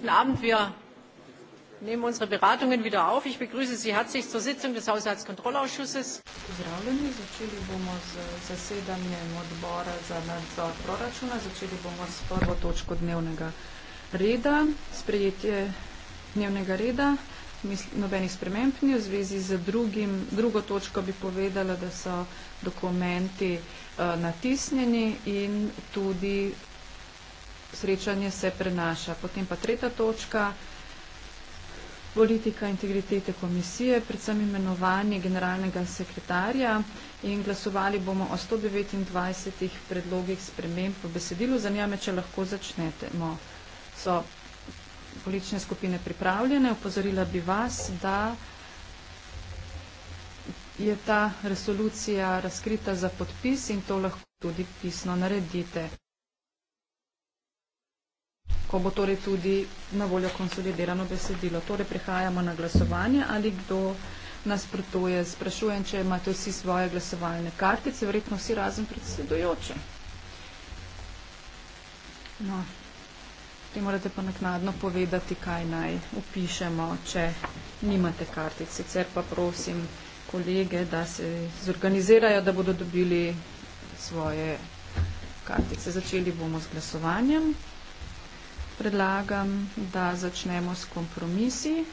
Guten Abend. Wir nehmen unsere Beratungen wieder auf. Ich begrüße Sie herzlich zur Sitzung des Haushaltskontrollausschusses. Zdravljeni. Začeli bomo z zasedanjem odbora za nadzor proračuna. Začeli bomo s prvo točko dnevnega reda. Sprejetje dnevnega reda. Nobenih sprememb ni v zvezi z drugim. Drugo točko bi povedala, da so dokumenti uh, natisnjeni in tudi srečanje se prenaša. Potem pa tretja točka, politika integritete komisije, predvsem imenovanje generalnega sekretarja in glasovali bomo o 129 predlogih sprememb v besedilu. Zanjame, če lahko začnetemo. No, so politične skupine pripravljene. Upozorila bi vas, da je ta resolucija razkrita za podpis in to lahko tudi pisno naredite ko bo torej tudi na voljo konsolidirano besedilo. Torej prehajamo na glasovanje, ali kdo nasprotuje. Sprašujem, če imate vsi svoje glasovalne kartice, verjetno vsi razen predsedujoče. No, te morate pa naknadno povedati, kaj naj upišemo, če nimate kartic. Sicer pa prosim kolege, da se zorganizirajo, da bodo dobili svoje kartice. Začeli bomo z glasovanjem predlagam, da začnemo s kompromisi.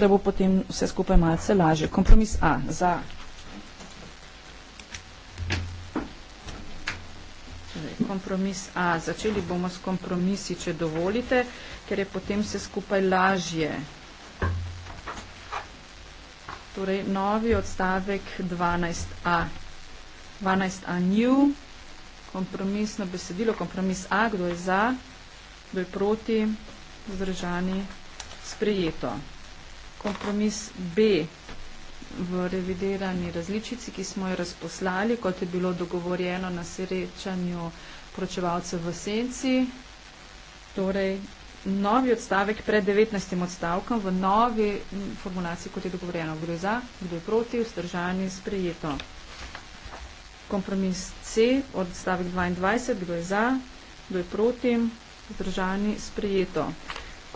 Da bo potem vse skupaj malce lažje. Kompromis A za. Torej, kompromis A. Začeli bomo s kompromisi, če dovolite, ker je potem vse skupaj lažje. Torej, novi odstavek 12a. 12 a new, kompromisno besedilo, kompromis a, kdo je za, kdo je proti, vzdržani, sprejeto. Kompromis b v revidirani različici, ki smo jo razposlali, kot je bilo dogovorjeno na srečanju pročevalcev v senci, torej novi odstavek pred 19. odstavkom v novi formulaciji, kot je dogovorjeno, kdo je za, kdo je proti, vzdržani, sprejeto. Kompromis C, odstavek 22, kdo je za, kdo je proti, vzdržani, sprejeto.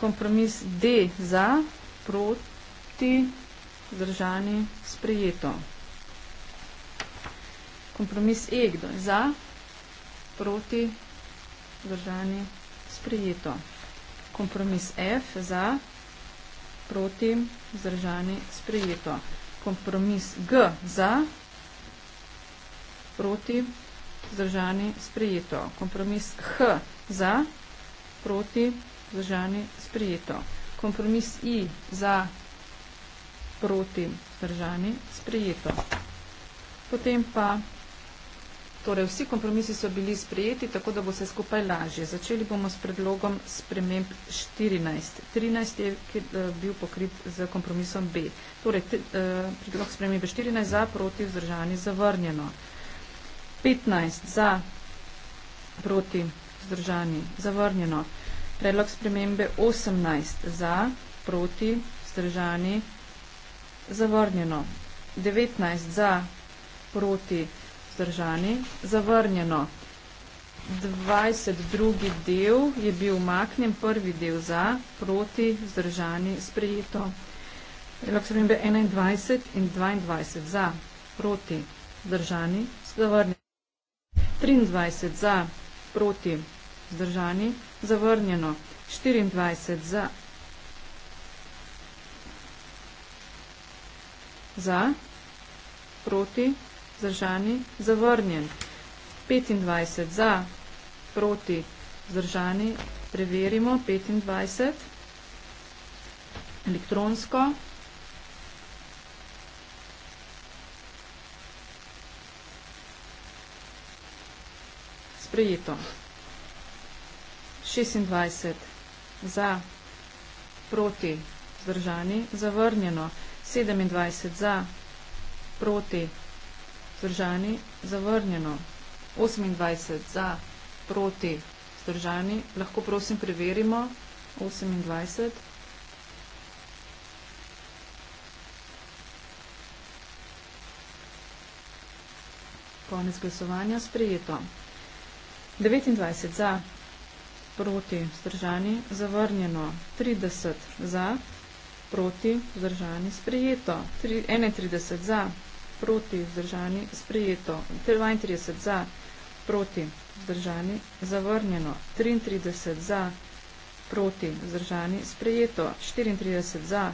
Kompromis D za, proti, vzdržani, sprejeto. Kompromis E, kdo je za, proti, vzdržani, sprejeto. Kompromis F za, proti, vzdržani, sprejeto. Kompromis G za, proti, vzdržani, sprejeto proti, vzdržani, sprejeto. Kompromis H za, proti, vzdržani, sprejeto. Kompromis I za, proti, vzdržani, sprejeto. Potem pa, torej vsi kompromisi so bili sprejeti, tako da bo se skupaj lažje. Začeli bomo s predlogom sprememb 14. 13 je eh, bil pokrit z kompromisom B. Torej, eh, predlog sprememb 14 za, proti, vzdržani, zavrnjeno. 15 za, proti vzdržani, zavrnjeno. Predlog spremembe 18 za, proti vzdržani, zavrnjeno. 19 za, proti vzdržani, zavrnjeno. 22. del je bil umaknjen, prvi del za, proti vzdržani, sprejeto. Predlog spremembe 21 in 22 za, proti vzdržani, zavrnjeno. 23 za, proti, zdržani, zavrnjeno, 24 za, za, proti, zdržani, zavrnjen, 25 za, proti, zdržani, preverimo, 25, elektronsko, 25, sprejeto. 26 za, proti, zdržani, zavrnjeno. 27 za, proti, zdržani, zavrnjeno. 28 za, proti, zdržani, lahko prosim preverimo. 28. Konec glasovanja sprejeto. 29 za, proti, zdržani, zavrnjeno, 30 za, proti, zdržani, sprejeto, 31 za, proti, zdržani, sprejeto, 32 za, proti, zdržani, zavrnjeno, 33 za, proti, zdržani, sprejeto, 34 za,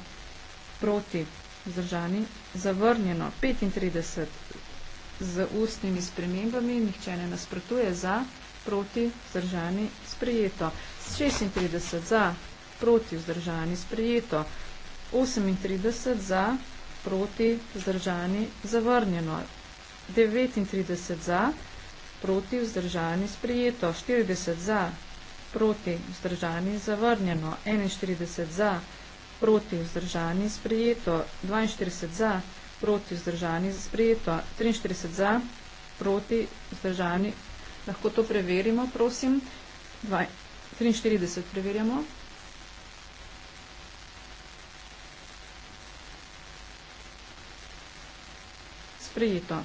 proti, zdržani, zavrnjeno, 35 z ustnimi spremembami, nihče ne nasprotuje za, proti, vzdržani, sprejeto. 36 za, proti, vzdržani, sprejeto. 38 za, proti, vzdržani, zavrnjeno. 39 za, proti, vzdržani, sprejeto. 40 za, proti, vzdržani, zavrnjeno. 41 za, proti, vzdržani, sprejeto. 42 za, proti, vzdržani, sprejeto. 43 za, proti, vzdržani, sprejeto. Lahko to preverimo, prosim. 43 preverjamo. Sprejeto.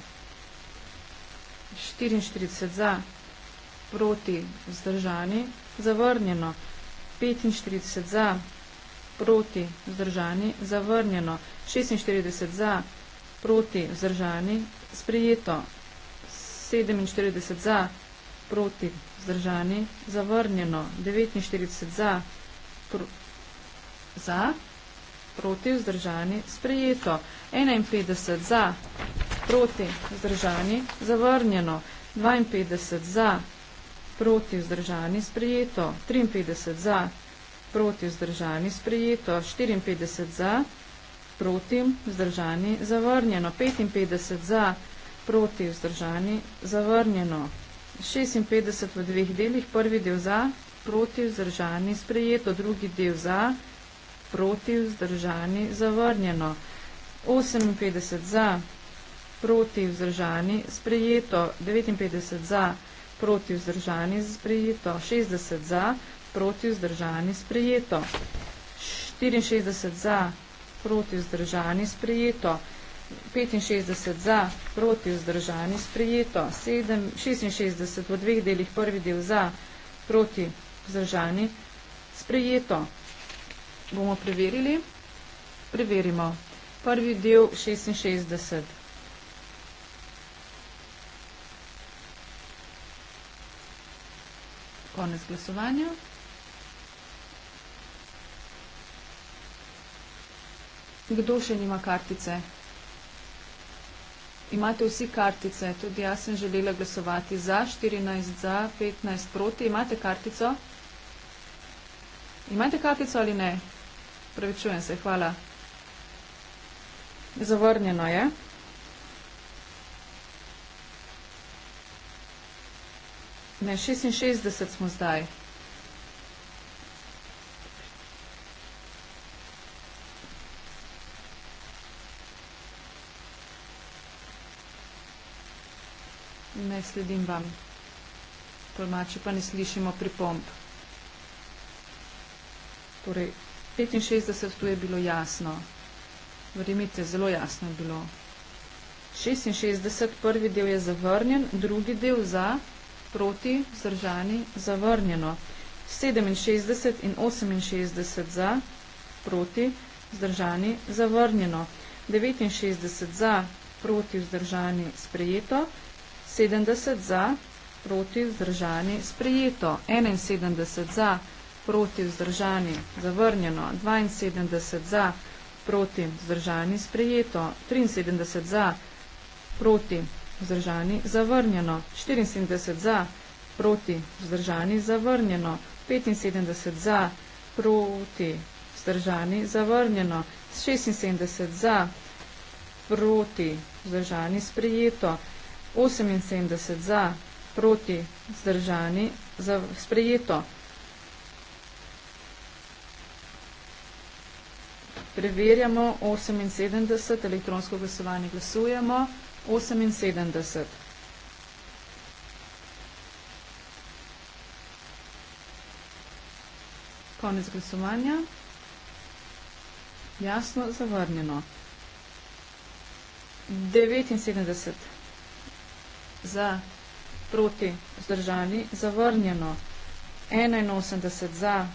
44 za, proti, vzdržani. Zavrnjeno. 45 za, proti, vzdržani. Zavrnjeno. 46 za, proti, vzdržani. Sprejeto. 47 za, proti, vzdržani proti, vzdržani, zavrnjeno, 49 za, pr za, proti, vzdržani, sprejeto, 51 za, proti, vzdržani, zavrnjeno, 52 za, proti, vzdržani, sprejeto, 53 za, proti, vzdržani, sprejeto, 54 za, proti, vzdržani, zavrnjeno, 55 za, proti, vzdržani, zavrnjeno. 56 v dveh delih, prvi del za, proti vzdržani sprejeto, drugi del za, proti vzdržani zavrnjeno. 58 za, proti vzdržani sprejeto, 59 za, proti vzdržani sprejeto, 60 za, proti vzdržani sprejeto, 64 za, proti vzdržani sprejeto. 64 za, proti 65 za, proti vzdržani, sprejeto, 7, 66 v dveh delih, prvi del za, proti vzdržani, sprejeto. Bomo preverili? Preverimo. Prvi del 66. Konec glasovanja. Kdo še nima kartice? imate vsi kartice, tudi jaz sem želela glasovati za 14, za 15 proti. Imate kartico? Imate kartico ali ne? Pravičujem se, hvala. Zavrnjeno je. Ne, 66 smo zdaj. ne sledim vam. Tolmači pa ne slišimo pripomb. Torej, 65 tu je bilo jasno. Verjemite, zelo jasno je bilo. 66, prvi del je zavrnjen, drugi del za, proti, zdržani, zavrnjeno. 67 in 68 za, proti, zdržani, zavrnjeno. 69 za, proti, zdržani, sprejeto. 70 za, proti vzdržani, sprejeto, 71 za, proti vzdržani, zavrnjeno, 72 za, proti vzdržani, sprejeto, 73 za, proti vzdržani, zavrnjeno, 74 za, proti vzdržani, zavrnjeno, 75 za, proti vzdržani, zavrnjeno, 76 za, proti vzdržani, sprejeto, 78 za, proti, zdržani, za sprejeto. Preverjamo 78, elektronsko glasovanje glasujemo, 78. Konec glasovanja. Jasno, zavrnjeno. 79 za, proti, vzdržani, zavrnjeno, 81 za,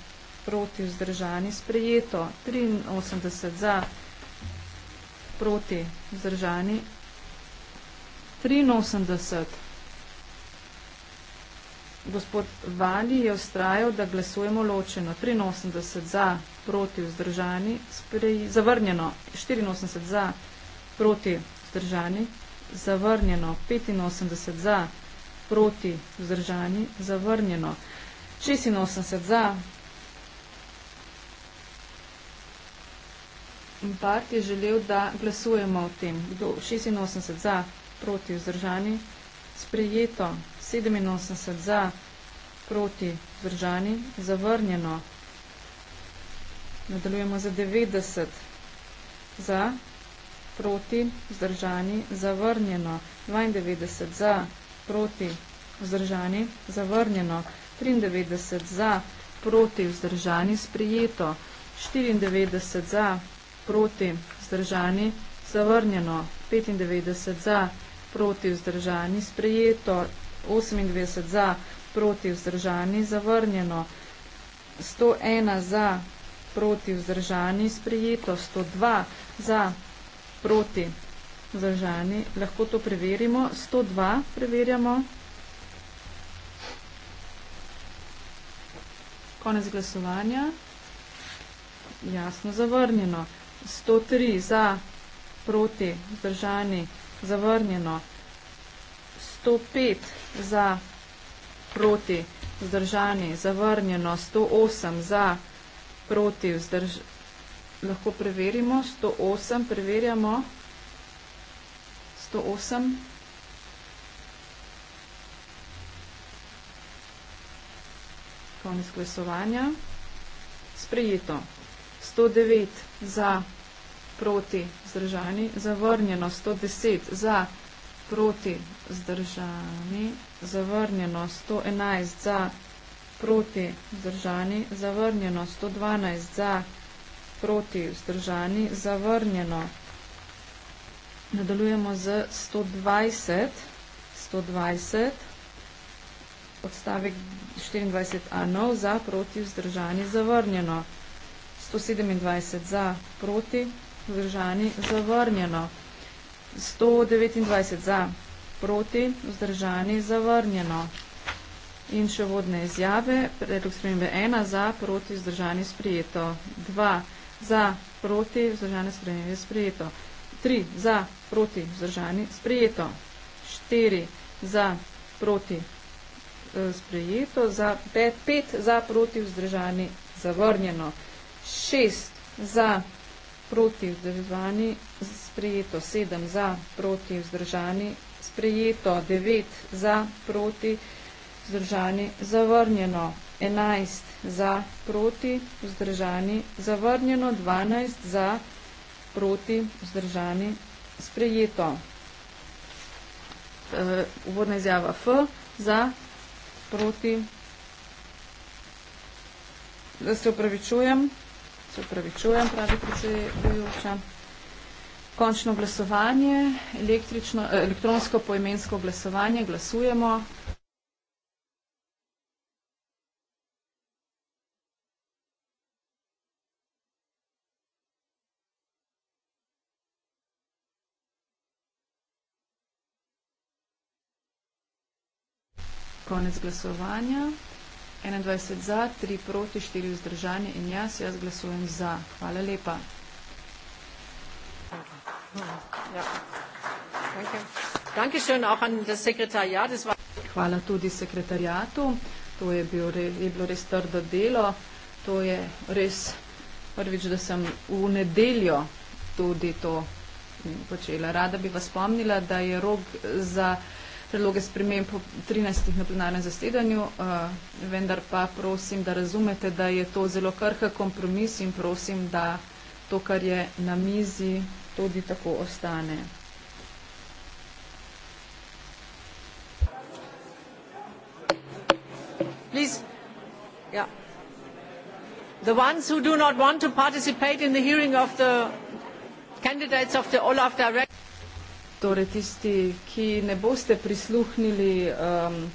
proti, vzdržani, sprejeto, 83 za, proti, vzdržani, 83. Gospod Vali je ustrajal, da glasujemo ločeno, 83 za, proti, vzdržani, sprej, zavrnjeno, 84 za, proti, vzdržani, zavrnjeno, 85 za, proti, vzdržani, zavrnjeno, 86 za. In part je želel, da glasujemo o tem, kdo 86 za, proti, vzdržani, sprejeto, 87 za, proti, vzdržani, zavrnjeno. Nadaljujemo za 90 za, proti, vzdržani, zavrnjeno, 92 za, proti, vzdržani, zavrnjeno, 93 za, proti, vzdržani, sprijeto, 94 za, proti, vzdržani, zavrnjeno, 95 za, proti, vzdržani, sprijeto, 28 za, proti, vzdržani, zavrnjeno, 101 za, proti, vzdržani, sprijeto, 102 za, proti zažani. Lahko to preverimo. 102 preverjamo. Konec glasovanja. Jasno zavrnjeno. 103 za, proti zdržani, zavrnjeno. 105 za, proti zdržani, zavrnjeno. 108 za, proti zdržani lahko preverimo. 108, preverjamo. 108. Konec glasovanja. Sprejeto. 109 za, proti, zdržani, zavrnjeno. 110 za, proti, zdržani, zavrnjeno. 111 za, proti, zdržani, zavrnjeno. 112 za, proti, zdržani proti, vzdržani, zavrnjeno. Nadaljujemo z 120, 120, odstavek 24a, nov za, proti, vzdržani, zavrnjeno. 127 za, proti, vzdržani, zavrnjeno. 129 za, proti, vzdržani, zavrnjeno. In še vodne izjave, predlog spremembe 1 za, proti, vzdržani, sprijeto. 2 za, proti, vzdržani, sprejeto. 3 eh, za, proti, vzdržani, sprejeto. 4 za, proti, sprejeto. Za, 5 za, proti, vzdržani, zavrnjeno. 6 za, proti, vzdržani, sprejeto. 7 za, proti, vzdržani, sprejeto. 9 za, proti, vzdržani, zavrnjeno. 11 za, proti, vzdržani, zavrnjeno 12 za, proti, vzdržani, sprejeto. E, uvodna izjava F za, proti, da se upravičujem, se upravičujem, pravi predsedujoča. Končno glasovanje, električno, e, elektronsko poimensko glasovanje, glasujemo. Konec glasovanja. 21 za, 3 proti, 4 vzdržani in jaz, jaz glasujem za. Hvala lepa. Ja. Hvala tudi sekretarjatu. To je, bil, je bilo res trdo delo. To je res prvič, da sem v nedeljo tudi to mm, počela. Rada bi vas spomnila, da je rok za predloge sprememb po 13. na plenarnem zasedanju, eh, vendar pa prosim, da razumete, da je to zelo krhka kompromis in prosim, da to, kar je na mizi, tudi tako ostane. Please. Yeah. The ones who do not want to participate in the hearing of the candidates of the Olaf Director torej tisti, ki ne boste prisluhnili um,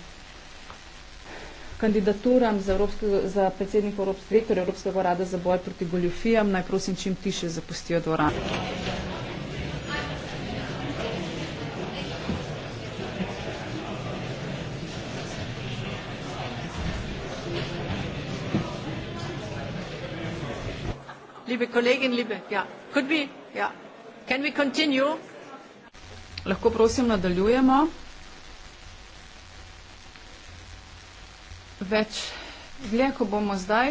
kandidaturam za, Evropske, za predsednik Evropske, rektor Evropskega rada za boj proti goljofijam, naj prosim čim tiše zapustijo dvorano. Liebe Kollegin, liebe, ja, could we, ja, can we continue? Lahko prosim nadaljujemo. Več dlje, ko bomo zdaj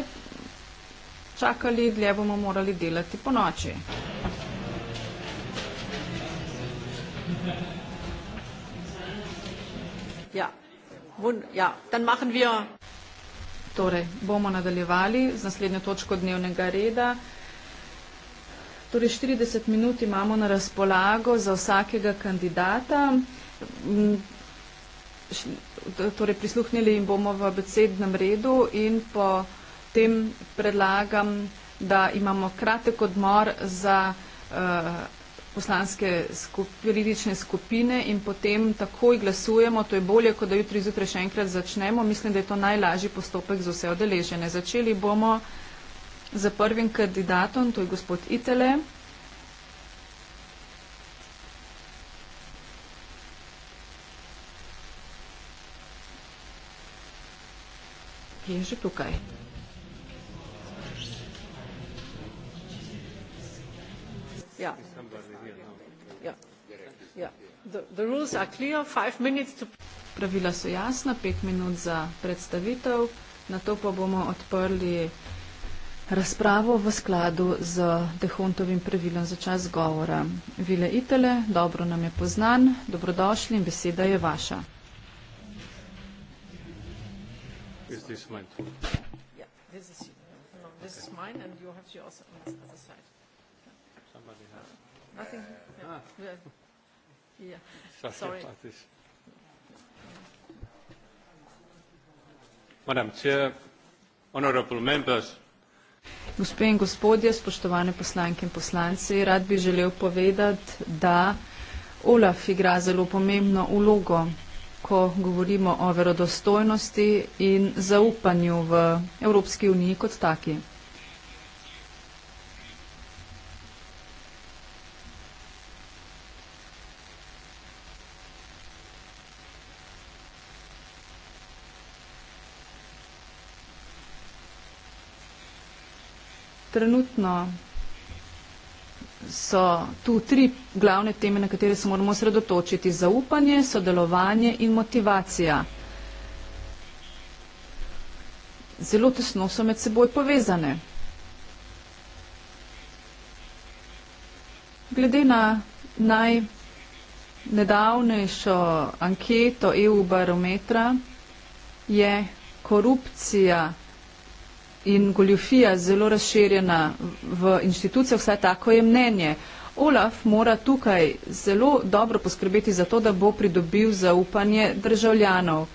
čakali, dlje bomo morali delati po noči. Ja. Bun, ja. Dan machen wir. Torej, bomo nadaljevali z naslednjo točko dnevnega reda. Torej, 40 minut imamo na razpolago za vsakega kandidata. Mm, torej, prisluhnili jim bomo v besednem redu in po tem predlagam, da imamo kratek odmor za uh, poslanske politične skup skupine in potem takoj glasujemo. To je bolje, kot da jutri zjutraj še enkrat začnemo. Mislim, da je to najlažji postopek za vse odeležene. Začeli bomo za prvim kandidatom, to je gospod Itele. Je že tukaj. Ja. Ja. Ja. The, the rules are clear. Five minutes to... Pravila so jasna, pet minut za predstavitev, na to pa bomo odprli razpravo v skladu z Dehontovim pravilom za čas govora. Vile Itele, dobro nam je poznan, dobrodošli in beseda je vaša. Madam Chair, Honourable Members, Gospe in gospodje, spoštovane poslanke in poslanci, rad bi želel povedati, da OLAF igra zelo pomembno ulogo, ko govorimo o verodostojnosti in zaupanju v Evropski uniji kot taki. trenutno so tu tri glavne teme, na katere se moramo sredotočiti. Zaupanje, sodelovanje in motivacija. Zelo tesno so med seboj povezane. Glede na najnedavnejšo anketo EU barometra je korupcija in goljofija zelo razširjena v inštitucijah, vsaj tako je mnenje. Olaf mora tukaj zelo dobro poskrbeti za to, da bo pridobil zaupanje državljanov.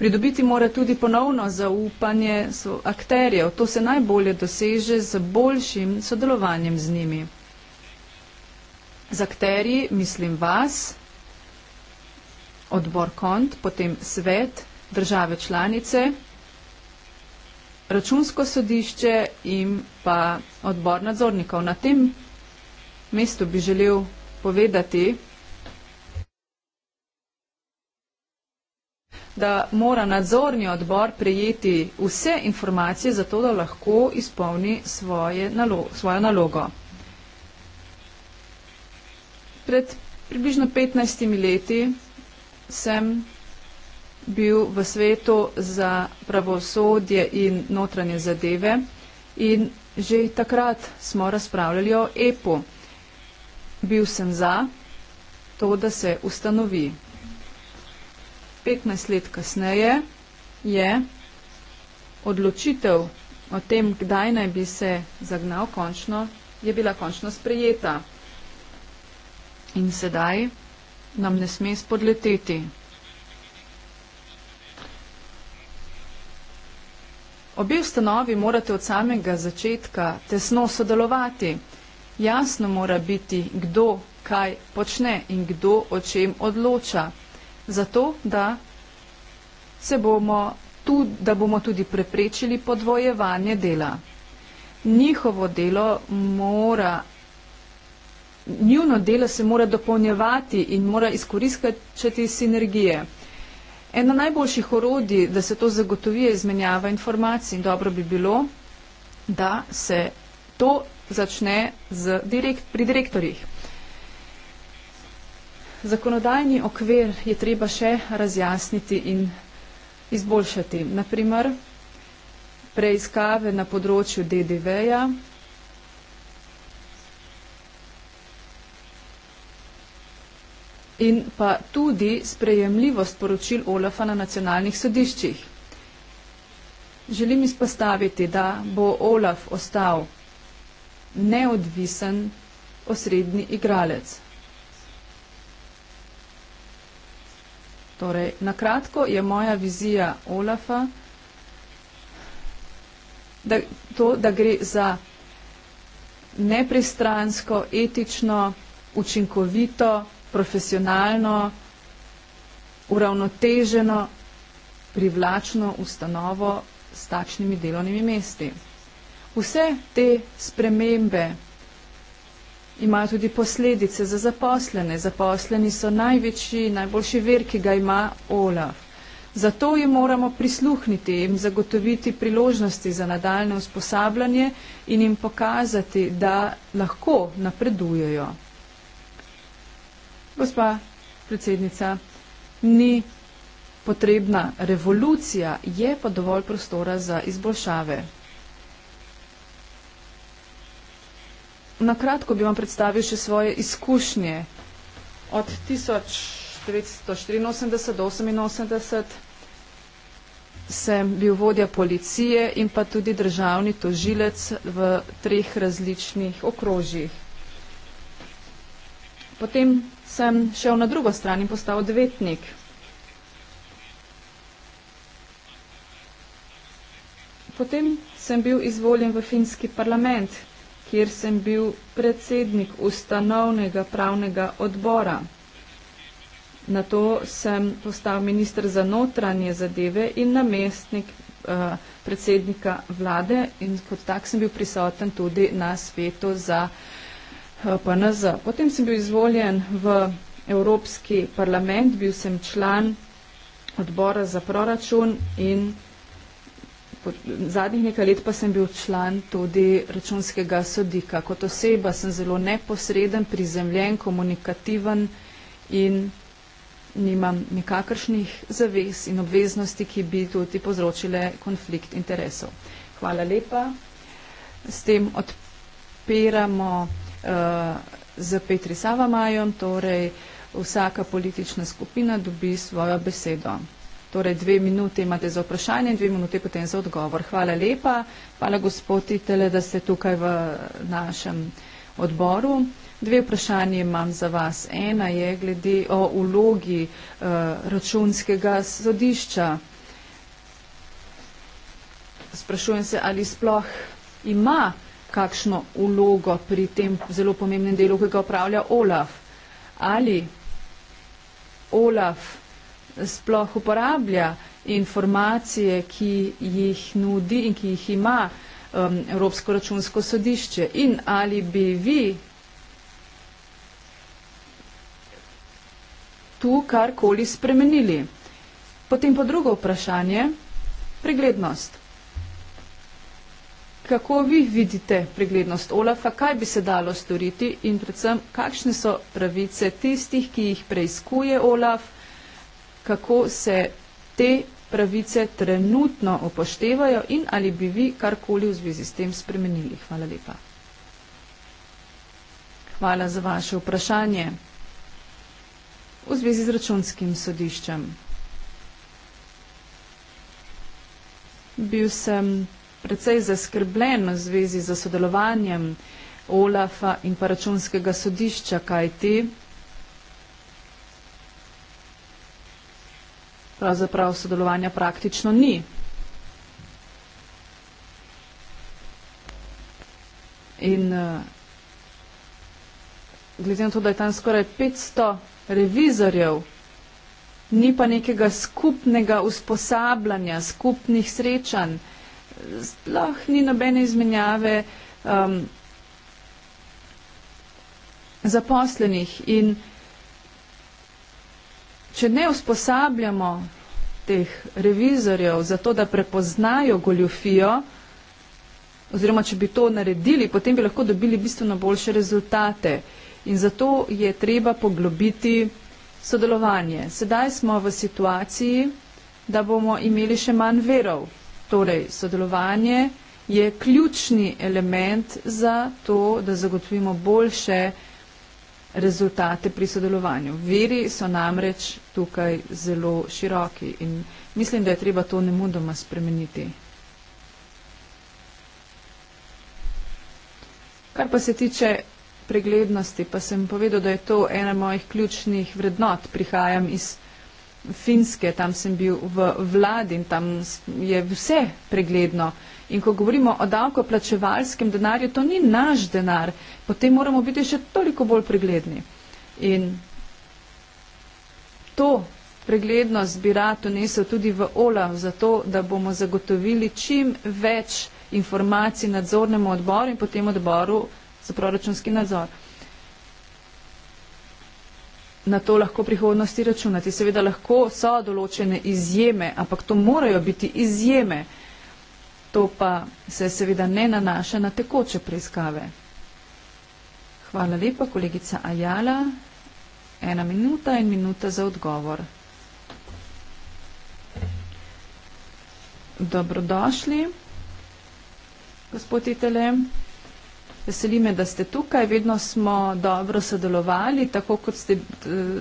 Pridobiti mora tudi ponovno zaupanje akterjev. To se najbolje doseže z boljšim sodelovanjem z njimi. Z akterji mislim vas, odbor kont, potem svet, države članice računsko sodišče in pa odbor nadzornikov. Na tem mestu bi želel povedati, da mora nadzorni odbor prejeti vse informacije za to, da lahko izpolni svoje nalo svojo nalogo. Pred približno 15 leti sem bil v svetu za pravosodje in notranje zadeve in že takrat smo razpravljali o EPO. Bil sem za to, da se ustanovi. 15 let kasneje je odločitev o tem, kdaj naj bi se zagnal končno, je bila končno sprejeta. In sedaj nam ne sme spodleteti. Obe ustanovi morate od samega začetka tesno sodelovati. Jasno mora biti, kdo kaj počne in kdo o čem odloča. Zato, da, se bomo, tudi, da bomo tudi preprečili podvojevanje dela. Njihovo delo mora, njuno delo se mora dopolnjevati in mora izkoriskati sinergije. Eno najboljših orodij, da se to zagotovi, je izmenjava informacij in dobro bi bilo, da se to začne z direkt, pri direktorjih. Zakonodajni okvir je treba še razjasniti in izboljšati. Naprimer, preiskave na področju DDV-ja, in pa tudi sprejemljivost poročil OLAFA na nacionalnih sodiščih. Želim izpostaviti, da bo OLAF ostal neodvisen osrednji igralec. Torej, nakratko je moja vizija OLAFA da, to, da gre za nepristransko, etično, učinkovito, profesionalno, uravnoteženo, privlačno ustanovo s takšnimi delovnimi mesti. Vse te spremembe imajo tudi posledice za zaposlene. Zaposleni so največji, najboljši ver, ki ga ima OLAF. Zato jim moramo prisluhniti, jim zagotoviti priložnosti za nadaljne usposabljanje in jim pokazati, da lahko napredujejo gospa predsednica, ni potrebna revolucija, je pa dovolj prostora za izboljšave. Nakratko bi vam predstavil še svoje izkušnje od 1984 do 1988 sem bil vodja policije in pa tudi državni tožilec v treh različnih okrožjih. Potem sem šel na drugo stran in postal odvetnik. Potem sem bil izvoljen v finski parlament, kjer sem bil predsednik ustanovnega pravnega odbora. Na to sem postal ministr za notranje zadeve in namestnik uh, predsednika vlade in kot tak sem bil prisoten tudi na svetu za uh, Eh, PNZ. Potem sem bil izvoljen v Evropski parlament, bil sem član odbora za proračun in po zadnjih nekaj let pa sem bil član tudi računskega sodika. Kot oseba sem zelo neposreden, prizemljen, komunikativen in nimam nikakršnih zavez in obveznosti, ki bi tudi povzročile konflikt interesov. Hvala lepa. S tem odpiramo z Petri Savamajom, torej vsaka politična skupina dobi svojo besedo. Torej dve minute imate za vprašanje in dve minute potem za odgovor. Hvala lepa, hvala gospoditele, da ste tukaj v našem odboru. Dve vprašanje imam za vas. Ena je glede o ulogi eh, računskega sodišča. Sprašujem se, ali sploh ima kakšno vlogo pri tem zelo pomembnem delu, ki ga upravlja Olaf. Ali Olaf sploh uporablja informacije, ki jih nudi in ki jih ima um, Evropsko računsko sodišče in ali bi vi tu karkoli spremenili. Potem pa drugo vprašanje, preglednost kako vi vidite preglednost OLAF-a, kaj bi se dalo storiti in predvsem, kakšne so pravice tistih, ki jih preizkuje OLAF, kako se te pravice trenutno upoštevajo in ali bi vi karkoli v zvezi s tem spremenili. Hvala lepa. Hvala za vaše vprašanje. V zvezi z računskim sodiščem. Bil sem precej zaskrbljen v zvezi z sodelovanjem Olafa in pa računskega sodišča, kaj ti? Pravzaprav sodelovanja praktično ni. In eh, glede na to, da je tam skoraj 500 revizorjev, ni pa nekega skupnega usposabljanja, skupnih srečanj, sploh ni nobene izmenjave um, zaposlenih in če ne usposabljamo teh revizorjev za to, da prepoznajo goljofijo, oziroma če bi to naredili, potem bi lahko dobili bistveno boljše rezultate. In zato je treba poglobiti sodelovanje. Sedaj smo v situaciji, da bomo imeli še manj verov Torej, sodelovanje je ključni element za to, da zagotovimo boljše rezultate pri sodelovanju. Viri so namreč tukaj zelo široki in mislim, da je treba to nemudoma spremeniti. Kar pa se tiče preglednosti, pa sem povedal, da je to ena mojih ključnih vrednot. Prihajam iz vrednosti Finske, tam sem bil v vladi in tam je vse pregledno. In ko govorimo o davkoplačevalskem denarju, to ni naš denar, potem moramo biti še toliko bolj pregledni. In to preglednost bi rad unesel tudi v OLAV, zato da bomo zagotovili čim več informacij nadzornemu odboru in potem odboru za proračunski nadzor na to lahko prihodnosti računati. Seveda lahko so določene izjeme, ampak to morajo biti izjeme. To pa se seveda ne nanaša na tekoče preiskave. Hvala lepa, kolegica Ajala. Ena minuta in minuta za odgovor. Dobrodošli, gospod Itele. Veseli me, da ste tukaj. Vedno smo dobro sodelovali, tako kot ste eh,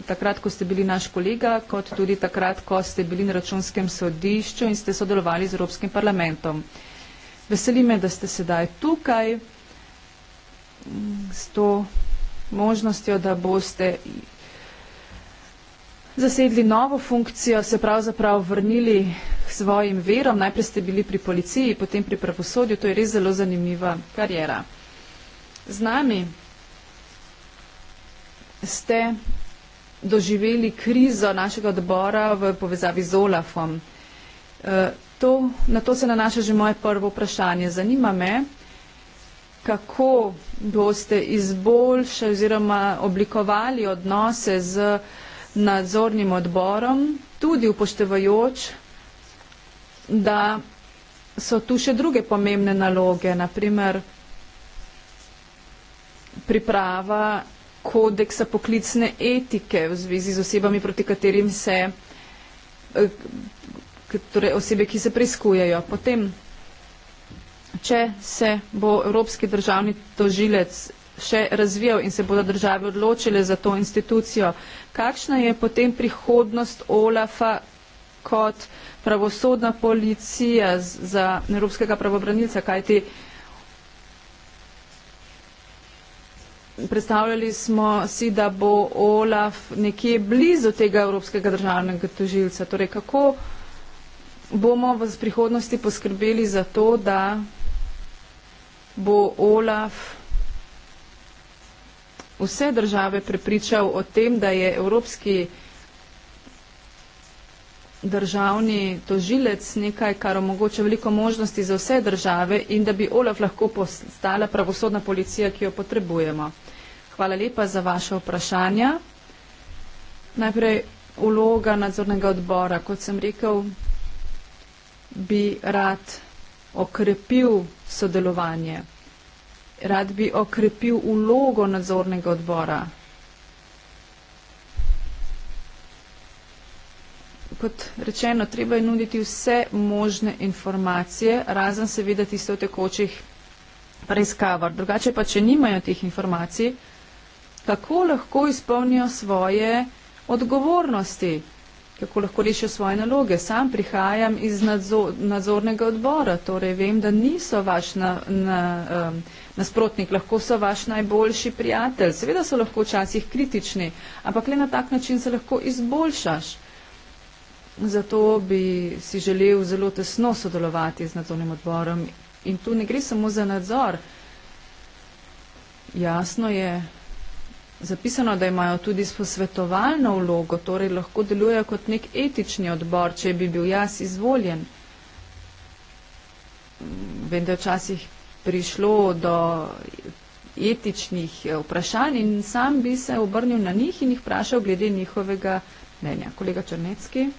takrat, ko ste bili naš kolega, kot tudi takrat, ko ste bili na računskem sodišču in ste sodelovali z Evropskim parlamentom. Veseli me, da ste sedaj tukaj s to možnostjo, da boste zasedli novo funkcijo, se pravzaprav vrnili svojim verom. Najprej ste bili pri policiji, potem pri pravosodju. To je res zelo zanimiva karjera. Z nami ste doživeli krizo našega odbora v povezavi z Olafom. E, to, na to se nanaša že moje prvo vprašanje. Zanima me, kako boste izboljšali oziroma oblikovali odnose z nadzornim odborom, tudi upoštevajoč, da so tu še druge pomembne naloge, naprimer priprava kodeksa poklicne etike v zvezi z osebami, proti katerim se, eh, torej osebe, ki se preizkujejo. Potem, če se bo Evropski državni tožilec še razvijal in se bodo države odločile za to institucijo, kakšna je potem prihodnost Olafa kot pravosodna policija za Evropskega pravobranilca, kajti predstavljali smo si, da bo Olaf nekje blizu tega evropskega državnega tožilca. Torej, kako bomo v prihodnosti poskrbeli za to, da bo Olaf vse države prepričal o tem, da je evropski državni tožilca državni tožilec nekaj, kar omogoča veliko možnosti za vse države in da bi OLAF lahko postala pravosodna policija, ki jo potrebujemo. Hvala lepa za vaše vprašanja. Najprej vloga nadzornega odbora. Kot sem rekel, bi rad okrepil sodelovanje. Rad bi okrepil vlogo nadzornega odbora. kot rečeno, treba je nuditi vse možne informacije, razen seveda tiste o tekočih preiskavah. Drugače pa, če nimajo teh informacij, kako lahko izpolnijo svoje odgovornosti, kako lahko rešijo svoje naloge. Sam prihajam iz nadzor, nadzornega odbora, torej vem, da niso vaš na, na, um, nasprotnik, lahko so vaš najboljši prijatelj. Seveda so lahko včasih kritični, ampak le na tak način se lahko izboljšaš. Zato bi si želel zelo tesno sodelovati z nadzornim odborom. In tu ne gre samo za nadzor. Jasno je zapisano, da imajo tudi posvetovalno vlogo, torej lahko delujejo kot nek etični odbor, če bi bil jaz izvoljen. Vem, da je včasih prišlo do etičnih vprašanj in sam bi se obrnil na njih in jih vprašal glede njihovega mnenja. Kolega Črnecki.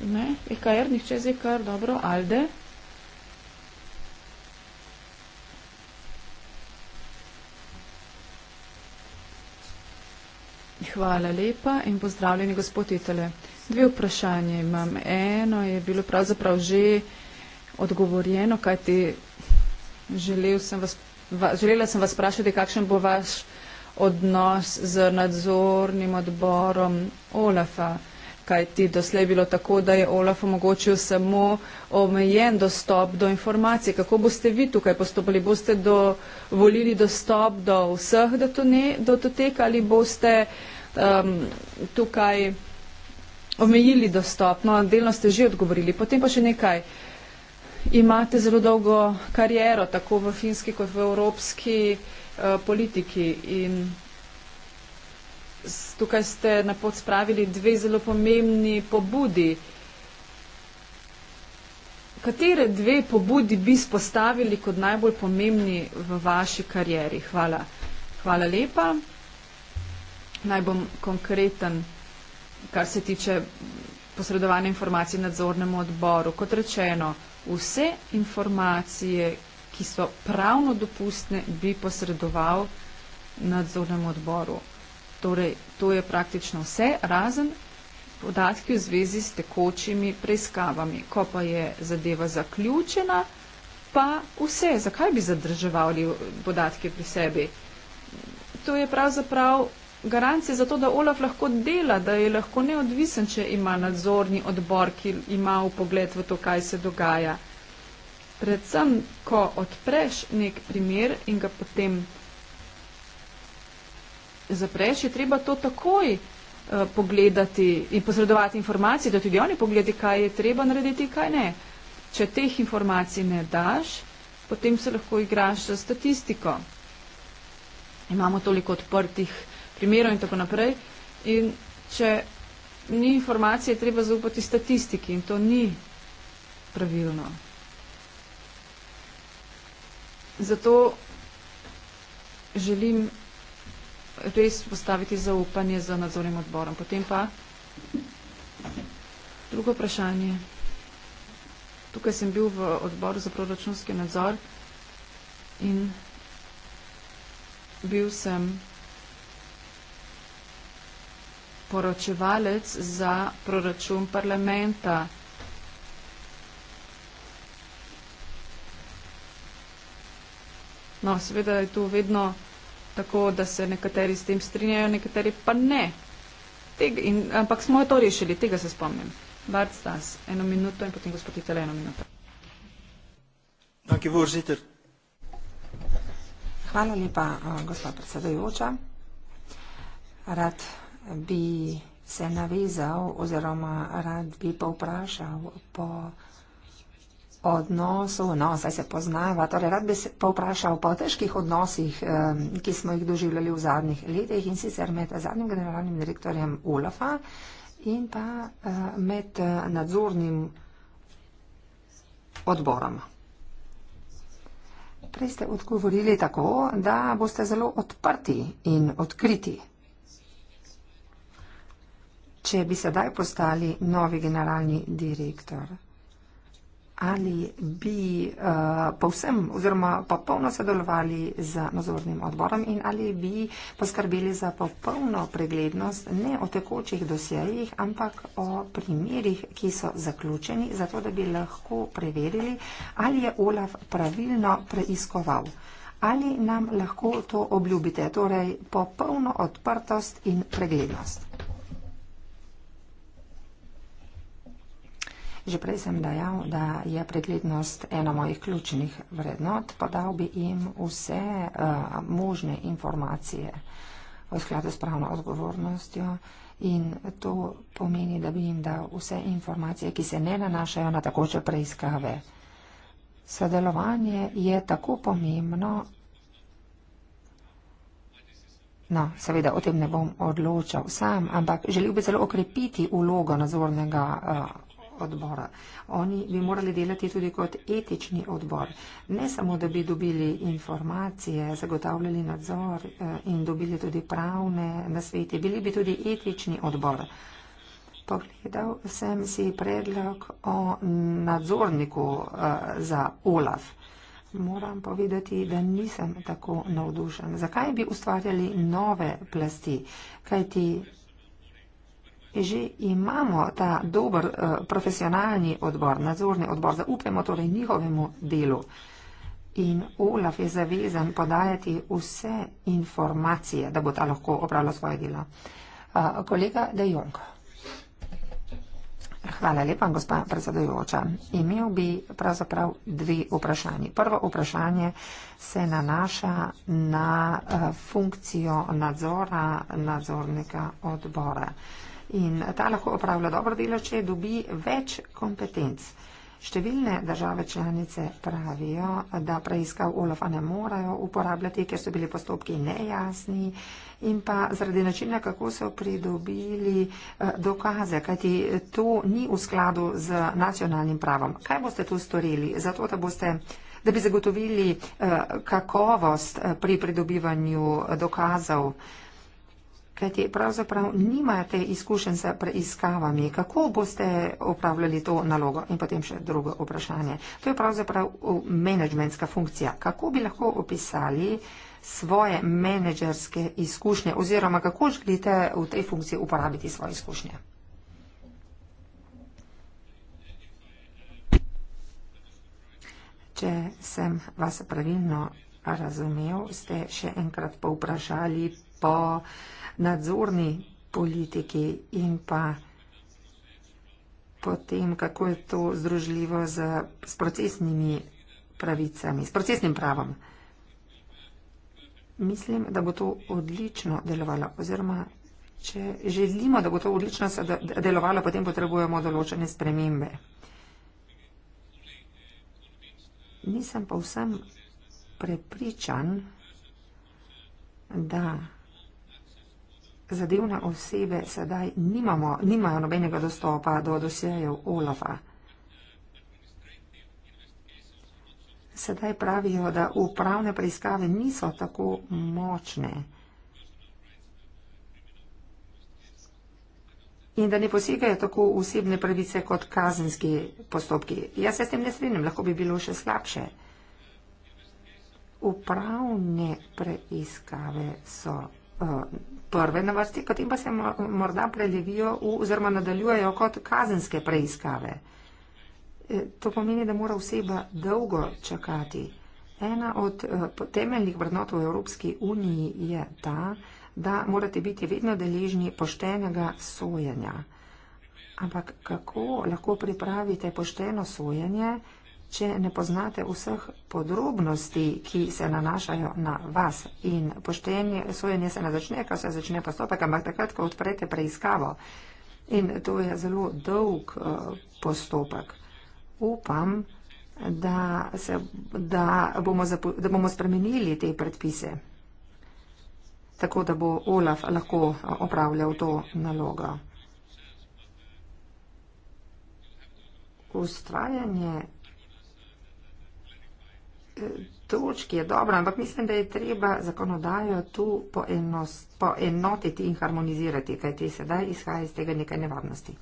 Ne, EKR, nihče z EKR, dobro, ALDE. Hvala lepa in pozdravljeni gospoditele. Dve vprašanje imam. Eno je bilo pravzaprav že odgovorjeno, kaj ti želel sem vas, va, želela sem vas vprašati, kakšen bo vaš odnos z nadzornim odborom OLAFA kajti doslej je bilo tako, da je Olaf omogočil samo omejen dostop do informacij. Kako boste vi tukaj postopali? Boste dovolili dostop do vseh datotek do ali boste um, tukaj omejili dostop? No, delno ste že odgovorili. Potem pa še nekaj. Imate zelo dolgo kariero, tako v finski kot v evropski uh, politiki. In tukaj ste na pot spravili dve zelo pomembni pobudi. Katere dve pobudi bi spostavili kot najbolj pomembni v vaši karieri? Hvala. Hvala lepa. Naj bom konkreten, kar se tiče posredovanja informacij nadzornemu odboru. Kot rečeno, vse informacije, ki so pravno dopustne, bi posredoval nadzornemu odboru. Torej, to je praktično vse, razen podatki v zvezi s tekočimi preiskavami. Ko pa je zadeva zaključena, pa vse. Zakaj bi zadrževali podatke pri sebi? To je pravzaprav garancija za to, da Olaf lahko dela, da je lahko neodvisen, če ima nadzorni odbor, ki ima upogled v to, kaj se dogaja. Predvsem, ko odpreš nek primer in ga potem odpreš, zapreš, je treba to takoj uh, pogledati in posredovati informacije, da tudi oni pogledajo, kaj je treba narediti in kaj ne. Če teh informacij ne daš, potem se lahko igraš s statistiko. Imamo toliko odprtih primerov in tako naprej. In če ni informacije, treba zaupati statistiki in to ni pravilno. Zato želim res postaviti zaupanje z nadzornim odborom. Potem pa drugo vprašanje. Tukaj sem bil v odboru za proračunski nadzor in bil sem poročevalec za proračun parlamenta. No, seveda je tu vedno tako da se nekateri s tem strinjajo, nekateri pa ne. Teg, in, ampak smo to rešili, tega se spomnim. Bart Stas, eno minuto in potem gospod Itele, eno minuto. Hvala lepa, eh, gospod predsedajoča. Rad bi se navezal oziroma rad bi pa vprašal po odnosov, no, saj se poznava. Torej, rad bi se povprašal po težkih odnosih, ki smo jih doživljali v zadnjih letih in sicer med zadnjim generalnim direktorjem ULAFA in pa eh, med eh, nadzornim odborom. Prej ste odgovorili tako, da boste zelo odprti in odkriti. Če bi sedaj postali novi generalni direktor ali bi uh, povsem oziroma popolno sodelovali z nazornim odborom in ali bi poskrbeli za popolno preglednost ne o tekočih dosjejih, ampak o primerih, ki so zaključeni, zato da bi lahko preverili, ali je Olaf pravilno preiskoval. Ali nam lahko to obljubite, torej popolno odprtost in preglednost? Že prej sem dejal, da je preglednost ena mojih ključnih vrednot, pa dal bi jim vse uh, možne informacije v skladu s pravno odgovornostjo in to pomeni, da bi jim dal vse informacije, ki se ne nanašajo na takoče preiskave. Sodelovanje je tako pomembno, no, seveda o tem ne bom odločal sam, ampak želel bi zelo okrepiti ulogo nadzornega. Uh, odbora. Oni bi morali delati tudi kot etični odbor. Ne samo, da bi dobili informacije, zagotavljali nadzor eh, in dobili tudi pravne nasvete, bili bi tudi etični odbor. Pogledal sem si predlog o nadzorniku eh, za OLAF. Moram povedati, da nisem tako navdušen. Zakaj bi ustvarjali nove plasti? Kaj ti že imamo ta dober eh, profesionalni odbor, nadzorni odbor, zaupemo torej njihovemu delu. In Olaf je zavezan podajati vse informacije, da bo ta lahko opravljal svoje delo. Eh, kolega De Jong. Hvala lepa, gospa predsedojoča. Imel bi pravzaprav dve vprašanje. Prvo vprašanje se nanaša na eh, funkcijo nadzora nadzornega odbora in ta lahko opravlja dobro delo, če dobi več kompetenc. Številne države članice pravijo, da preiskav Olafa ne morajo uporabljati, ker so bili postopki nejasni in pa zaradi načina, kako so pridobili eh, dokaze, kajti to ni v skladu z nacionalnim pravom. Kaj boste tu storili? Zato, da, boste, da bi zagotovili eh, kakovost eh, pri pridobivanju dokazov. Kaj ti pravzaprav nimate izkušen s preiskavami, kako boste upravljali to nalogo? In potem še drugo vprašanje. To je pravzaprav uh, menedžmentska funkcija. Kako bi lahko opisali svoje menedžerske izkušnje oziroma kako želite v tej funkciji uporabiti svoje izkušnje? Če sem vas pravilno razumel, ste še enkrat povprašali po nadzorni politiki in pa potem, kako je to združljivo z, s procesnimi pravicami, s procesnim pravom. Mislim, da bo to odlično delovalo, oziroma če želimo, da bo to odlično delovalo, potem potrebujemo določene spremembe. Nisem pa vsem prepričan, da zadevne osebe sedaj nimamo, nimajo nobenega dostopa do dosjejev Olafa. Sedaj pravijo, da upravne preiskave niso tako močne in da ne posegajo tako osebne pravice kot kazenski postopki. Jaz se s tem ne strinjam, lahko bi bilo še slabše. Upravne preiskave so. Uh, prve na vrsti, potem pa se morda prelevijo oziroma nadaljujejo kot kazenske preiskave. E, to pomeni, da mora oseba dolgo čakati. Ena od e, temeljnih vrednot v Evropski uniji je ta, da morate biti vedno deležni poštenega sojenja. Ampak kako lahko pripravite pošteno sojenje, če ne poznate vseh podrobnosti, ki se nanašajo na vas. In poštenje sojenje se ne začne, ko se začne postopek, ampak takrat, ko odprete preiskavo. In to je zelo dolg uh, postopek. Upam, da, se, da, bomo zapo, da bomo spremenili te predpise, tako da bo Olaf lahko eh, opravljal to nalogo. Ustvarjanje točki je dobro, ampak mislim, da je treba zakonodajo tu poenos, poenotiti in harmonizirati, kaj ti sedaj izhaja iz tega nekaj nevarnosti.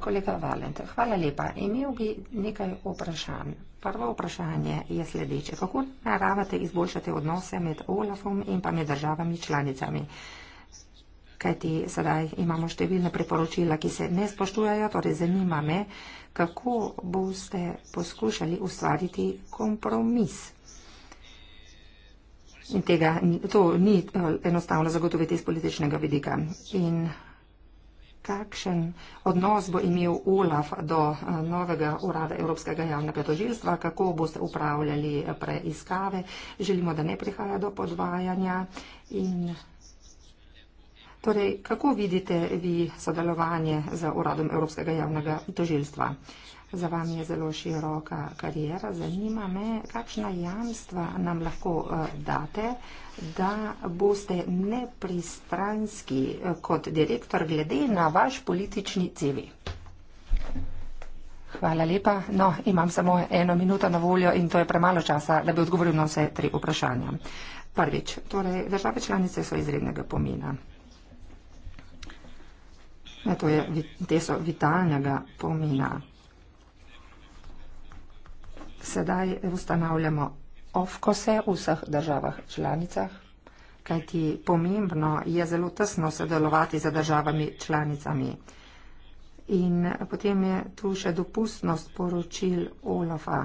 Kolega Valent, hvala lepa. Imel bi nekaj vprašanj. Prvo vprašanje je sledeče. Kako naravate izboljšati odnose med OLAF-om in pa med državami članicami? kajti sedaj imamo številne priporočila, ki se ne spoštujajo, torej zanima me, kako boste poskušali ustvariti kompromis. In tega, to ni eh, enostavno zagotoviti iz političnega vidika. In kakšen odnos bo imel Olaf do eh, novega urada Evropskega javnega tožilstva, kako boste upravljali eh, preiskave, želimo, da ne prihaja do podvajanja. In Torej, kako vidite vi sodelovanje z uradom Evropskega javnega toželjstva? Za vam je zelo široka karijera. Zanima me, kakšna jamstva nam lahko eh, date, da boste nepristranski eh, kot direktor glede na vaš politični CV. Hvala lepa. No, imam samo eno minuto na voljo in to je premalo časa, da bi odgovoril na vse tri vprašanja. Prvič, torej, države članice so izrednega pomena. Ne, je, te so vitalnega pomena. Sedaj ustanavljamo ofkose v vseh državah članicah, kajti pomembno je zelo tesno sodelovati za državami članicami. In potem je tu še dopustnost poročil Olofa.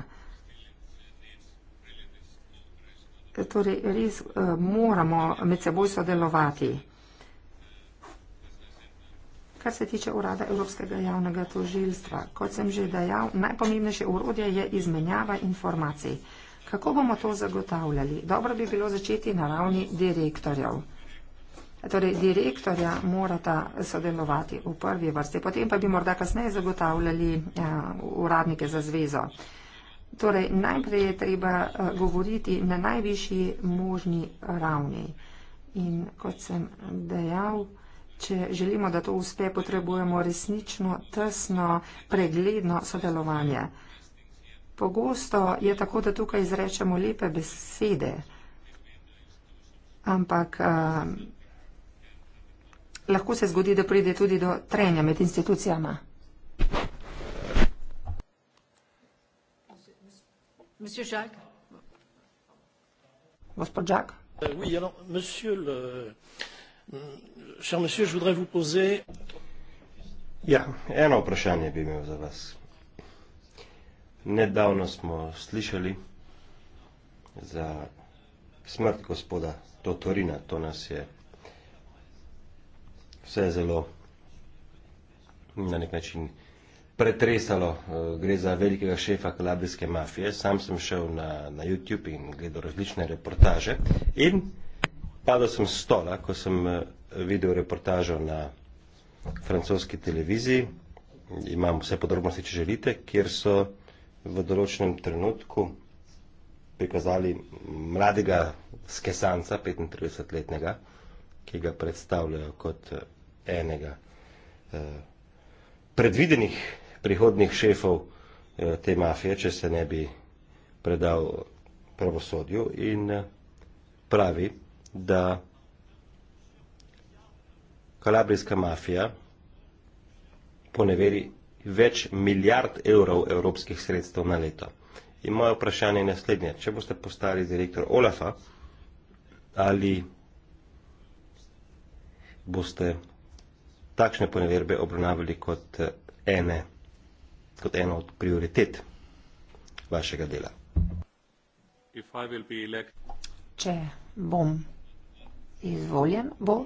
Torej, res uh, moramo med seboj sodelovati. Kar se tiče urada Evropskega javnega tožilstva, kot sem že dejal, najpomembnejše urodje je izmenjava informacij. Kako bomo to zagotavljali? Dobro bi bilo začeti na ravni direktorjev. Torej, direktorja morata sodelovati v prvi vrsti, potem pa bi morda kasneje zagotavljali uh, uradnike za zvezo. Torej, najprej je treba uh, govoriti na najvišji možni ravni. In kot sem dejal, uh, Če želimo, da to uspe, potrebujemo resnično tesno, pregledno sodelovanje. Pogosto je tako, da tukaj izrečemo lepe besede, ampak um, lahko se zgodi, da pride tudi do trenja med institucijama. Gospod Žak cher monsieur, je voudrais vous poser. Ja, eno vprašanje bi imel za vas. Nedavno smo slišali za smrt gospoda Totorina. To nas je vse zelo na nek način pretresalo. Gre za velikega šefa kalabrijske mafije. Sam sem šel na, na YouTube in gledal različne reportaže. In padal sem stola, ko sem eh, video reportažo na francoski televiziji, imam vse podrobnosti, če želite, kjer so v določenem trenutku prikazali mladega skesanca, 35-letnega, ki ga predstavljajo kot eh, enega eh, predvidenih prihodnih šefov eh, te mafije, če se ne bi predal pravosodju in pravi, da je kalabrijska mafija poneveri več milijard evrov evropskih sredstev na leto. In moje vprašanje je naslednje. Če boste postali direktor Olafa, ali boste takšne poneverbe obravnavali kot, eh, ene, kot eno od prioritet vašega dela? Če bom izvoljen, bo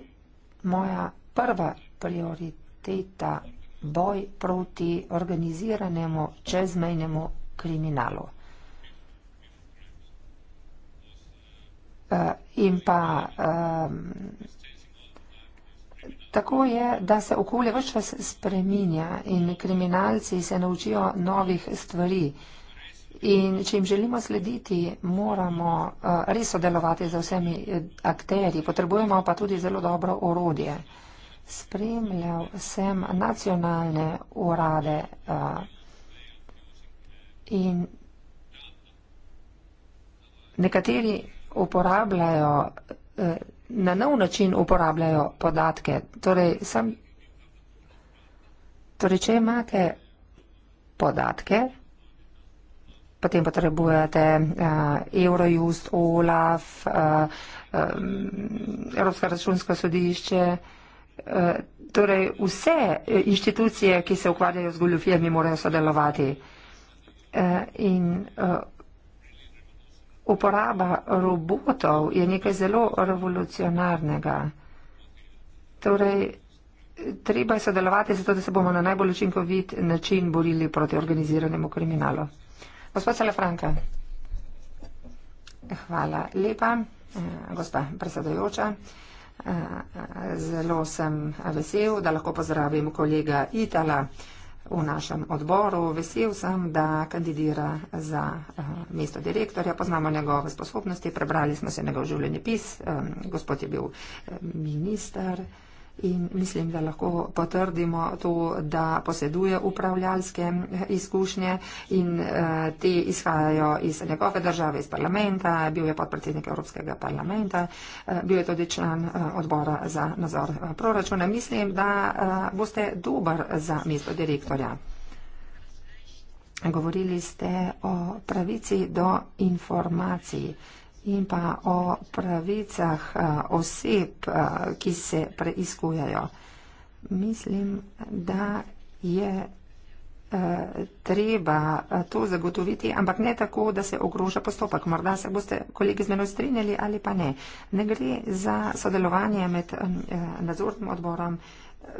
moja prva prioriteta boj proti organiziranemu čezmejnemu kriminalu. E, in pa tako je, da se okolje več čas spreminja in kriminalci se naučijo novih stvari. In če jim želimo slediti, moramo e, res sodelovati z vsemi e, akterji, potrebujemo pa tudi zelo dobro orodje spremljal sem nacionalne urade in nekateri uporabljajo, e, na nov način uporabljajo podatke. Torej, sem, torej če imate podatke, potem potrebujete uh, Eurojust, OLAF, uh, e, um, Evropska računska sodišče, uh, Eh, torej vse eh, inštitucije, ki se ukvarjajo z goljofijami, morajo sodelovati. Eh, in uporaba robotov je nekaj zelo revolucionarnega. Torej, treba je sodelovati zato, da se bomo na najbolj učinkovit način borili proti organiziranemu kriminalu. Gospod Salafranka. Hvala lepa, gospa predsedojoča. Zelo sem vesel, da lahko pozdravim kolega Itala v našem odboru. Vesel sem, da kandidira za eh, mesto direktorja. Poznamo njegove sposobnosti, prebrali smo se njegov življenjepis. Eh, gospod je bil eh, minister. In mislim, da lahko potrdimo to, da poseduje upravljalske eh, izkušnje in eh, te izhajajo iz njegove države, iz parlamenta. Bil je podpredsednik Evropskega parlamenta, eh, bil je tudi član odbora za nazor proračuna. Mislim, da boste dober za mesto direktorja. Govorili ste o pravici do informacij in pa o pravicah eh, oseb, eh, ki se preizkujajo. Mislim, da je eh, treba to zagotoviti, ampak ne tako, da se ogroža postopek. Morda se boste kolegi z menoj strinjali ali pa ne. Ne gre za sodelovanje med nadzornim odborom.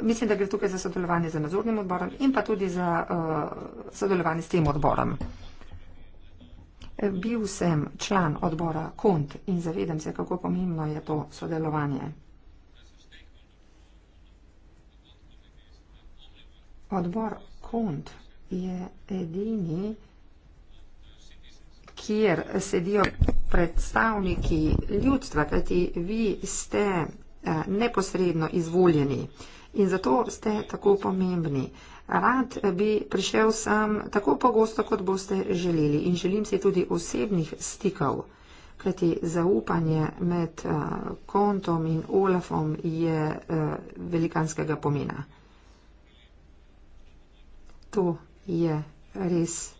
Mislim, da gre tukaj za sodelovanje z nadzornim odborom in pa tudi za sodelovanje s tem odborom. Bil sem član odbora KONT in zavedam se, kako pomembno je to sodelovanje. Odbor KONT je edini, kjer sedijo predstavniki ljudstva, kajti vi ste eh, neposredno izvoljeni in zato ste tako pomembni rad bi prišel sam tako pogosto, kot boste želeli in želim si tudi osebnih stikov, kajti zaupanje med eh, kontom in Olafom je eh, velikanskega pomena. To je res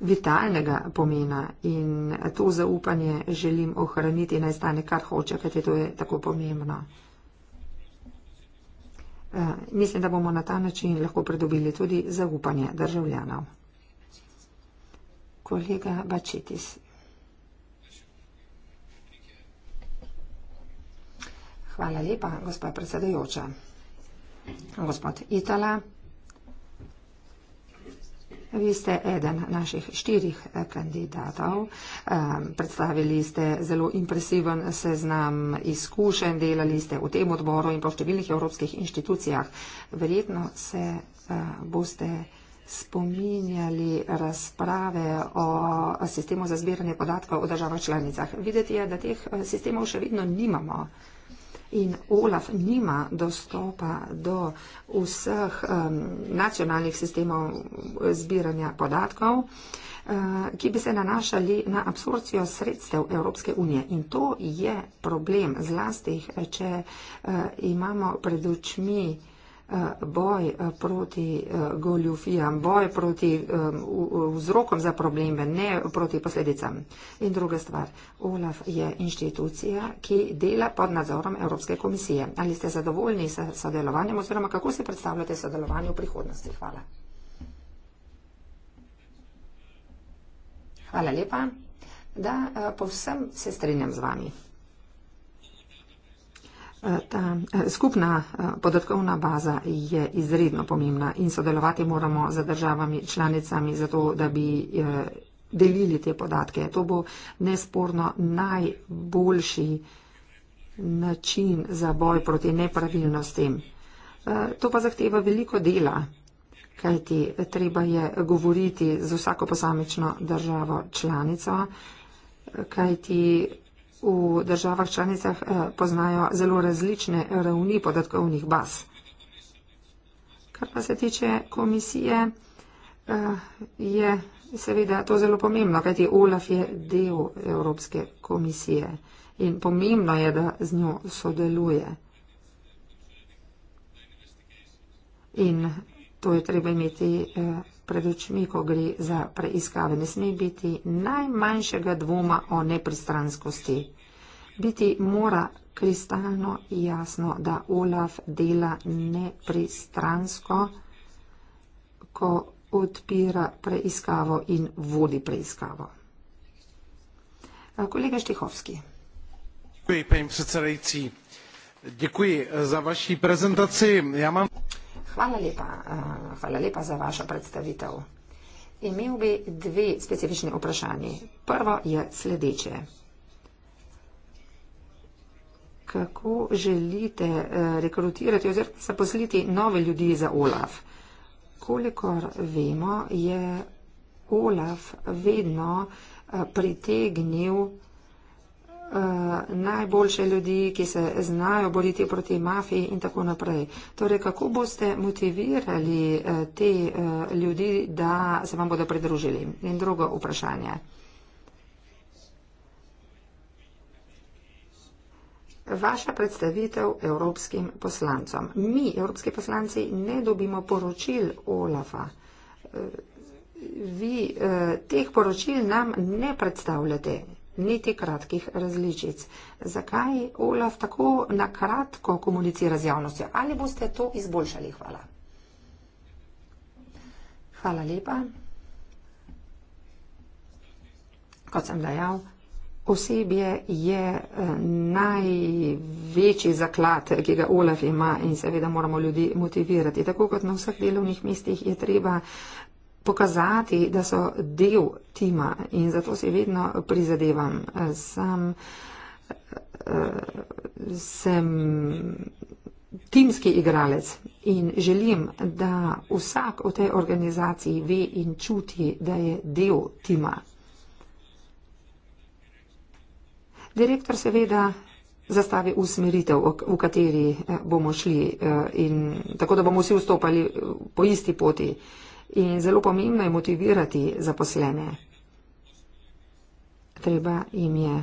vitalnega pomena in to zaupanje želim ohraniti, naj stane kar hoče, kajti to je tako pomembno. Eh, mislim, da bomo na ta način lahko pridobili tudi zaupanje državljanov. Kolega Bačitis. Hvala lepa, gospod predsedajoča. Gospod Itala. Vi ste eden naših štirih eh, kandidatov. Predstavili ste zelo impresiven seznam izkušenj, delali ste v tem odboru in po številnih evropskih inštitucijah. Verjetno se eh, boste spominjali razprave o sistemu za zbiranje podatkov v državah članicah. Videti je, da teh eh, sistemov še vedno nimamo in Olaf nima dostopa do vseh um, nacionalnih sistemov zbiranja podatkov, uh, ki bi se nanašali na absorpcijo sredstev Evropske unije. In to je problem zlasti, eh, če uh, imamo pred očmi uh, Eh, boj eh, proti eh, goljufijam, boj proti vzrokom za probleme, ne proti posledicam. In druga stvar, OLAF je inštitucija, ki dela pod nadzorom Evropske komisije. Ali ste zadovoljni s sodelovanjem oziroma kako si predstavljate sodelovanje v prihodnosti? Hvala. Hvala lepa. Da, povsem se strinjam z vami. Eh, ta eh, skupna eh, podatkovna baza je izredno pomembna in sodelovati moramo z državami članicami, zato da bi delili te podatke. To bo nesporno najboljši način za boj proti nepravilnostim. To pa zahteva veliko dela, kajti treba je govoriti z vsako posamično državo članico, kajti v državah članicah eh, poznajo zelo različne ravni podatkovnih baz. Kar pa se tiče komisije, eh, je seveda to zelo pomembno, kajti OLAF je del Evropske komisije in pomembno je, da z njo sodeluje. In to je treba imeti eh, pred očmi, ko gre za preiskave, ne sme biti najmanjšega dvoma o nepristranskosti. Biti mora kristalno jasno, da Olaf dela nepristransko, ko odpira preiskavo in vodi preiskavo. Kolega Štihovski. Děkuji, paní předsedající. Děkuji za vaši prezentaci. Já mám hvala lepa, uh, hvala lepa za vašo predstavitev. Imel bi dve specifični vprašanji. Prvo je sledeče. Kako želite uh, rekrutirati oziroma zaposliti nove ljudi za OLAF? Kolikor vemo, je OLAF vedno uh, pritegnil uh, najboljše ljudi, ki se znajo boriti proti mafiji in tako naprej. Torej, kako boste motivirali uh, te uh, ljudi, da se vam bodo pridružili? In drugo vprašanje. Vaša predstavitev evropskim poslancom. Mi, evropski poslanci, ne dobimo poročil Olafa. Vi eh, teh poročil nam ne predstavljate niti kratkih različic. Zakaj Olaf tako nakratko komunicira z javnostjo? Ali boste to izboljšali? Hvala. Hvala lepa. Kot sem dejal, osebje je eh, največji zaklad, ki ga Olaf ima in seveda moramo ljudi motivirati. Tako kot na vseh delovnih mestih je treba pokazati, da so del tima in zato se vedno prizadevam. Sam eh, sem timski igralec in želim, da vsak v tej organizaciji ve in čuti, da je del tima. Direktor seveda zastavi usmeritev, v kateri eh, bomo šli eh, in tako, da bomo vsi vstopali po isti poti in zelo pomembno je motivirati zaposlene. Treba jim je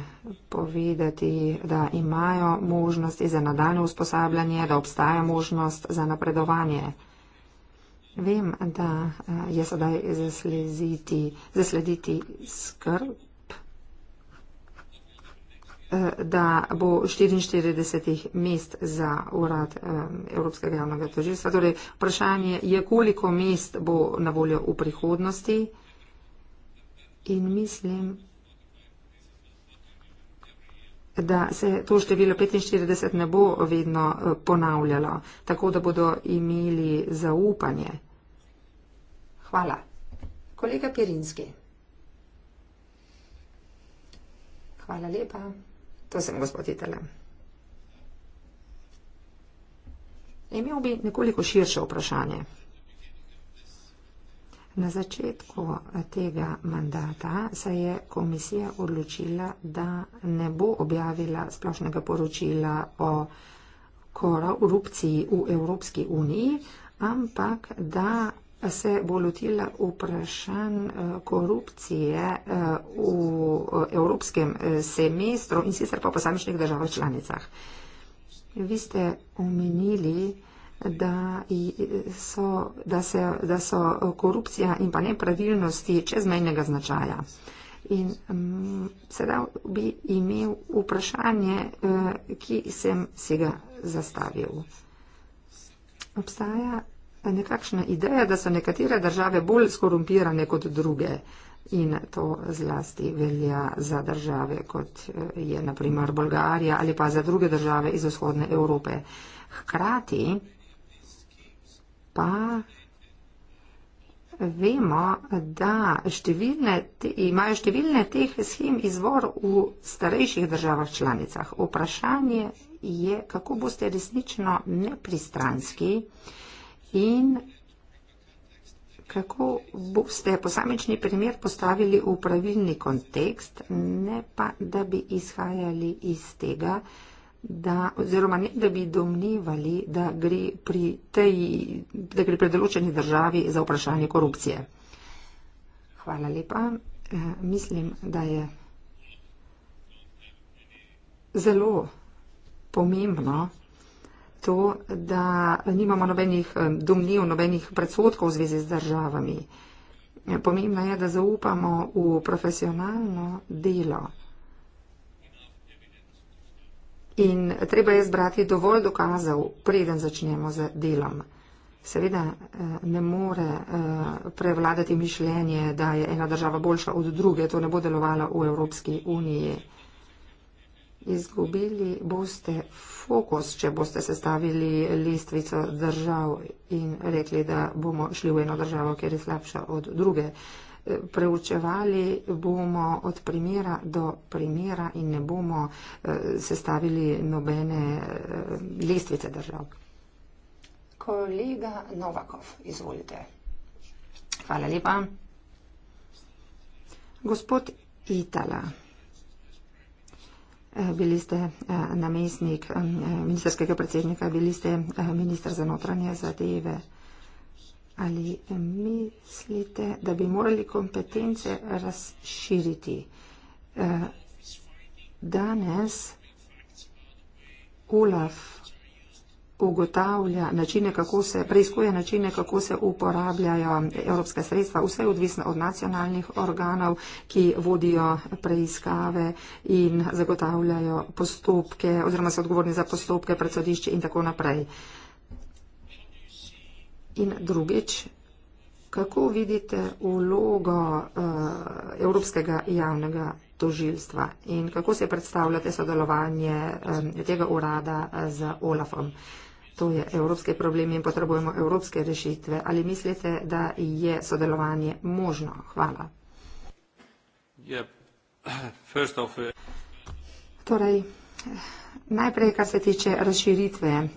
povedati, da imajo možnosti za nadaljne usposabljanje, da obstaja možnost za napredovanje. Vem, da eh, je sedaj zaslediti skrb Eh, da bo 44 mest za urad eh, Evropskega javnega tožilstva. Torej, vprašanje je, koliko mest bo na voljo v prihodnosti. In mislim, da se to število 45 ne bo vedno eh, ponavljalo, tako da bodo imeli zaupanje. Hvala. Kolega Pirinski. Hvala lepa. To sem gospoditele. Imel bi nekoliko širše vprašanje. Na začetku tega mandata se je komisija odločila, da ne bo objavila splošnega poročila o korupciji v Evropski uniji, ampak da se bo lotila vprašanj eh, korupcije eh, v eh, evropskem semestru in sicer pa v posamičnih državah članicah. Vi ste omenili, da, so, da, se, da so korupcija in pa nepravilnosti čezmejnega značaja. In mm, sedaj bi imel vprašanje, ki sem si ga zastavil. Obstaja nekakšna ideja, da so nekatere države bolj skorumpirane kot druge in to zlasti velja za države, kot eh, je naprimer Bolgarija ali pa za druge države iz vzhodne Evrope. Hkrati pa vemo, da številne te, imajo številne teh schem izvor v starejših državah članicah. Vprašanje je, kako boste resnično nepristranski, in kako boste posamični primer postavili v pravilni kontekst, ne pa, da bi izhajali iz tega, da, oziroma ne, da bi domnevali, da gre pri tej, da gre pri določeni državi za vprašanje korupcije. Hvala lepa. E, mislim, da je zelo pomembno, to, da nimamo nobenih eh, domnev, nobenih predsotkov v zvezi z državami. Pomembno je, da zaupamo v profesionalno delo. In treba je zbrati dovolj dokazov, preden začnemo z delom. Seveda eh, ne more eh, prevladati mišljenje, da je ena država boljša od druge. To ne bo delovalo v Evropski uniji. Izgubili boste fokus, če boste sestavili listvico držav in rekli, da bomo šli v eno državo, ker je slabša od druge. Eh, preučevali bomo od primera do primera in ne bomo eh, sestavili nobene eh, listvice držav. Kolega Novakov, izvolite. Hvala lepa. Gospod Itala. Eh, bili ste eh, namestnik eh, ministerskega predsednika, bili ste ministr za notranje zadeve. Ali mislite, da bi morali kompetence razširiti? Danes Olaf ugotavlja načine, kako se, preizkuje načine, kako se uporabljajo evropske sredstva. Vse je odvisno od nacionalnih organov, ki vodijo preiskave in zagotavljajo postopke oziroma so odgovorni za postopke pred sodišči in tako naprej. In drugič, kako vidite vlogo uh, Evropskega javnega tožilstva. In kako se predstavljate sodelovanje tega urada eh, z Olafom? To je evropski problem in potrebujemo evropske rešitve. Ali mislite, da je sodelovanje možno? Hvala. Ja, eh, torej, najprej, kar se tiče razširitve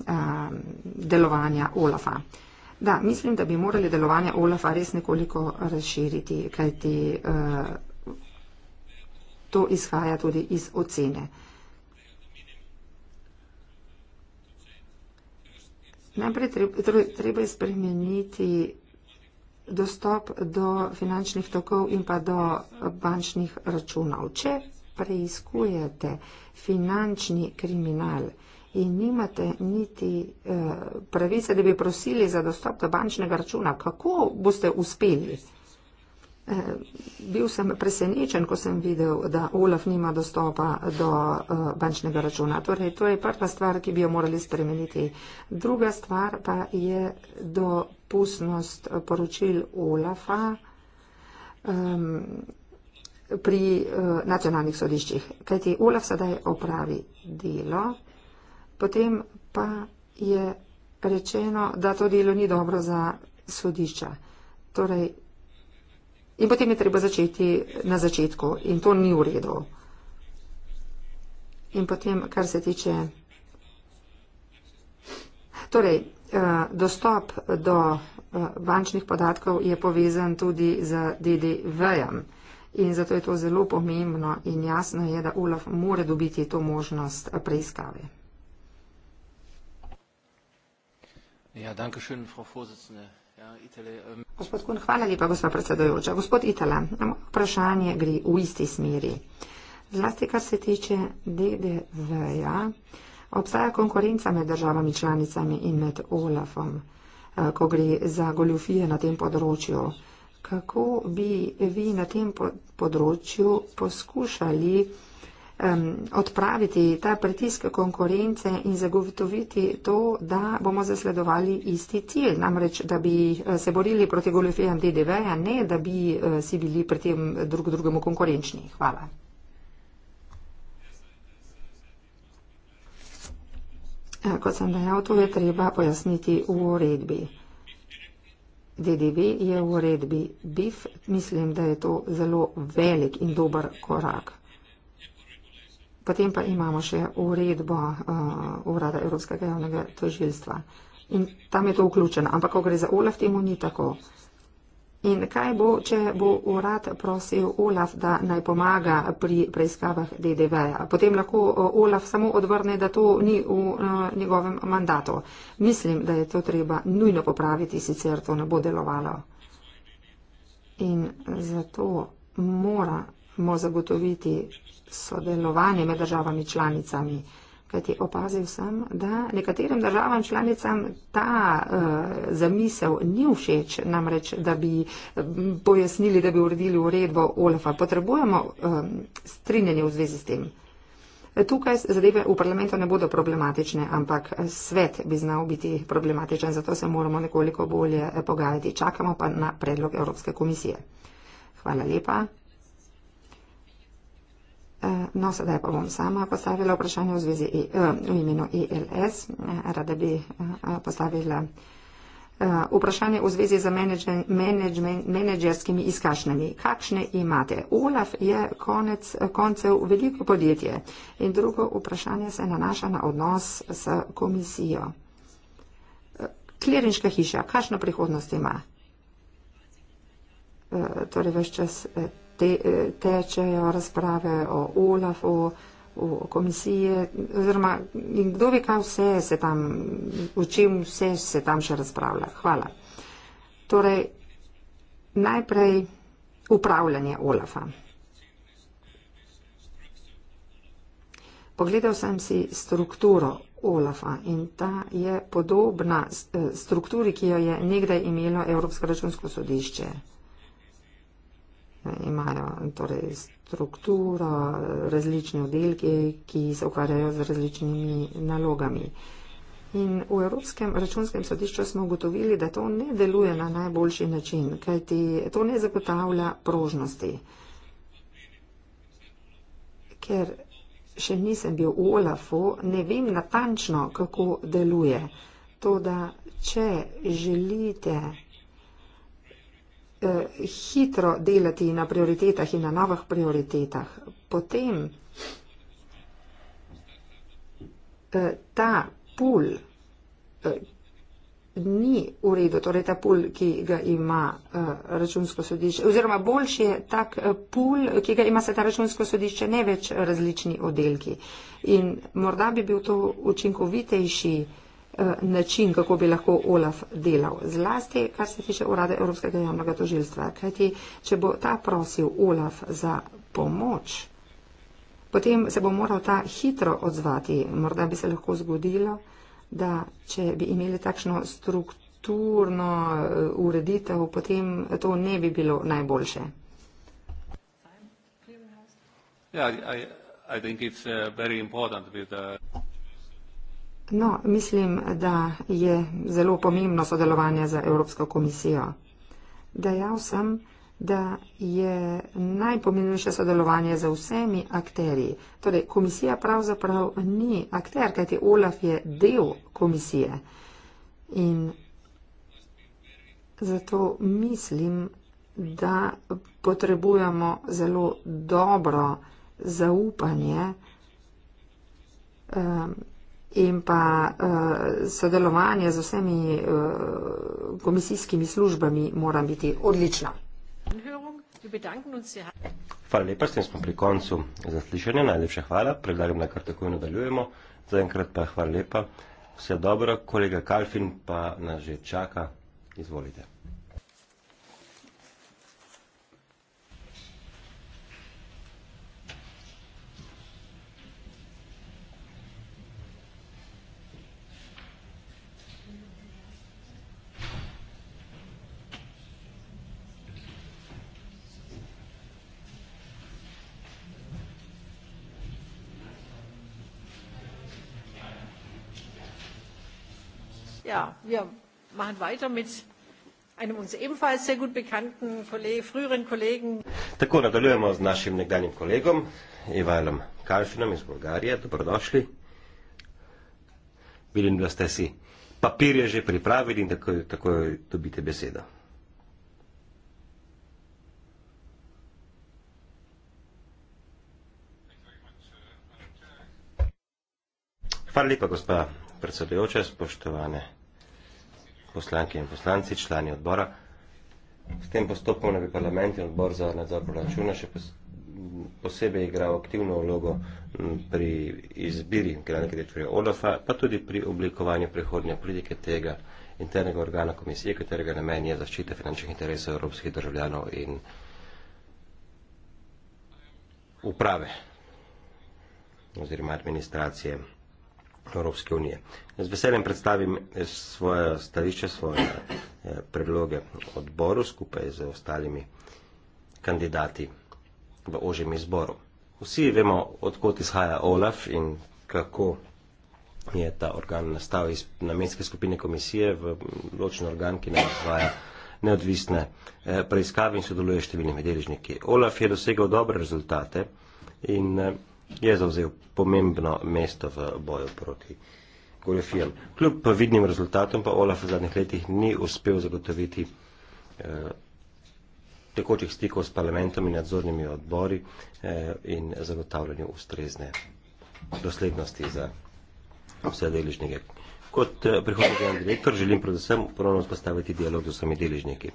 delovanja Olafa. Da, mislim, da bi morali delovanje Olafa res nekoliko razširiti, kajti uh, to izhaja tudi iz ocene. Najprej torej, treba je spremeniti dostop do finančnih tokov in pa do bančnih računov. Če preizkujete finančni kriminal in nimate niti eh, pravice, da bi prosili za dostop do bančnega računa, kako boste uspeli? Eh, bil sem presenečen, ko sem videl, da Olaf nima dostopa do eh, bančnega računa. Torej, to je prva stvar, ki bi jo morali spremeniti. Druga stvar pa je dopustnost eh, poročil Olafa um, pri uh, nacionalnih sodiščih. Kajti Olaf sedaj opravi delo, potem pa je rečeno, da to delo ni dobro za sodišča. Torej, In potem je treba začeti na začetku in to ni v redu. In potem, kar se tiče. Torej, eh, dostop do eh, bančnih podatkov je povezan tudi z DDV-jem. In zato je to zelo pomembno in jasno je, da ULAF more dobiti to možnost preiskave. Ja, danke schön, Frau Vorsitzende. Gospod Kun, hvala lepa, gospod predsedojoča. Gospod Itala, vprašanje gre v isti smeri. Zlasti, kar se tiče DDV-ja, obstaja konkurenca med državami članicami in med OLAF-om, eh, ko gre za goljufije na tem področju. Kako bi vi na tem področju poskušali um, odpraviti ta pritisk konkurence in zagotoviti to, da bomo zasledovali isti cilj, namreč, da bi eh, se borili proti goljofijam DDV, a ne da bi uh, si bili pri tem drug drugemu konkurenčni. Hvala. Eh, kot sem dejal, to je treba pojasniti v uredbi. DDV je v uredbi BIF, mislim, da je to zelo velik in dober korak. Potem pa imamo še uredbo uh, Urada Evropskega javnega tožilstva. In tam je to vključeno, ampak ko gre za OLAF, temu ni tako. In kaj bo, če bo urad prosil OLAF, da naj pomaga pri preiskavah DDV-ja? Potem lahko uh, OLAF samo odvrne, da to ni v uh, njegovem mandatu. Mislim, da je to treba nujno popraviti, sicer to ne bo delovalo. In zato mora moramo zagotoviti sodelovanje med državami članicami. Kajti opazil sem, da nekaterim državam članicam ta uh, zamisel ni všeč, namreč, da bi pojasnili, da bi uredili uredbo OLAF-a. Potrebujemo um, strinjanje v zvezi s tem. Tukaj zadeve v parlamentu ne bodo problematične, ampak svet bi znal biti problematičen, zato se moramo nekoliko bolje eh, pogajati. Čakamo pa na predlog Evropske komisije. Hvala lepa. Eh, no, sedaj pa bom sama postavila vprašanje v, zvezi, eh, v imenu ELS. Eh, rada bi postavila vprašanje v zvezi z menedžerskimi izkašnjami. Kakšne imate? Olaf je konec koncev veliko podjetje. In drugo vprašanje se nanaša na odnos s komisijo. Klerinška hiša, kakšno prihodnost ima? Torej, vse čas te, eh, tečejo razprave o OLAF-u, o komisiji, oziroma kdo ve, kaj vse se tam, o čem vse se tam še razpravlja. Hvala. Torej, najprej upravljanje OLAF-a. Pogledal sem si strukturo OLAF-a in ta je podobna eh, strukturi, ki jo je nekdaj imelo Evropsko računsko sodišče imajo torej strukturo, različni oddelki, ki se ukvarjajo z različnimi nalogami. In v Evropskem računskem sodišču smo ugotovili, da to ne deluje na najboljši način, kajti to ne zagotavlja prožnosti. Ker še nisem bil v OLAF-u, ne vem natančno, kako deluje. To, da če želite Eh, hitro delati na prioritetah in na novih prioritetah, potem eh, ta pul eh, ni v redu, torej ta pul, ki ga ima računsko sodišče, oziroma boljši je tak pul, ki ga ima se ta računsko sodišče, ne več različni oddelki. In morda bi bil to učinkovitejši. Eh, način, kako bi lahko Olaf delal. Zlasti, kar se tiče urada Evropskega javnega tožilstva. Kajti, če bo ta prosil Olaf za pomoč, potem se bo moral ta hitro odzvati. Morda bi se lahko zgodilo, da če bi imeli takšno strukturno eh, ureditev, potem to ne bi bilo najboljše. Yeah, I, I think it's uh, very important with uh No, mislim, da je zelo pomembno sodelovanje z Evropsko komisijo. Dejal sem, da je najpomembnejše sodelovanje z vsemi akterji. Torej, komisija pravzaprav ni akter, kajti Olaf je del komisije. In zato mislim, da potrebujemo zelo dobro zaupanje. Um, in pa uh, sodelovanje z vsemi uh, komisijskimi službami mora biti odlično. Hvala lepa, s tem smo pri koncu zaslišanja. Najlepša hvala, predlagam, da kar takoj nadaljujemo. Zaenkrat pa hvala lepa, vse dobro, kolega Kalfin pa nas že čaka. Izvolite. Ja, wir machen weiter mit einem uns ebenfalls sehr gut bekannten Kollegen, früheren Kollegen. Tako nadaljujemo z našim nekdanjim kolegom Ivalom Kalfinom iz Bulgarije. Dobrodošli. Vidim, da ste si papirje že pripravili in tako, tako dobite besedo. Hvala lepa, gospa predsedujoča, spoštovane poslanke in poslanci, člani odbora. S tem postopkom na bi parlament in odbor za nadzor proračuna še posebej igral aktivno vlogo pri izbiri generalnega direktorja Olofa, pa tudi pri oblikovanju prihodnje politike tega internega organa komisije, katerega namen je zaščita finančnih interesov evropskih državljanov in uprave oziroma administracije. Evropske unije. Z veseljem predstavim eh, svoje stališče, svoje eh, predloge odboru skupaj z ostalimi kandidati v ožjem izboru. Vsi vemo, odkot izhaja OLAF in kako je ta organ nastal iz namenske skupine komisije v ločen organ, ki nam izvaja neodvisne eh, preiskave in sodeluje s številnimi deležniki. OLAF je dosegal dobre rezultate in je zauzel pomembno mesto v boju proti goljofijam. Kljub vidnim rezultatom pa Olaf v zadnjih letih ni uspel zagotoviti eh, tekočih stikov s parlamentom in nadzornimi odbori eh, in zagotavljanju ustrezne doslednosti za vse deležnike. Kot eh, prihodnji generalni direktor želim predvsem ponovno vzpostaviti dialog z vsemi deležniki.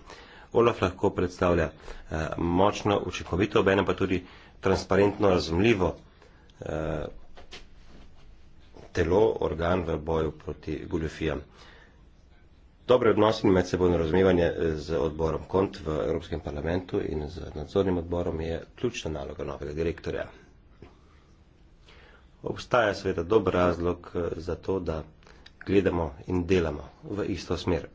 Olaf lahko predstavlja eh, močno, učinkovito, obenem pa tudi transparentno, razumljivo uh, telo, organ v boju proti goljofijam. Dobre odnose med sebojno razumevanje eh, z odborom KONT v Evropskem parlamentu in z nadzornim odborom je ključna naloga novega direktorja. Obstaja seveda dober razlog eh, za to, da gledamo in delamo v isto smer.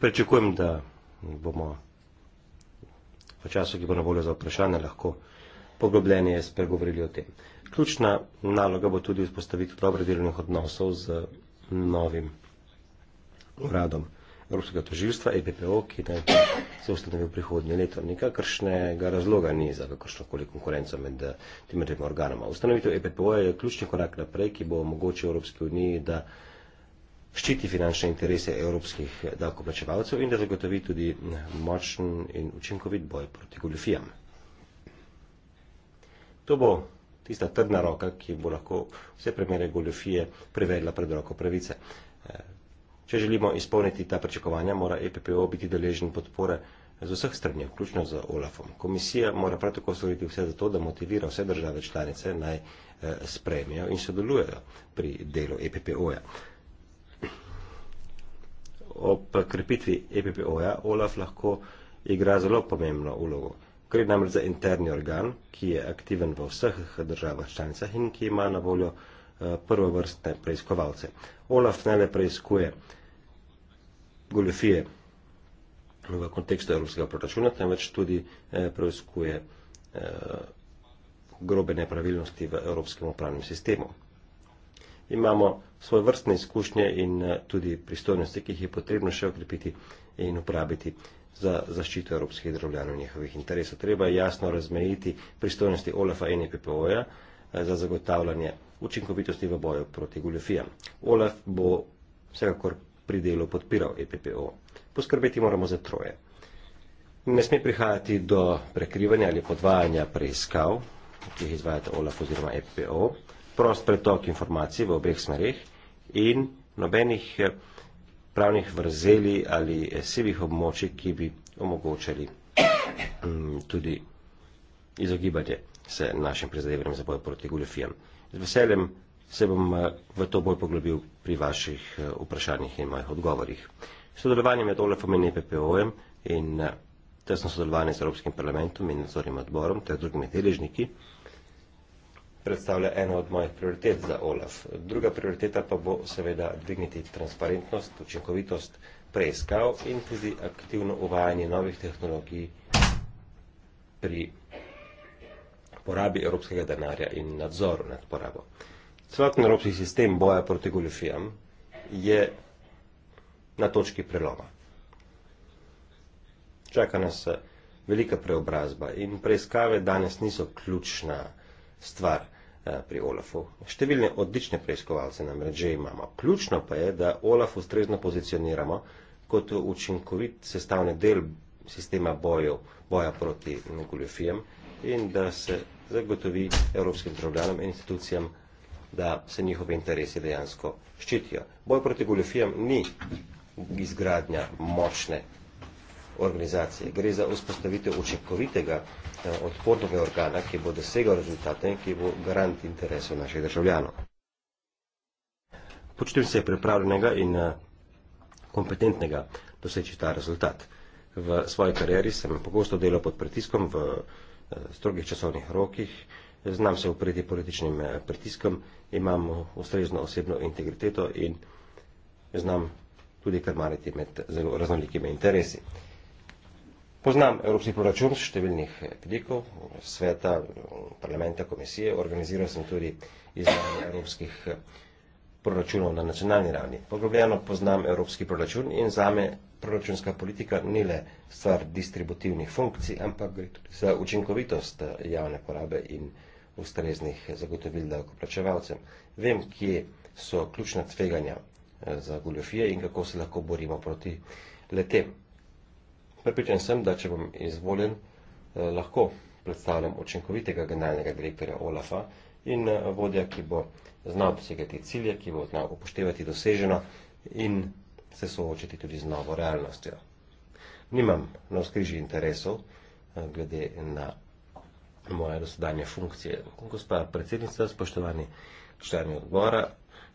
Pričakujem, da bomo v času, ki bo na voljo za vprašanje, lahko poglobljeneje spregovorili o tem. Ključna naloga bo tudi vzpostavitev dobre delovnih odnosov z novim uradom Evropskega toživstva, EPPO, ki naj se ustanovi v prihodnje leto. Nikakršnega razloga ni za kakršnokoli konkurenco med eh, temi dvema organama. Ustanovitev EPPO je ključni korak naprej, ki bo omogočil Evropski uniji, da ščiti finančne interese evropskih davkoplačevalcev in da zagotovi tudi eh, močen in učinkovit boj proti goljofijam. To bo tista trdna roka, ki bo lahko vse premere goljofije prevedla pred roko pravice. Eh, če želimo izpolniti ta pričakovanja, mora EPPO biti deležen podpore z vseh strani, vključno z OLAF-om. Komisija mora prav tako storiti vse za to, da motivira vse države članice naj eh, spremijo in sodelujejo pri delu EPPO-ja. Ob krepitvi EPPO-ja OLAF lahko igra zelo pomembno ulogo. Gre namreč za interni organ, ki je aktiven v vseh državah članicah in ki ima na voljo eh, prvovrstne preiskovalce. Olaf ne le preiskuje goljofije v kontekstu evropskega proračuna, temveč tudi eh, preiskuje eh, grobe nepravilnosti v evropskem upravnem sistemu. Imamo svoje vrstne izkušnje in tudi pristojnosti, ki jih je potrebno še okrepiti in uporabiti za zaščito evropskih državljanov in njihovih interesov. Treba je jasno razmejiti pristojnosti OLAF-a in EPPO-ja eh, za zagotavljanje učinkovitosti v boju proti goljofijam. OLAF bo vsekakor pri delu podpiral EPPO. Poskrbeti moramo za troje. Ne sme prihajati do prekrivanja ali podvajanja preiskav, ki jih izvajate OLAF oziroma EPPO, prost pretok informacij v obeh smerih in nobenih eh, pravnih vrzeli ali sivih območij, ki bi omogočali um, tudi izogibanje se našim prizadevanjem za boj proti goljofijam. Z veseljem se bom eh, v to bolj poglobil pri vaših eh, vprašanjih in mojih odgovorih. Sodelovanje med OLAF-om in EPPO-jem in eh, tesno sodelovanje z Evropskim parlamentom in nadzornim odborom ter drugimi deležniki predstavlja eno od mojih prioritet za OLAF. Druga prioriteta pa bo seveda dvigniti transparentnost, učinkovitost preiskav in tudi aktivno uvajanje novih tehnologij pri porabi evropskega denarja in nadzoru nad porabo. Celoten evropski sistem boja proti goljofijam je na točki preloma. Čaka nas eh, velika preobrazba in preiskave danes niso ključna stvar. Eh, pri Olafu. Številne odlične preiskovalce namreč že imamo. Ključno pa je, da Olaf ustrezno pozicioniramo kot učinkovit sestavni del sistema bojov, boja proti goljofijam in da se zagotovi evropskim državljanom in institucijam, da se njihovi interesi dejansko ščitijo. Boj proti goljofijam ni izgradnja močne organizacije. Gre za vzpostavitev učinkovitega eh, odpornega organa, ki bo dosegal rezultate in ki bo garant interesov naših državljanov. Počutim se pripravljenega in eh, kompetentnega doseči ta rezultat. V svoji karieri sem pogosto delal pod pritiskom v eh, strogih časovnih rokih, znam se upreti političnim pritiskom, imam ustrezno osebno integriteto in znam tudi krmariti med zelo raznolikimi interesi. Poznam evropski proračun številnih vidikov, eh, sveta, parlamenta, komisije, organiziral sem tudi izdajanje evropskih eh, proračunov na nacionalni ravni. Poglobljeno poznam evropski proračun in zame proračunska politika ni le stvar distributivnih funkcij, ampak gre tudi za učinkovitost eh, javne porabe in ustreznih zagotovil davkoplačevalcem. Vem, kje so ključna tveganja za goljofije in kako se lahko borimo proti letem. Prepričan sem, da če bom izvoljen, eh, lahko predstavljam učinkovitega generalnega direktorja Olafa in eh, vodja, ki bo znal dosegati cilje, ki bo znal upoštevati doseženo in se soočiti tudi z novo realnostjo. Nimam na skriži interesov eh, glede na moje dosedanje funkcije. Gospa predsednica, spoštovani člani odbora,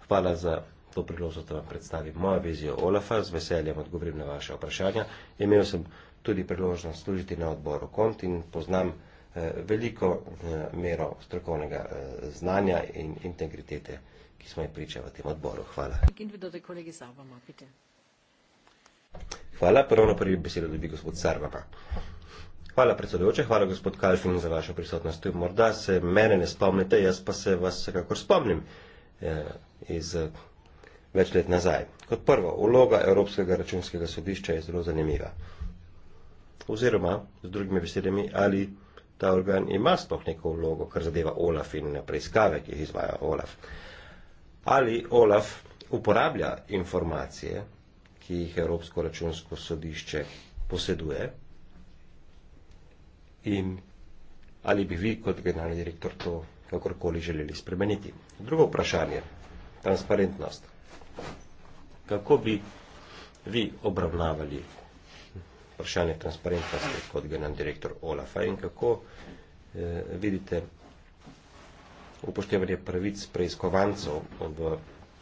hvala za To priložnost vam predstavim mojo vizijo Olafa, z veseljem odgovorim na vaše vprašanja. Imel sem tudi priložnost služiti na odboru KONT in poznam eh, veliko eh, mero strokovnega eh, znanja in integritete, ki smo jih pričali v tem odboru. Hvala. Hvala, ponovno prvi besedo dobi gospod Sarvama. Hvala, predsedujoče, hvala, gospod Kalfin, za vašo prisotnost. Morda se mene ne spomnite, jaz pa se vas vsekakor spomnim eh, iz. Eh, več let nazaj. Kot prvo, uloga Evropskega računskega sodišča je zelo zanimiva. Oziroma, z drugimi besedami, ali ta organ ima sploh neko vlogo, kar zadeva OLAF in preiskave, ki jih izvaja OLAF. Ali OLAF uporablja informacije, ki jih Evropsko računsko sodišče poseduje in ali bi vi kot generalni direktor to kakorkoli želeli spremeniti. Drugo vprašanje, transparentnost. Kako bi vi obravnavali vprašanje transparentnosti kot general direktor OLAFA in kako eh, vidite upoštevanje pravic preiskovancov v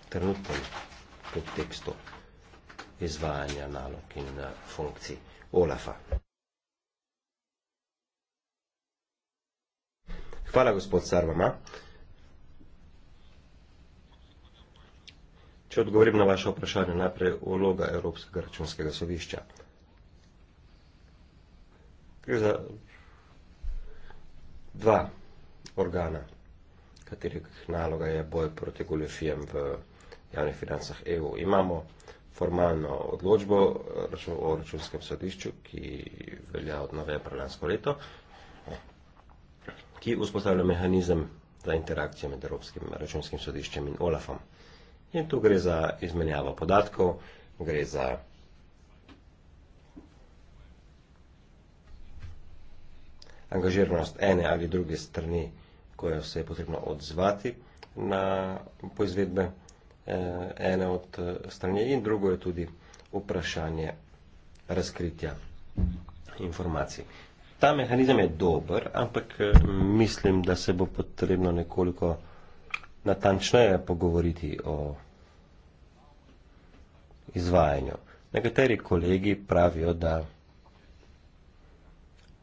trenutnem kontekstu izvajanja nalog in eh, funkcij OLAFA? Hvala, gospod Sarvama. Če odgovorim na vaše vprašanje, najprej vloga Evropskega računskega sodišča. Gre za dva organa, katerih naloga je boj proti goljofijem v javnih financah EU. Imamo formalno odločbo o računskem sodišču, ki velja od novembra lansko leto, ki vzpostavlja mehanizem za interakcijo med Evropskim računskim sodiščem in OLAFom. In tu gre za izmenjavo podatkov, gre za angažiranost ene ali druge strani, ko jo se je potrebno odzvati na poizvedbe eh, ene od eh, strani in drugo je tudi vprašanje razkritja informacij. Ta mehanizem je dober, ampak eh, mislim, da se bo potrebno nekoliko vprašanje natančneje pogovoriti o izvajanju. Nekateri kolegi pravijo, da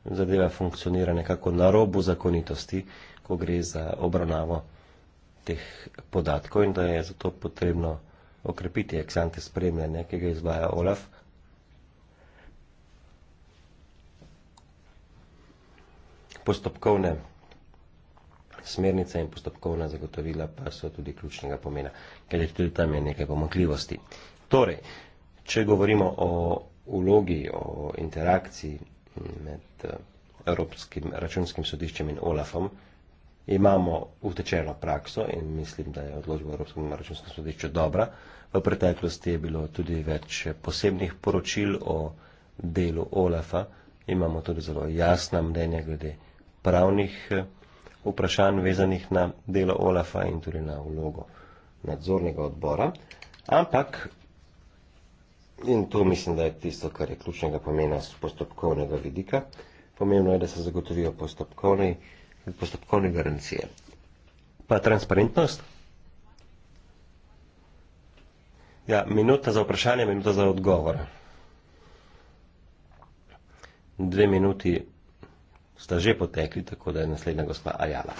zadeva funkcionira nekako na robu zakonitosti, ko gre za obravnavo teh podatkov in da je zato potrebno okrepiti eksante spremljanja, ki ga izvaja OLAF. Postopkovne smernice in postopkovna zagotovila pa so tudi ključnega pomena, ker je tudi tam je nekaj pomakljivosti. Torej, če govorimo o ulogi, o interakciji med eh, Evropskim računskim sodiščem in OLAFom, imamo utečeno prakso in mislim, da je odložba Evropskem računskem sodišču dobra. V preteklosti je bilo tudi več posebnih poročil o delu OLAFa, imamo tudi zelo jasna mnenja glede pravnih eh, vprašanj vezanih na delo Olafa in tudi na vlogo nadzornega odbora. Ampak, in to mislim, da je tisto, kar je ključnega pomena z postopkovnega vidika, pomembno je, da se zagotovijo postopkovne, postopkovne garancije. Pa transparentnost? Ja, minuta za vprašanje, minuta za odgovor. Dve minuti sta že potekli, tako da je naslednja gospa Ajala.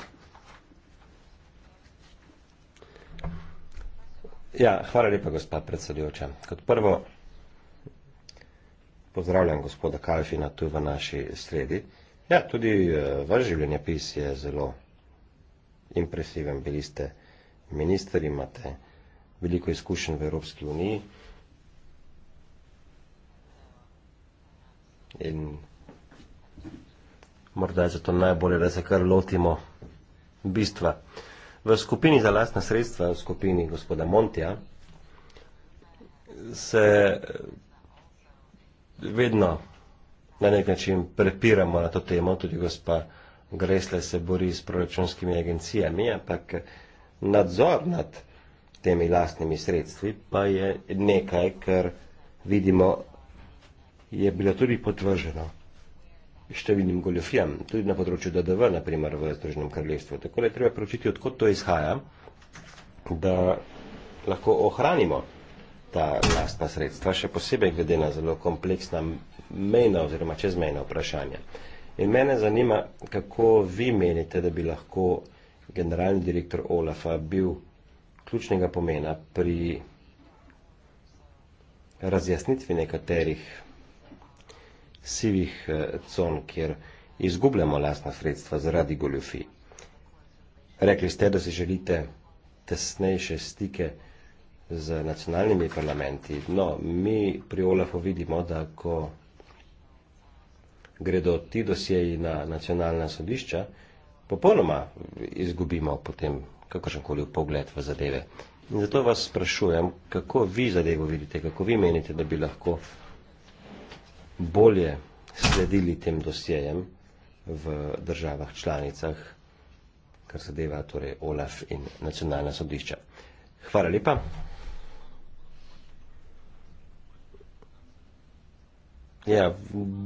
Ja, hvala lepa, gospa predsedujoča. Kot prvo, pozdravljam gospoda Kalfina tu v naši sredi. Ja, tudi eh, vaš življenjepis je zelo impresiven. Bili ste minister, imate veliko izkušenj v Evropski uniji. In morda je zato najbolje, da se kar lotimo bistva. V skupini za lastna sredstva, v skupini gospoda Montija, se eh, vedno na nek način prepiramo na to temo, tudi gospa Gresle se bori s proračunskimi agencijami, ampak nadzor nad temi lastnimi sredstvi pa je nekaj, kar vidimo, je bilo tudi potvrženo številnim goljofijam, tudi na področju DDV, naprimer v Združenem kraljestvu. Tako je treba preučiti, odkot to izhaja, da lahko ohranimo ta lastna sredstva, še posebej glede na zelo kompleksna mejna oziroma čezmejna vprašanja. In mene zanima, kako vi menite, da bi lahko generalni direktor Olafa bil ključnega pomena pri razjasnitvi nekaterih sivih eh, con, kjer izgubljamo lastna sredstva zaradi goljofij. Rekli ste, da si želite tesnejše stike z nacionalnimi parlamenti. No, mi pri Olafu vidimo, da ko gredo ti dosjeji na nacionalna sodišča, popolnoma izgubimo potem kakršenkoli pogled v zadeve. In zato vas sprašujem, kako vi zadevo vidite, kako vi menite, da bi lahko bolje sledili tem dosjejem v državah članicah, kar zadeva torej OLAF in nacionalna sodišča. Hvala lepa. Ja,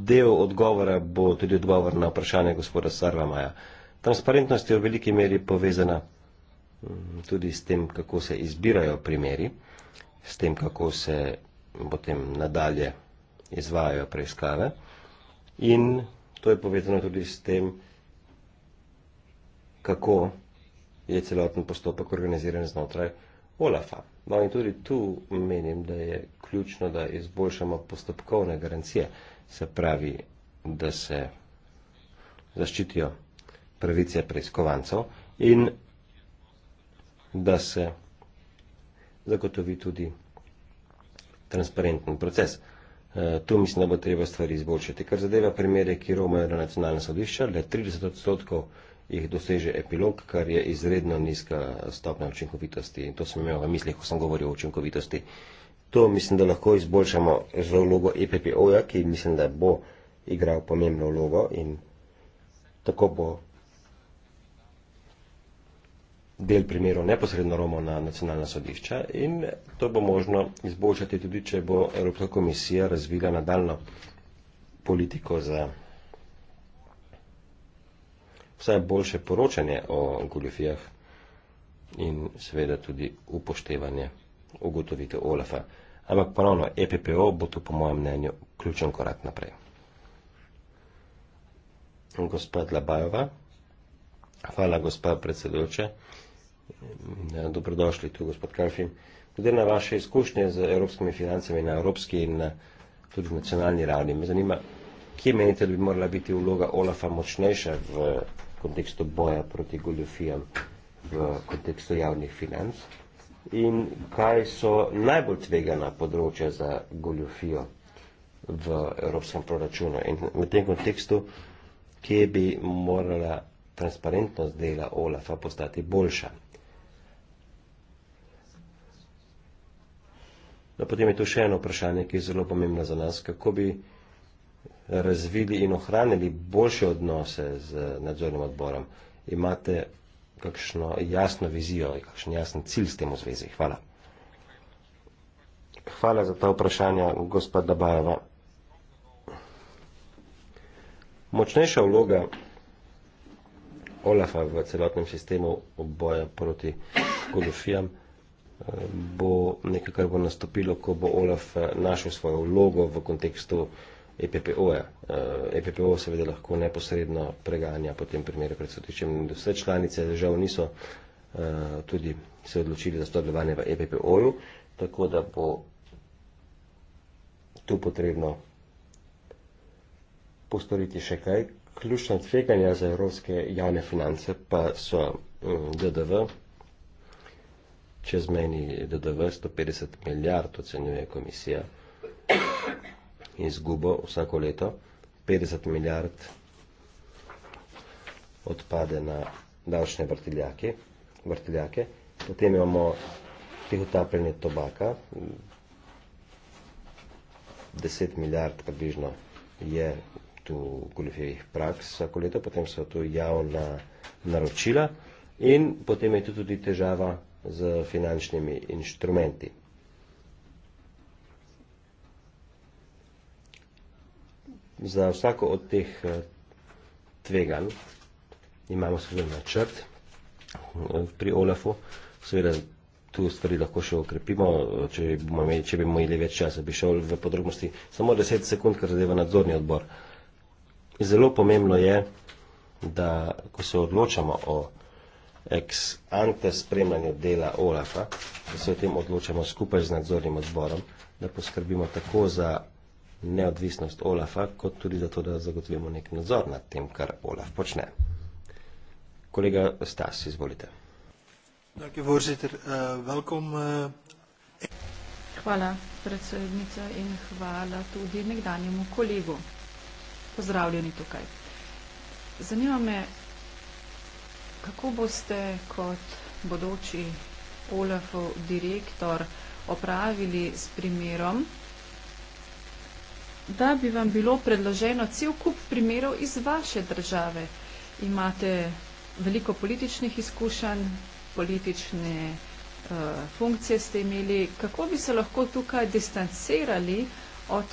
del odgovora bo tudi odgovor na vprašanje gospoda Sarvamaja. Transparentnost je v veliki meri povezana mm, tudi s tem, kako se izbirajo primeri, s tem, kako se potem nadalje izvajajo preiskave. In to je povezano tudi s tem, kako je celoten postopek organiziran znotraj OLAF-a. No in tudi tu menim, da je ključno, da izboljšamo postopkovne garancije, se pravi, da se zaščitijo pravice preiskovancov in da se zagotovi tudi transparenten proces. Eh, tu mislim, da bo treba stvari izboljšati. Kar zadeva primere, ki romajo na nacionalne sodišča, le 30 odstotkov jih doseže epilog, kar je izredno nizka stopnja učinkovitosti. In to sem imel v mislih, ko sem govoril o učinkovitosti. To mislim, da lahko izboljšamo z vlogo EPPO-ja, ki mislim, da bo igral pomembno vlogo in tako bo del primerov neposredno romo na nacionalna sodišča in to bo možno izboljšati tudi, če bo Evropska komisija razvila nadaljno politiko za vsaj boljše poročanje o goljofijah in seveda tudi upoštevanje ugotovitev OLAF-a. Ampak ponovno, EPPO bo to po mojem mnenju ključen korak naprej. Gospod Labajova, hvala gospod predsedujoče. Ja, dobrodošli tu, gospod Karfin. Glede na vaše izkušnje z evropskimi financami na evropski in na tudi nacionalni ravni, me zanima, kje menite, da bi morala biti vloga Olafa močnejša v kontekstu boja proti goljofijam v kontekstu javnih financ? In kaj so najbolj tvegana področja za goljofijo v evropskem proračunu? In v tem kontekstu, kje bi morala transparentnost dela Olafa postati boljša? No, potem je tu še eno vprašanje, ki je zelo pomembno za nas, kako bi razvili in ohranili boljše odnose z nadzornim odborom. Imate kakšno jasno vizijo in kakšen jasen cilj s tem v zvezi? Hvala. Hvala za ta vprašanja, gospod Dabajeva. Močnejša vloga Olafa v celotnem sistemu boja proti goljofijam bo nekaj, kar bo nastopilo, ko bo Olaf eh, našel svojo vlogo v kontekstu EPPO-ja. EPPO eh, e seveda lahko neposredno preganja potem primere pred sodiščem. Vse članice žal niso eh, tudi se odločili za sodelovanje v EPPO-ju, tako da bo tu potrebno postoriti še kaj. Ključna tveganja za evropske javne finance pa so mm, DDV, čezmejni DDV 150 milijard, ocenjuje komisija, izgubo vsako leto. 50 milijard odpade na davčne vrtiljake, vrtiljake. Potem imamo tihotapljenje tobaka, 10 milijard približno je tu goljofevih praks vsako leto, potem so tu javna naročila in potem je tu tudi težava z finančnimi inštrumenti. Za vsako od teh eh, tveganj imamo seveda načrt eh, pri Olafu. Seveda tu stvari lahko še okrepimo, eh, če, bomo, če bi imeli več časa, bi šel v podrobnosti samo 10 sekund, kar zadeva nadzorni odbor. Zelo pomembno je, da ko se odločamo o ex ante spremljanju dela OLAF-a, da se o tem odločamo skupaj z nadzornim odborom, da poskrbimo tako za neodvisnost OLAF-a, kot tudi za to, da zagotovimo nek nadzor nad tem, kar OLAF počne. Kolega Stas, izvolite. Dragi voržiter, uh, eh, velkom. Uh... Eh. Hvala, predsednica, in hvala tudi nekdanjemu kolegu. Pozdravljeni tukaj. Zanima me, Kako boste kot bodoči Olafov direktor opravili s primerom, da bi vam bilo predloženo cel kup primerov iz vaše države? Imate veliko političnih izkušenj, politične uh, funkcije ste imeli. Kako bi se lahko tukaj distancirali od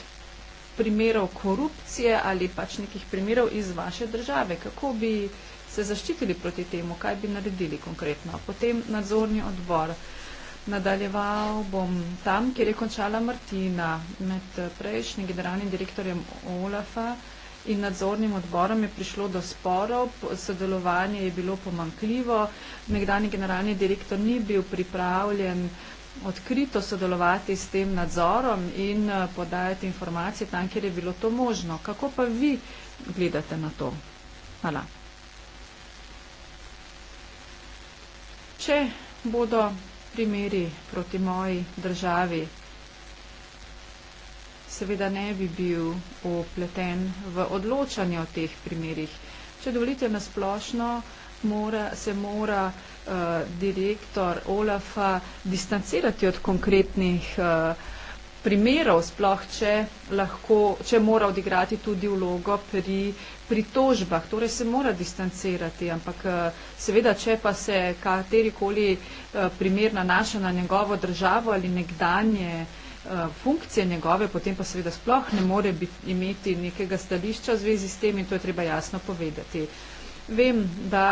primerov korupcije ali pač nekih primerov iz vaše države? Kako bi uh, se zaščitili proti temu, kaj bi naredili konkretno. Potem nadzorni odbor. Nadaljeval bom tam, kjer je končala Martina. Med eh, prejšnjim generalnim direktorjem Olafa in nadzornim odborom je prišlo do sporov, sodelovanje je bilo pomankljivo, nekdani generalni direktor ni bil pripravljen odkrito sodelovati s tem nadzorom in eh, podajati informacije tam, kjer je bilo to možno. Kako pa vi gledate na to? Hvala. Mogoče bodo primeri proti moji državi. Seveda ne bi bil opleten v odločanje o teh primerih. Če dovolite na splošno, mora, se mora uh, direktor Olafa distancirati od konkretnih uh, primerov, sploh če, lahko, če mora odigrati tudi vlogo pri pritožbah, torej se mora distancirati, ampak eh, seveda, če pa se katerikoli eh, primer nanaša na njegovo državo ali nekdanje eh, funkcije njegove, potem pa seveda sploh ne more biti, imeti nekega stališča v zvezi s tem in to je treba jasno povedati. Vem, da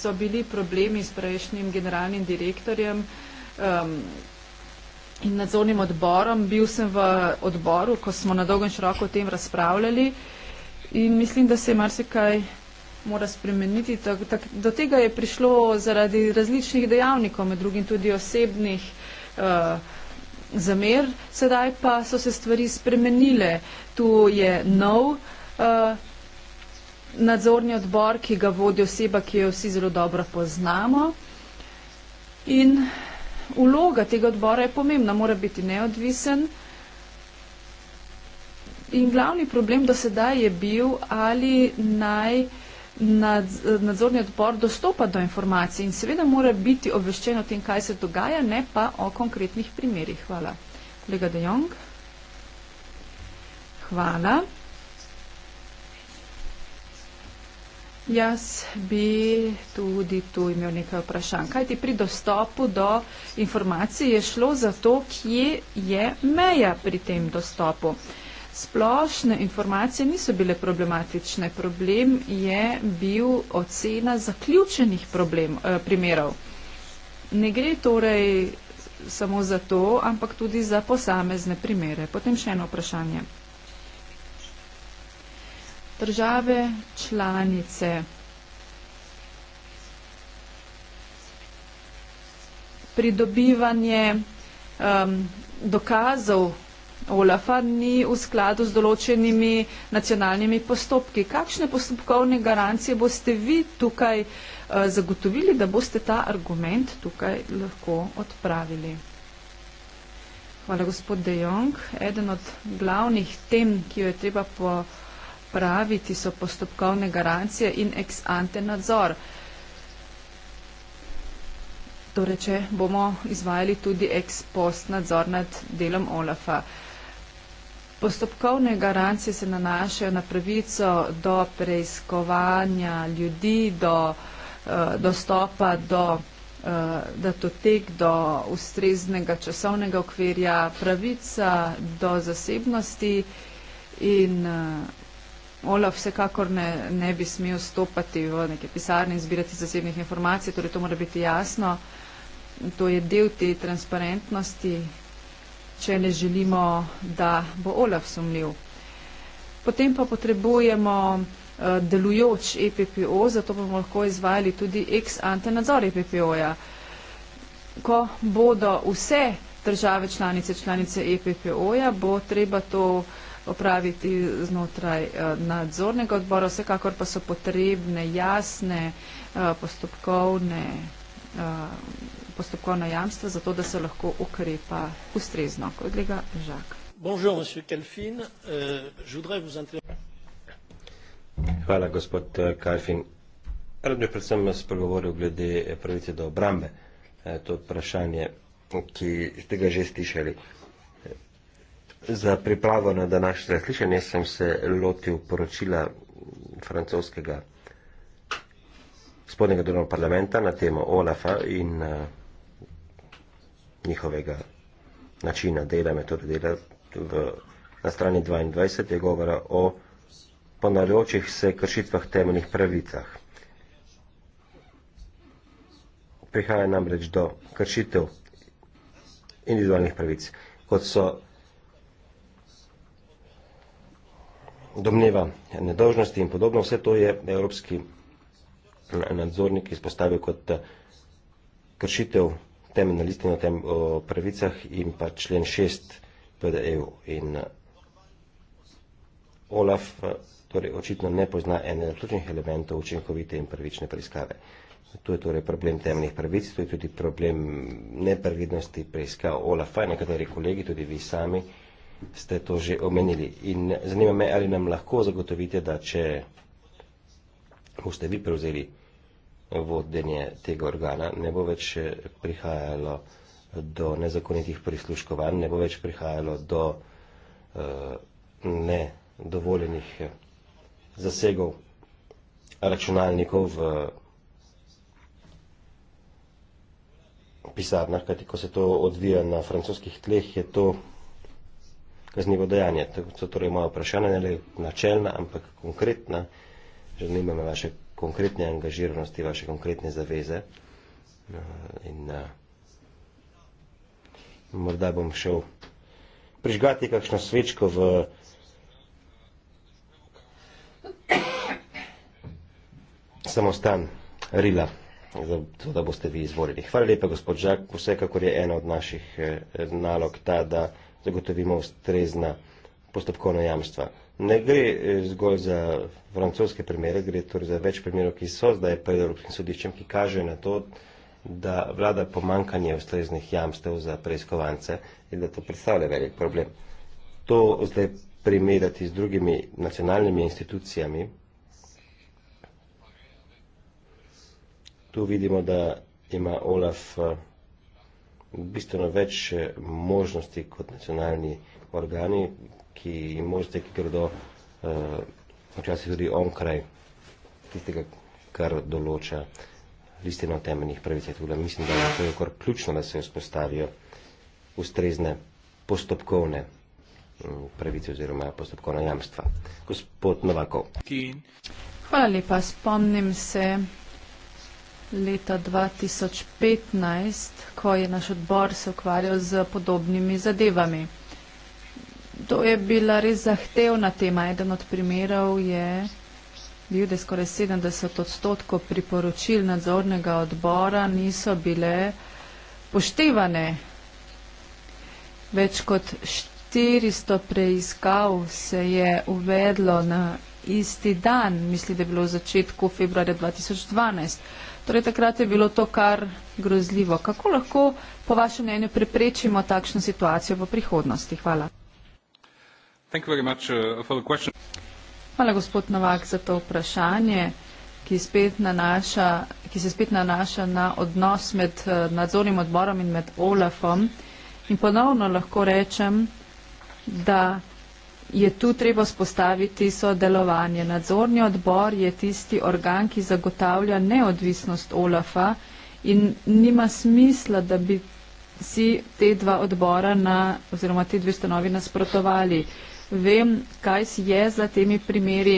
so bili problemi s prejšnjim generalnim direktorjem, um, in nadzornim odborom. Bil sem v odboru, ko smo na dolgo in široko o tem razpravljali in mislim, da se je marsikaj mora spremeniti. Tak, tak, do tega je prišlo zaradi različnih dejavnikov, med drugim tudi osebnih uh, zamer. Sedaj pa so se stvari spremenile. Tu je nov uh, nadzorni odbor, ki ga vodi oseba, ki jo vsi zelo dobro poznamo. In vloga tega odbora je pomembna, mora biti neodvisen. In glavni problem do sedaj je bil, ali naj nadzorni odbor dostopa do informacij in seveda mora biti obveščen o tem, kaj se dogaja, ne pa o konkretnih primerih. Hvala. Kolega De Jong. Hvala. Jaz bi tudi tu imel nekaj vprašanj. Kaj ti pri dostopu do informacij je šlo za to, kje je meja pri tem dostopu? Splošne informacije niso bile problematične. Problem je bil ocena zaključenih problem, eh, primerov. Ne gre torej samo za to, ampak tudi za posamezne primere. Potem še eno vprašanje države članice. Pridobivanje um, dokazov OLAFA ni v skladu z določenimi nacionalnimi postopki. Kakšne postopkovne garancije boste vi tukaj uh, zagotovili, da boste ta argument tukaj lahko odpravili? Hvala, gospod De Jong. Eden od glavnih tem, ki jo je treba po uh, pripraviti, so postopkovne garancije in ex ante nadzor. Torej, če bomo izvajali tudi ex post nadzor nad delom OLAFA. Postopkovne garancije se nanašajo na pravico do preiskovanja ljudi, do uh, dostopa do uh, datotek, do ustreznega časovnega okvirja, pravica do zasebnosti in uh, Olaf vsekakor ne, ne bi smel stopati v neke pisarne in zbirati zasebnih informacij, torej to mora biti jasno. To je del te transparentnosti, če ne želimo, da bo Olaf sumljiv. Potem pa potrebujemo uh, delujoč EPPO, zato bomo lahko izvajali tudi ex ante nadzor EPPO-ja. Ko bodo vse države članice članice EPPO-ja, bo treba to uh, opraviti znotraj eh, nadzornega odbora, vsekakor pa so potrebne jasne eh, postopkovne, eh, postopkovna jamstva za to, da se lahko ukrepa ustrezno. Kolega Žak. Bonjour, monsieur Kelfin. Euh, je voudrais vous Hvala, gospod Kalfin. Rad bi predvsem spregovoril glede pravice do obrambe. To vprašanje, ki ste ga že slišali. Za pripravo na današnje razlišanje sem se lotil poročila francoskega spodnjega delovnega parlamenta na temo OLAF-a in uh, njihovega načina dela, metode dela. V, na strani 22 je govora o ponarjočih se kršitvah temeljnih pravicah. Prihaja namreč do kršitev individualnih pravic, kot so domneva nedožnosti in podobno, vse to je evropski nadzornik izpostavil kot eh, kršitev temeljne listine o, tem, o pravicah in pa člen 6 PDEU. In eh, Olaf eh, torej, očitno ne pozna enega ključnih elementov učinkovite in pravične preiskave. Tu je torej problem temeljnih pravic, tu je tudi problem neprevidnosti preiskav Olafa in nekateri kolegi, tudi vi sami, uh, ste to že omenili. In zanima me, ali nam lahko zagotovite, da če boste vi prevzeli vodenje tega organa, ne bo več eh, prihajalo do nezakonitih prisluškovanj, ne bo več prihajalo do uh, nedovoljenih eh, zasegov računalnikov v pisarnah, kajti ko se to odvija na francoskih tleh, je to kaznivo dejanje. Tako so torej moja vprašanja, ne le načeljna, ampak konkretna. Želim me vaše konkretne angažiranosti, vaše konkretne zaveze. No, in eh, morda bom šel prižgati kakšno svečko v samostan Rila, zato da boste vi izvolili. Hvala lepa, gospod Žak, vsekakor je ena od naših eh, nalog ta, da zagotovimo ustrezna postopkovna jamstva. Ne gre eh, zgolj za francoske primere, gre torej za več primerov, ki so zdaj pred Evropskim sodiščem, ki kaže na to, da vlada pomankanje ustreznih jamstev za preiskovance in da to predstavlja velik problem. To zdaj primerjati z drugimi nacionalnimi institucijami, tu vidimo, da ima Olaf eh, bistveno več eh, možnosti kot nacionalni organi, ki možnosti, ki gredo uh, včasih tudi onkraj tistega, kar določa listina o temeljnih pravicah. Mislim, da je to kar ključno, da se vzpostavijo ustrezne postopkovne mm, pravice oziroma postopkovna jamstva. Gospod Novakov. Hvala lepa, spomnim se leta 2015, ko je naš odbor se ukvarjal z podobnimi zadevami. To je bila res zahtevna tema. Eden od primerov je bil, da skoraj 70 odstotkov priporočil nadzornega odbora niso bile poštevane. Več kot 400 preiskav se je uvedlo na isti dan, mislim, da je bilo v začetku februarja 2012. Torej, takrat je bilo to kar grozljivo. Kako lahko, po vašem mnenju, preprečimo takšno situacijo v prihodnosti? Hvala. Uh, Hvala, gospod Novak, za to vprašanje, ki, nanaša, ki se spet nanaša na odnos med uh, nadzornim odborom in med OLAFom. In ponovno lahko rečem, da je tu treba spostaviti sodelovanje. Nadzorni odbor je tisti organ, ki zagotavlja neodvisnost OLAF-a in nima smisla, da bi si te dva odbora na, oziroma te dve stanovi nasprotovali. Vem, kaj si je za temi primeri.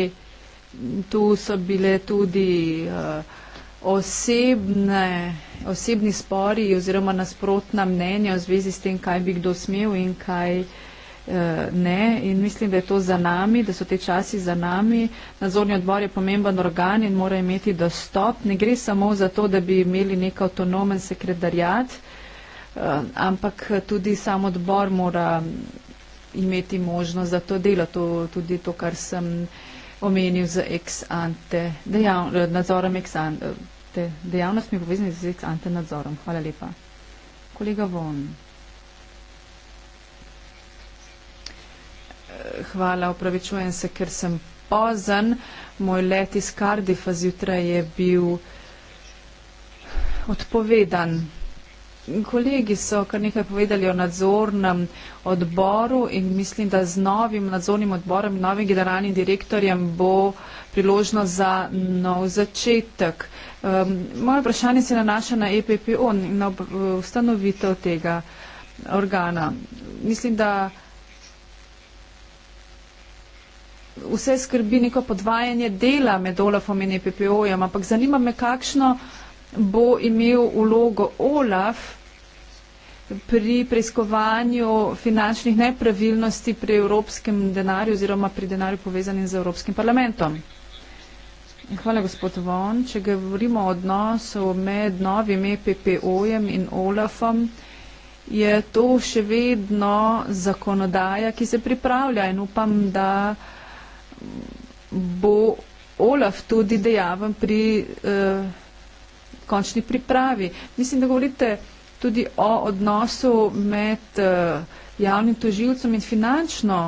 Tu so bile tudi uh, osebne, osebni spori oziroma nasprotna mnenja v zvezi s tem, kaj bi kdo smel in kaj uh, Eh, ne in mislim, da je to za nami, da so te časi za nami. Nadzorni odbor je pomemben organ in mora imeti dostop. Ne gre samo za to, da bi imeli nek avtonomen sekretarjat, eh, ampak tudi sam odbor mora imeti možnost za to delo. To tudi to, kar sem omenil z ex-ante dejavno, nadzorom ex-ante dejavnostmi povezani z ex-ante nadzorom. Hvala lepa. Kolega Von. hvala, opravičujem se, ker sem pozan. Moj let iz Cardiffa zjutraj je bil odpovedan. Kolegi so kar nekaj povedali o nadzornem odboru in mislim, da z novim nadzornim odborom in novim generalnim direktorjem bo priložnost za nov začetek. Um, moje vprašanje se nanaša na EPPO, na ustanovitev tega organa. Mislim, da. vse skrbi neko podvajanje dela med Olafom in EPPO-jem, ampak zanima me, kakšno bo imel vlogo Olaf pri preiskovanju finančnih nepravilnosti pri evropskem denarju oziroma pri denarju povezanim z Evropskim parlamentom. Hvala, gospod Von. Če govorimo o odnosu med novim EPPO-jem in Olafom, je to še vedno zakonodaja, ki se pripravlja in upam, da bo Olaf tudi dejaven pri uh, končni pripravi. Mislim, da govorite tudi o odnosu med uh, javnim toživcem in finančno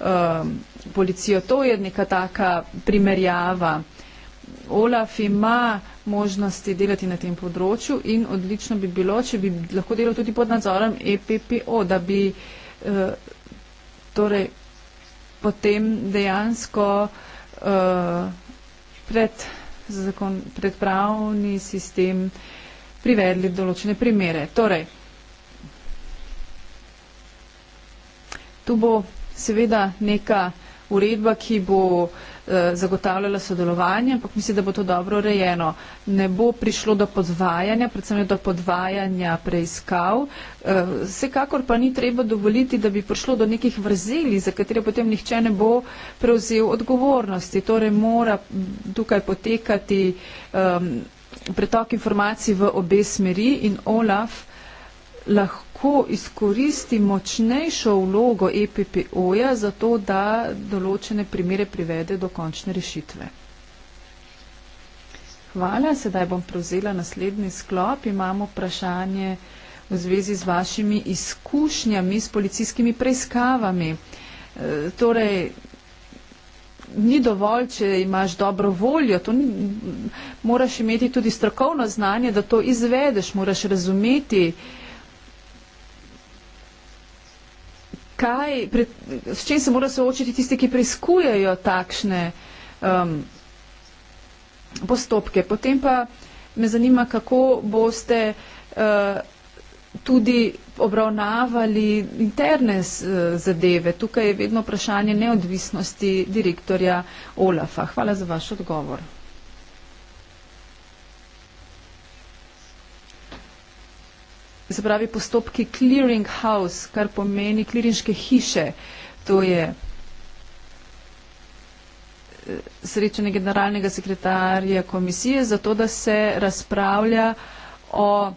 uh, policijo. To je neka taka primerjava. Olaf ima možnosti delati na tem področju in odlično bi bilo, če bi lahko delal tudi pod nadzorom EPPO, da bi uh, torej potem dejansko uh, pred, zakon, pred pravni sistem privedli določene primere. Torej, tu bo seveda neka uredba, ki bo uh, Eh, zagotavljala sodelovanje, ampak mislim, da bo to dobro urejeno. Ne bo prišlo do podvajanja, predvsem do podvajanja preiskav. Eh, vsekakor pa ni treba dovoliti, da bi prišlo do nekih vrzeli, za katere potem nihče ne bo prevzel odgovornosti. Torej mora tukaj potekati um, pretok informacij v obe smeri in Olaf lahko lahko izkoristi močnejšo vlogo EPPO-ja za to, da določene primere privede do končne rešitve. Hvala, sedaj bom prevzela naslednji sklop. Imamo vprašanje v zvezi z vašimi izkušnjami s policijskimi preiskavami. E, torej, ni dovolj, če imaš dobro voljo, to ni, moraš imeti tudi strokovno znanje, da to izvedeš, moraš razumeti, kaj, pred, s čim se mora soočiti tisti, ki preizkujejo takšne um, postopke. Potem pa me zanima, kako boste uh, tudi obravnavali interne zadeve. Tukaj je vedno vprašanje neodvisnosti direktorja Olafa. Hvala za vaš odgovor. se pravi postopki clearing house, kar pomeni kliriške hiše, to je eh, srečanje generalnega sekretarja komisije, zato da se razpravlja o uh,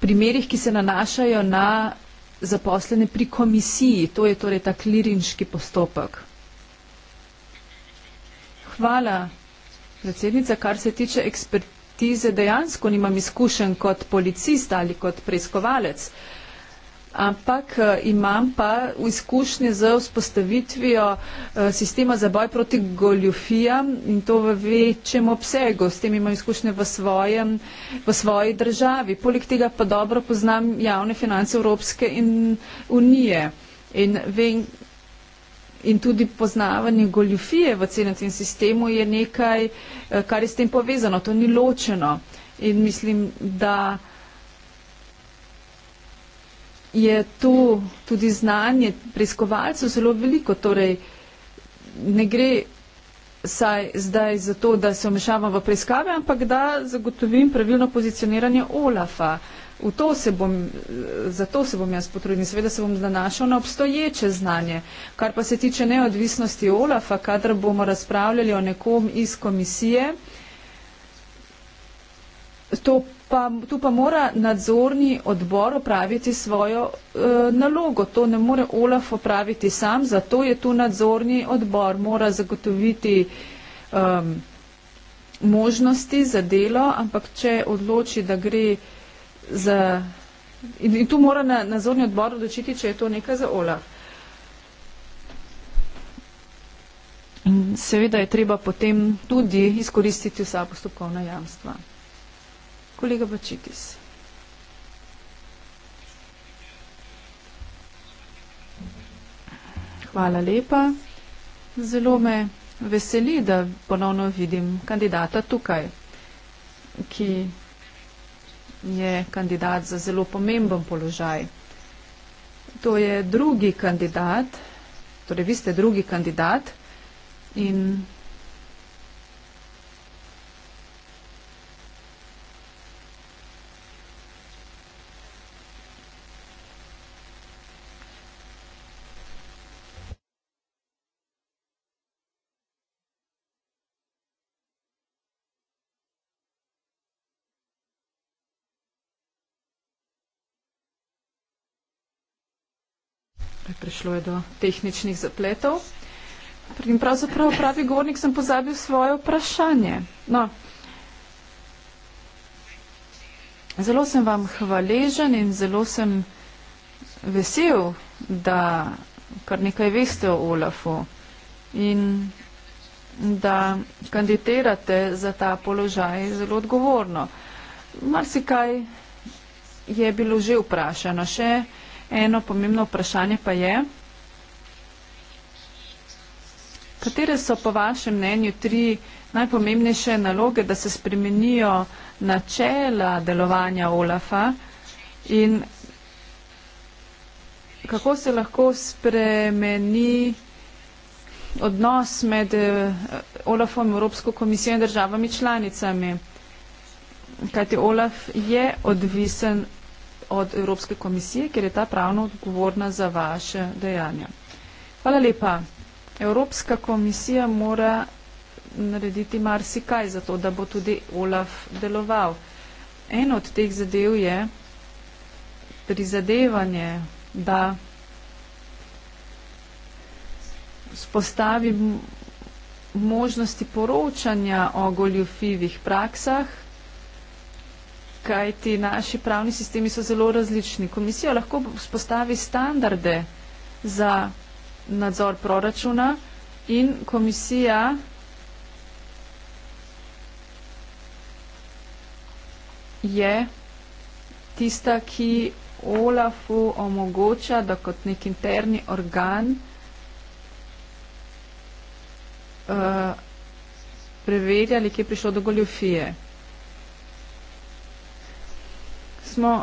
primerih, ki se nanašajo na zaposlene pri komisiji. To je torej ta kliriški postopek. Hvala, predsednica. Kar se tiče ekspertiz, ti zdaj dejansko nimam izkušen kot policist ali kot preiskovalec, ampak eh, imam pa izkušnje z vzpostavitvijo eh, sistema za boj proti goljufijam in to v večjem obsegu. S tem imam izkušnje v, svojem, v svoji državi. Poleg tega pa dobro poznam javne finance Evropske in unije. In vem, in tudi poznavanje goljufije v celem tem sistemu je nekaj, eh, kar je s tem povezano, to ni ločeno. In mislim, da je tu tudi znanje preiskovalcev zelo veliko, torej ne gre saj zdaj za to, da se omešavam v preiskave, ampak da zagotovim pravilno pozicioniranje OLAFA. Uh, To se bom, za to se bom jaz potrudil. Seveda se bom zanašal na obstoječe znanje. Kar pa se tiče neodvisnosti OLAF-a, kadar bomo razpravljali o nekom iz komisije, pa, tu pa mora nadzorni odbor opraviti svojo e, nalogo. To ne more OLAF opraviti sam, zato je tu nadzorni odbor. Mora zagotoviti. E, možnosti za delo, ampak če odloči, da gre za, in, in tu mora na nadzorni odbor odločiti, če je to nekaj za OLAF. In seveda je treba potem tudi izkoristiti vsa postopkovna jamstva. Kolega Bačitis. Hvala lepa. Zelo me veseli, da ponovno vidim kandidata tukaj, ki je kandidat za zelo pomemben položaj. To je drugi kandidat, torej vi ste drugi kandidat in prišlo je do tehničnih zapletov. In pravzaprav, pravi govornik, sem pozabil svoje vprašanje. No. Zelo sem vam hvaležen in zelo sem vesel, da kar nekaj veste o Olafu in da kandidirate za ta položaj zelo odgovorno. Marsikaj je bilo že vprašano še. Eno pomembno vprašanje pa je, katere so po vašem mnenju tri najpomembnejše naloge, da se spremenijo načela delovanja OLAFA in kako se lahko spremeni odnos med eh, OLAFom, Evropsko komisijo in državami članicami. Kajti OLAF je odvisen od Evropske komisije, ker je ta pravno odgovorna za vaše dejanja. Hvala lepa. Evropska komisija mora narediti marsikaj za to, da bo tudi OLAF deloval. En od teh zadev je prizadevanje, da spostavim možnosti poročanja o goljufivih praksah kaj ti naši pravni sistemi so zelo različni. Komisija lahko spostavi standarde za nadzor proračuna in komisija je tista, ki OLAF-u omogoča, da kot nek interni organ uh, preverja, ali je prišlo do goljofije. smo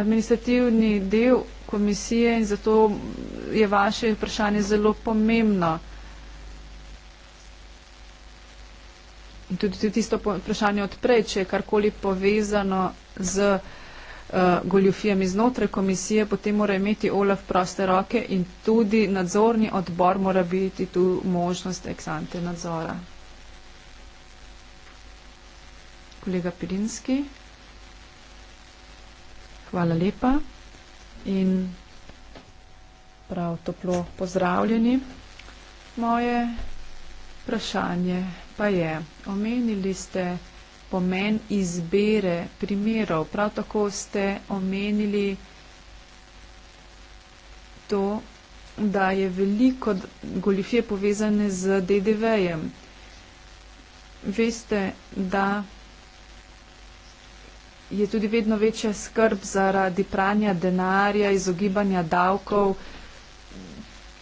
administrativni del komisije in zato je vaše vprašanje zelo pomembno. In tudi tisto vprašanje odprej, če je karkoli povezano z uh, goljufijami znotraj komisije, potem mora imeti OLAF proste roke in tudi nadzorni odbor mora biti tu možnost eksante nadzora. Kolega Pirinski. Hvala lepa in prav toplo pozdravljeni. Moje vprašanje pa je, omenili ste pomen izbere primerov, prav tako ste omenili to, da je veliko goljufije povezane z DDV-jem. Veste, da je tudi vedno večja skrb zaradi pranja denarja, izogibanja davkov.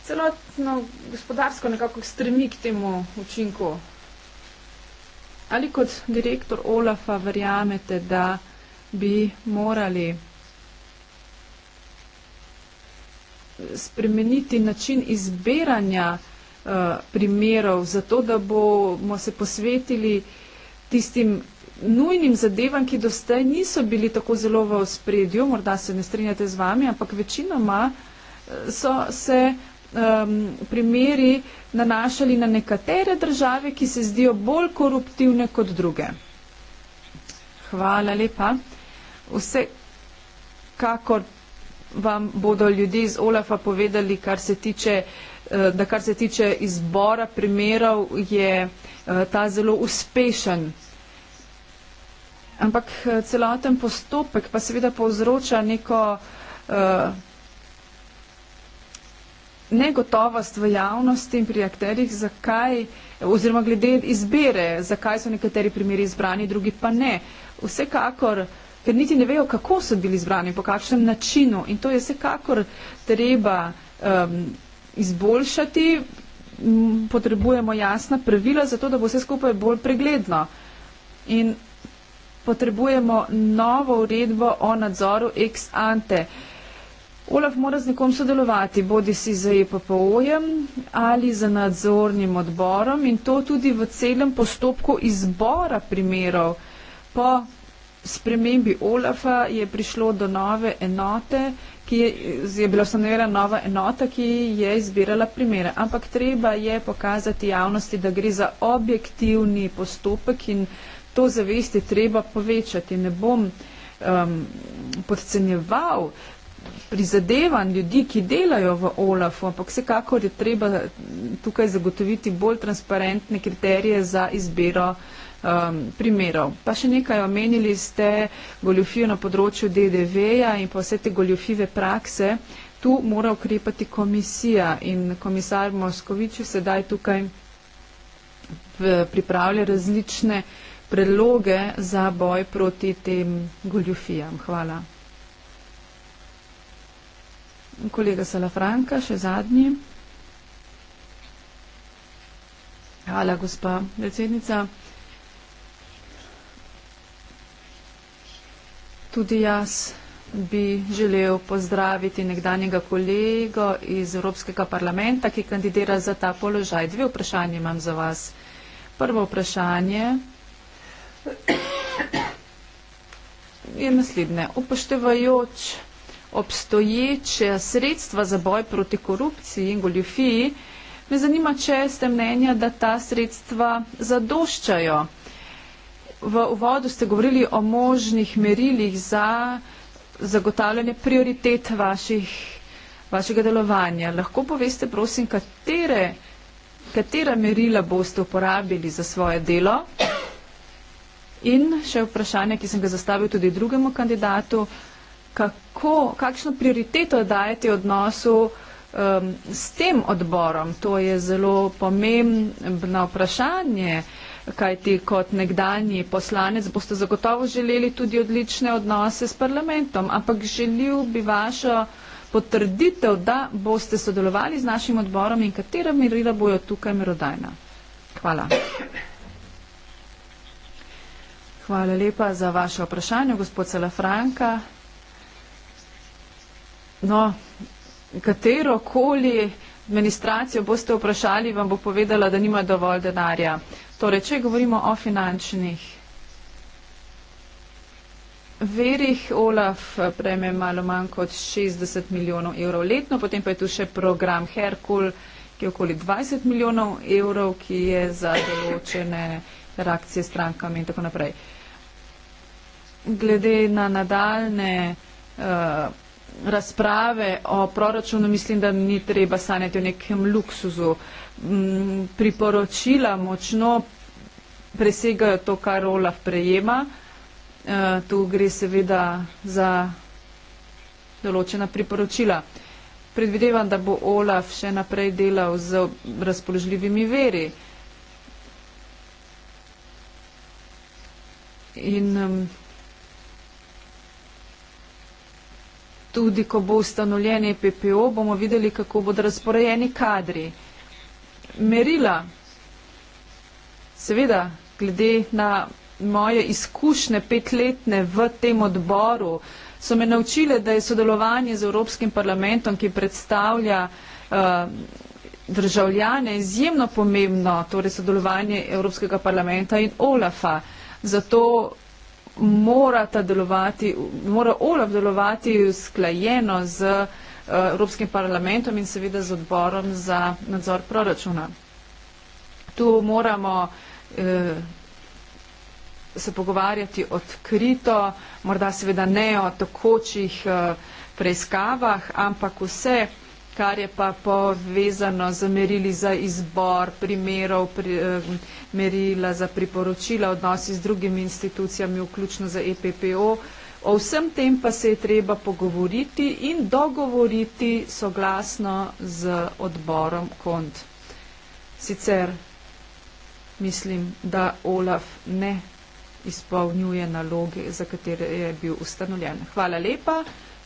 Celotno gospodarsko nekako stremi k temu učinku. Ali kot direktor Olafa verjamete, da bi morali spremeniti način izbiranja uh, primerov, zato da bomo se posvetili tistim nujnim zadevam, ki doste niso bili tako zelo v spredju, morda se ne strinjate z vami, ampak večinoma eh, so se um, primeri nanašali na nekatere države, ki se zdijo bolj koruptivne kot druge. Hvala lepa. Vse, kakor vam bodo ljudje iz OLAF-a povedali, kar se tiče, eh, da kar se tiče izbora primerov, je eh, ta zelo uspešen Ampak eh, celoten postopek pa seveda povzroča neko uh, negotovost v javnosti in pri akterjih, zakaj, oziroma glede izbere, zakaj so nekateri primeri izbrani, drugi pa ne. Vsekakor, ker niti ne vejo, kako so bili izbrani, po kakšnem načinu in to je vsekakor treba um, izboljšati, potrebujemo jasna pravila, zato da bo vse skupaj bolj pregledno. In potrebujemo novo uredbo o nadzoru ex ante. Olaf mora z nekom sodelovati, bodi si z EPPO-jem ali z nadzornim odborom in to tudi v celem postopku izbora primerov. Po spremembi Olafa je prišlo do nove enote, ki je, je bila ustanovljena nova enota, ki je izbirala primere. Ampak treba je pokazati javnosti, da gre za objektivni postopek in to zavesti treba povečati. Ne bom um, podcenjeval prizadevan ljudi, ki delajo v OLAF-u, ampak vsekakor je treba tukaj zagotoviti bolj transparentne kriterije za izbiro um, primerov. Pa še nekaj omenili ste goljofijo na področju DDV-ja in pa vse te goljofive prakse. Tu mora ukrepati komisija in komisar Moskovič sedaj tukaj pripravlja različne uh, predloge za boj proti tem goljufijam. Hvala. Kolega Salafranka, še zadnji. Hvala, gospa predsednica. Tudi jaz bi želel pozdraviti nekdanjega kolego iz Evropskega parlamenta, ki kandidira za ta položaj. Dve vprašanje imam za vas. Prvo vprašanje je naslednje. Upoštevajoč obstoječe sredstva za boj proti korupciji in goljofiji, me zanima, če ste mnenja, da ta sredstva zadoščajo. V uvodu ste govorili o možnih merilih za zagotavljanje prioritet vaših, vašega delovanja. Lahko poveste, prosim, katere, katera merila boste uporabili za svoje delo? In še vprašanje, ki sem ga zastavil tudi drugemu kandidatu, kako, kakšno prioriteto dajete odnosu um, s tem odborom? To je zelo pomembno vprašanje, kajti kot nekdanji poslanec boste zagotovo želeli tudi odlične odnose s parlamentom, ampak želil bi vašo potrditev, da boste sodelovali z našim odborom in katera merila bojo tukaj merodajna. Hvala. Hvala lepa za vaše vprašanje, gospod Celefranka. No, katero koli administracijo boste vprašali, vam bo povedala, da nima dovolj denarja. Torej, če govorimo o finančnih verih, OLAF prejme malo manj kot 60 milijonov evrov letno, potem pa je tu še program Herkul, ki je okoli 20 milijonov evrov, ki je za določene reakcije strankami in tako naprej glede na nadaljne uh, razprave o proračunu, mislim, da ni treba sanjati o nekem luksuzu. Mm, priporočila močno presegajo to, kar Olaf prejema. Uh, tu gre seveda za določena priporočila. Predvidevam, da bo Olaf še naprej delal z razpoložljivimi veri. In um, tudi ko bo ustanovljen EPPO, bomo videli, kako bodo razporejeni kadri. Merila, seveda, glede na moje izkušnje petletne v tem odboru, so me naučile, da je sodelovanje z Evropskim parlamentom, ki predstavlja uh, državljane, izjemno pomembno, torej sodelovanje Evropskega parlamenta in OLAFA. Zato morata delovati, mora OLAF delovati usklajeno z eh, Evropskim parlamentom in seveda z odborom za nadzor proračuna. Tu moramo eh, se pogovarjati odkrito, morda seveda ne o takočih eh, preiskavah, ampak vse kar je pa povezano z merili za izbor primerov, pri, eh, merila za priporočila, odnosi z drugimi institucijami, vključno za EPPO. O vsem tem pa se je treba pogovoriti in dogovoriti soglasno z odborom KONT. Sicer mislim, da OLAF ne izpolnjuje naloge, za katere je bil ustanovljen. Hvala lepa.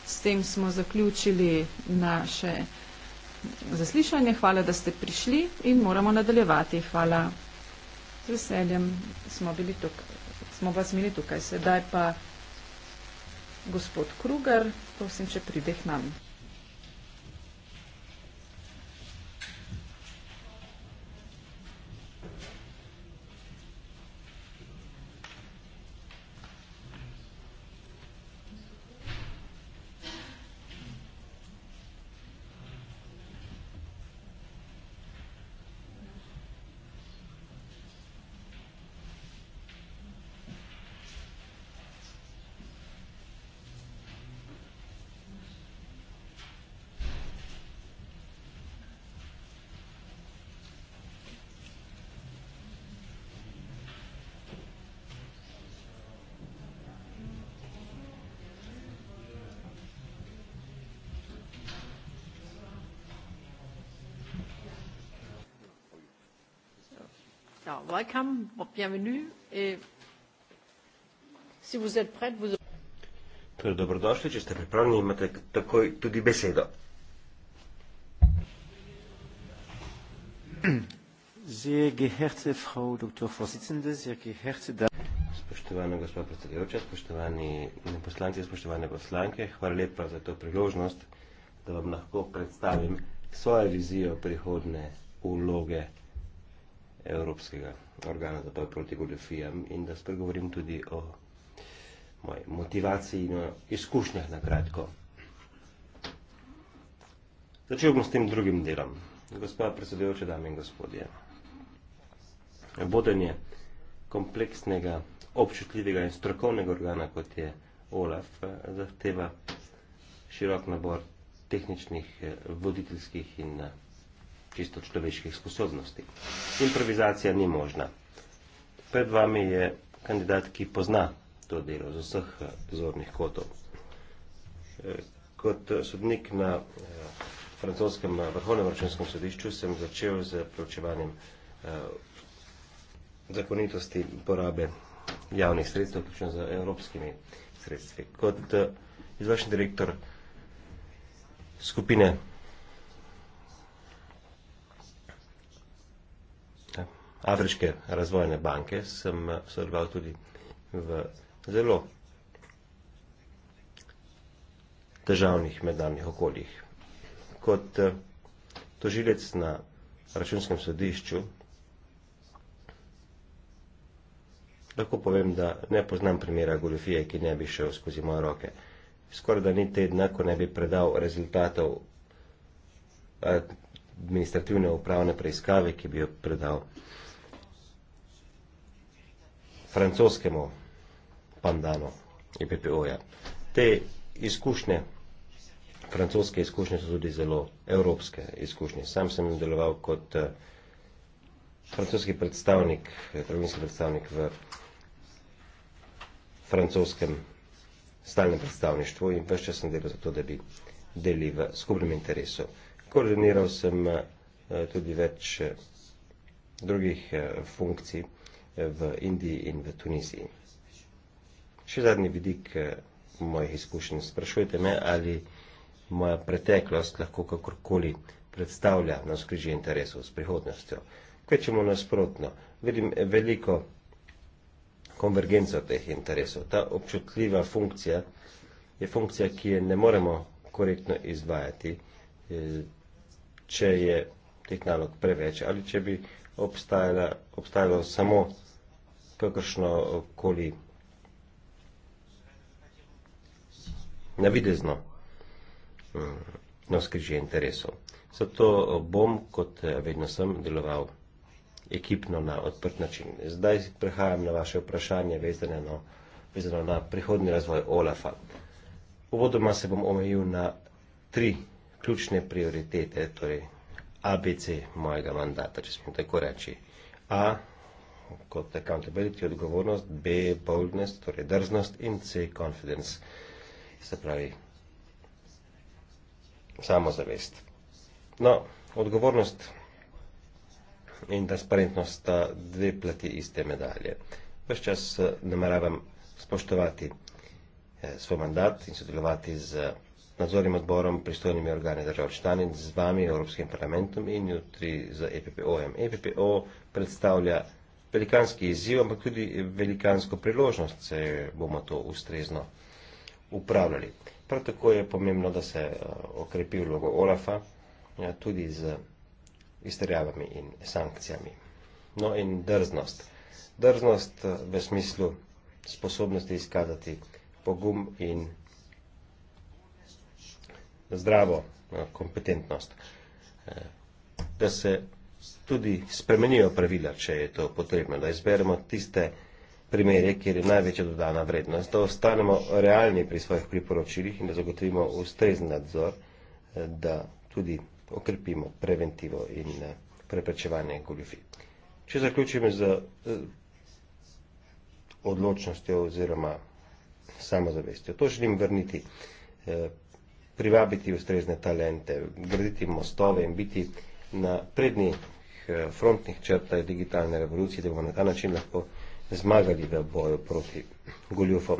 S tem smo zaključili naše zaslišanje, hvala, da ste prišli in moramo nadaljevati. Hvala. Z veseljem smo, smo vas imeli tukaj. Sedaj pa gospod Kruger, prosim, če pride k nam. So, ja, welcome, bienvenue. Eh, si vous êtes prêt, vous... Torej, dobrodošli, če ste pripravljeni, imate takoj tudi besedo. Spoštovana gospod predsedujoča, spoštovani poslanci, spoštovane poslanke, hvala lepa za to priložnost, da vam lahko predstavim svojo vizijo prihodne vloge Evropskega organa za boj proti goljofijam in da spregovorim tudi o moji motivaciji in o izkušnjah na kratko. Začel bom s tem drugim delom. Gospa predsedujoča, dame in gospodje. Vodenje kompleksnega, občutljivega in strokovnega organa, kot je OLAF, zahteva širok nabor tehničnih, eh, voditeljskih in eh, čisto človeških sposobnosti. Improvizacija ni možna. Pred vami je kandidat, ki pozna to delo z vseh eh, zornih kotov. Eh, kot eh, sodnik na francoskem vrhovnem računskem sodišču sem začel z preučevanjem zakonitosti porabe javnih sredstev, vključno z evropskimi sredstvi. Kot izvršni direktor skupine Afriške razvojne banke sem eh, sodeloval tudi v zelo težavnih mednarodnih okoljih. Kot eh, tožilec na računskem sodišču lahko povem, da ne poznam primera goljofije, ki ne bi šel skozi moje roke. Skoraj da ni tedna, ko ne bi predal rezultatov eh, administrativne upravne preiskave, ki bi jo predal francoskemu pandanu IPPO-ja. Te izkušnje, francoske izkušnje so tudi zelo evropske izkušnje. Sam sem deloval kot eh, francoski predstavnik, provinski predstavnik v francoskem stalnem predstavništvu in več čas sem delal za to, da bi deli v skupnem interesu. Koordiniral sem eh, tudi več eh, drugih funkcij, v Indiji in v Tuniziji. Še zadnji vidik eh, mojih izkušenj. Sprašujte me, ali moja preteklost lahko kakorkoli predstavlja na skrižje interesov s prihodnostjo. Kvečemo nasprotno. Vidim eh, veliko konvergenco teh interesov. Ta občutljiva funkcija je funkcija, ki je ne moremo korektno izvajati, eh, če je teh nalog preveč ali če bi obstajala, obstajalo samo kakršno koli navidezno mm, navskrižje interesov. Zato bom, kot vedno sem, deloval ekipno na odprt način. Zdaj prehajam na vaše vprašanje vezano, vezano na prihodni razvoj OLAFA. Uvodoma se bom omejil na tri ključne prioritete, torej ABC mojega mandata, če smo tako reči. A kot accountability, odgovornost, B, boldness, torej drznost, in C, confidence, se pravi samozavest. No, odgovornost in transparentnost sta dve plati iste medalje. Ves čas eh, nameravam spoštovati eh, svoj mandat in sodelovati z nadzornim odborom, pristojnimi organi držav članic, z vami, Evropskim parlamentom in jutri z EPPO-em. EPPO predstavlja velikanski izziv, ampak tudi velikansko priložnost, če bomo to ustrezno upravljali. Prav tako je pomembno, da se eh, okrepi vlogo OLAF-a eh, tudi z izterjavami in sankcijami. No in drznost. Drznost eh, v smislu sposobnosti izkazati pogum in zdravo kompetentnost. Da se tudi spremenijo pravila, če je to potrebno, da izberemo tiste primere, kjer je največja dodana vrednost, da ostanemo realni pri svojih priporočilih in da zagotovimo ustrezen nadzor, eh, da tudi okrepimo preventivo in eh, preprečevanje goljufi. Če zaključim z eh, odločnostjo oziroma samozavestjo. To želim vrniti, privabiti ustrezne talente, graditi mostove in biti na prednji Eh, frontnih črtah digitalne revolucije, da bomo na ta način lahko zmagali v boju proti goljufom.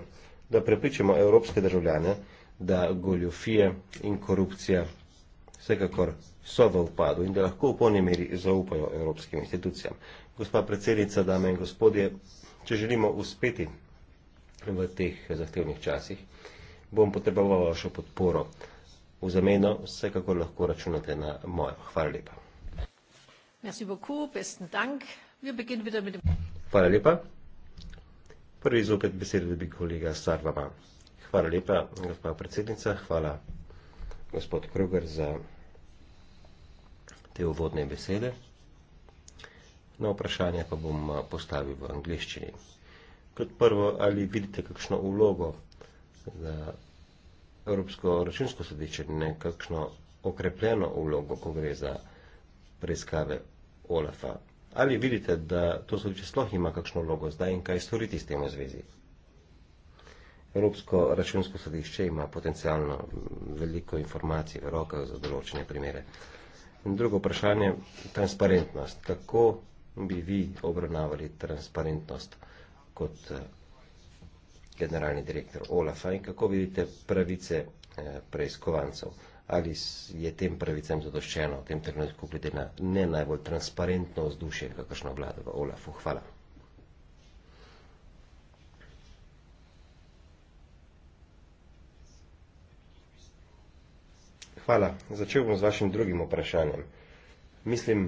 Da prepričamo evropske državljane, da goljufije in korupcija vsekakor so v upadu in da lahko v polni meri zaupajo evropskim institucijam. Gospa predsednica, dame in gospodje, če želimo uspeti v teh zahtevnih časih, bom potreboval vašo podporo. V zameno vsekakor lahko računate na mojo. Hvala lepa. Merci beaucoup, besten Dank. Wir beginnen wieder mit dem Hvala lepa. Prvi zopet besedo dobi kolega Sarvaba. Hvala lepa, gospod predsednica, hvala gospod Kruger za te uvodne besede. Na vprašanje pa bom eh, postavil v angliščini. Kot prvo, ali vidite kakšno ulogo za Evropsko računsko sodišče, ne kakšno okrepljeno ulogo, ko gre za Evropsko računsko sodišče, preiskave OLAF-a. Ali vidite, da to sodišče sploh ima kakšno vlogo zdaj in kaj storiti s tem v zvezi? Evropsko računsko sodišče ima potencialno veliko informacij v rokah za določene primere. In drugo vprašanje, transparentnost. Kako bi vi obravnavali transparentnost kot eh, generalni direktor OLAF-a in kako vidite pravice eh, preiskovancev? ali je tem pravicem zadoščeno v tem trenutku, glede na ne najbolj transparentno vzdušje, kakršno vlada v Olafu. Hvala. Hvala. Začel bom z vašim drugim vprašanjem. Mislim,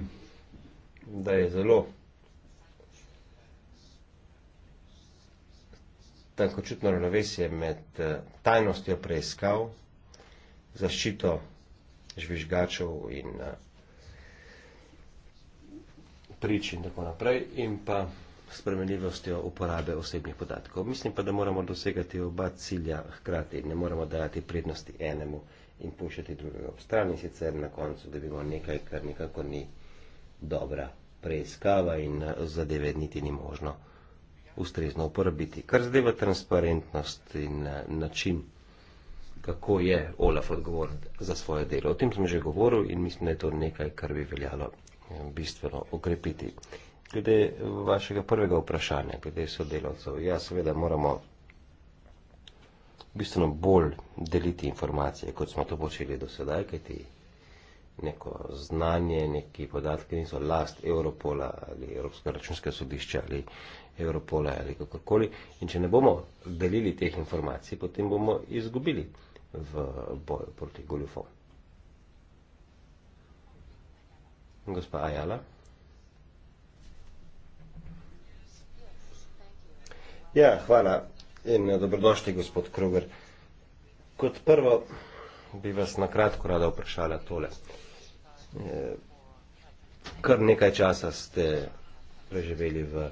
da je zelo tankočutno ravnovesje med eh, tajnostjo preiskav zaščito žvižgačev in eh, prič in tako naprej in pa spremenljivostjo uporabe osebnih podatkov. Mislim pa, da moramo dosegati oba cilja hkrati. Ne moramo dajati prednosti enemu in puščati drugega ob strani, sicer na koncu dobimo nekaj, kar nekako ni dobra preiskava in eh, zadeve niti ni možno ustrezno uporabiti. Kar zadeva transparentnost in eh, način kako je Olaf odgovoren za svoje delo. O tem sem že govoril in mislim, da je to nekaj, kar bi veljalo eh, bistveno okrepiti. Glede vašega prvega vprašanja, glede sodelavcev, ja, seveda moramo bistveno bolj deliti informacije, kot smo to počeli do sedaj, kajti neko znanje, neki podatki niso last Europola ali Evropske računske sodišče ali Europola ali kakorkoli. In če ne bomo delili teh informacij, potem bomo izgubili v boju proti goljufom. Gospa Ajala. Ja, hvala in eh, dobrodošli, gospod Kruger. Kot prvo bi vas na kratko rada vprašala tole. Eh, kar nekaj časa ste preživeli v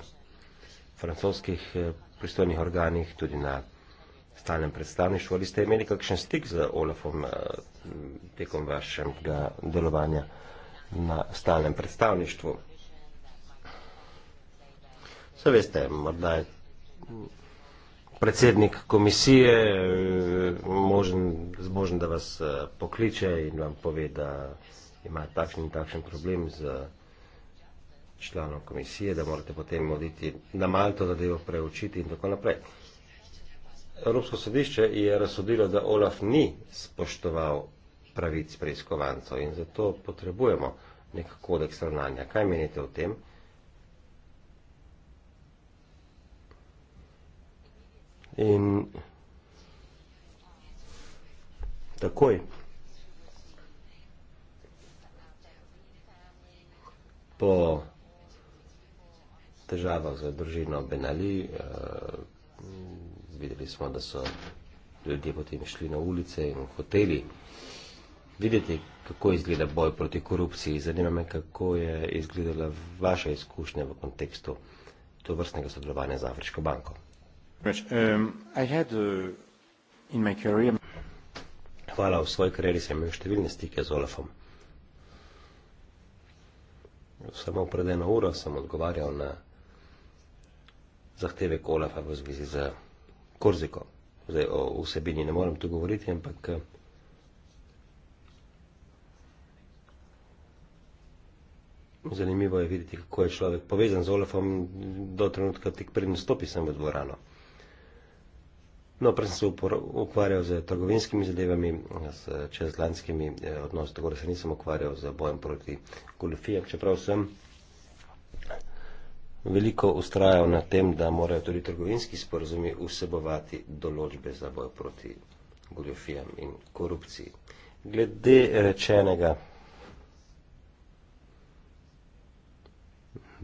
francoskih eh, pristojnih organih, tudi na stalnem predstavništvu, ali ste imeli kakšen stik z Olafom eh, tekom vašega delovanja na stalnem predstavništvu? Se veste, morda je predsednik komisije eh, možen, zmožen, da vas eh, pokliče in vam pove, da ima takšen in takšen problem z članom komisije, da morate potem oditi na Malto, da jo preučiti in tako naprej. Evropsko sodišče je razsodilo, da Olaf ni spoštoval pravic preiskovancov in zato potrebujemo nek kodeks ravnanja. Kaj menite o tem? In takoj. Po težavah za družino Benali, eh, videli smo, da so ljudje potem šli na ulice in hoteli. Vidite, kako izgleda boj proti korupciji. Zanima me, kako je izgledala vaša izkušnja v kontekstu to vrstnega sodelovanja z Afriško banko. Um, uh, Hvala, v svoji karieri sem imel številne stike z Olafom. Samo pred eno uro sem odgovarjal na zahteve Olafa v zvezi z Korziko. Zdaj, o vsebini ne morem tu govoriti, ampak eh, zanimivo je videti, kako je človek povezan z Olafom do trenutka tik pred nastopi sem v dvorano. No, prej sem se ukvarjal z trgovinskimi zadevami, z čezlanskimi eh, odnosi, tako da se nisem ukvarjal z bojem proti goljofijam, čeprav sem veliko ustrajal na tem, da morajo tudi trgovinski sporozumi vsebovati določbe za boj proti goljofijam in korupciji. Glede rečenega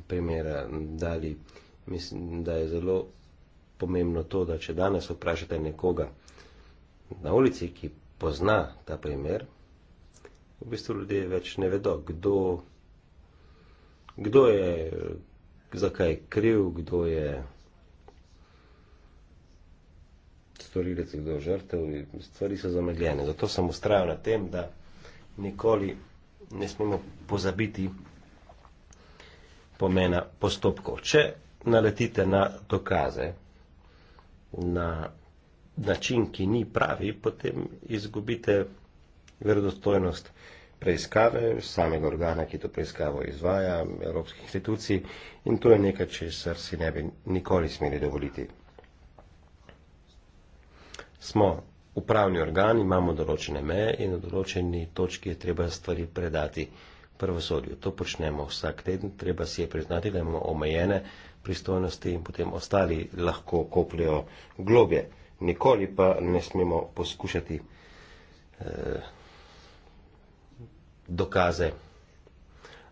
primera Dali, mislim, da je zelo pomembno to, da če danes vprašate nekoga na ulici, ki pozna ta primer, v bistvu ljudje več ne vedo, kdo, kdo je zakaj je kriv, kdo je storilec, kdo je žrtev. Stvari so zamegljene. Zato sem ustrajal na tem, da nikoli ne smemo pozabiti pomena postopkov. Če naletite na dokaze, na način, ki ni pravi, potem izgubite verodostojnost preiskave, samega organa, ki to preiskavo izvaja, evropskih institucij in to je nekaj, česar si ne bi nikoli smeli dovoliti. Smo upravni organ, imamo določene meje in v določeni točki je treba stvari predati prvosodju. To počnemo vsak teden, treba si je priznati, da imamo omejene pristojnosti in potem ostali lahko kopljajo globje. Nikoli pa ne smemo poskušati eh, dokaze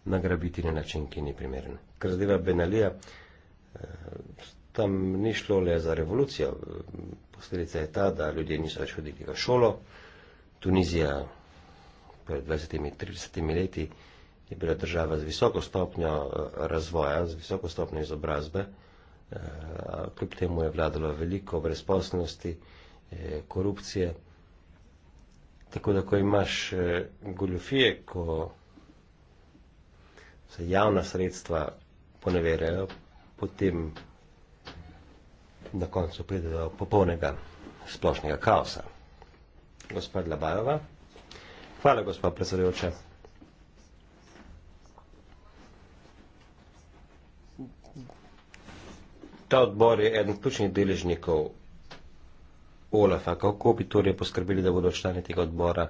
nagrabiti na način, ki ni primeren. Kar zadeva Benalija, eh, tam ni šlo le za revolucijo. Posledica je ta, da ljudje niso več hodili v šolo. Tunizija pred 20-30 leti je bila država z visoko stopnjo eh, razvoja, z visoko stopnjo izobrazbe. Eh, kljub temu je vladalo veliko brezposobnosti, korupcije. Tako da, ko imaš eh, goljofije, ko se javna sredstva poneverjajo, potem na koncu pride do popolnega splošnega kaosa. Gospod Labajova. Hvala, gospod predsedujoča. Ta odbor je eden ključnih deležnikov OLAF-a, kako bi torej poskrbeli, da bodo člani tega odbora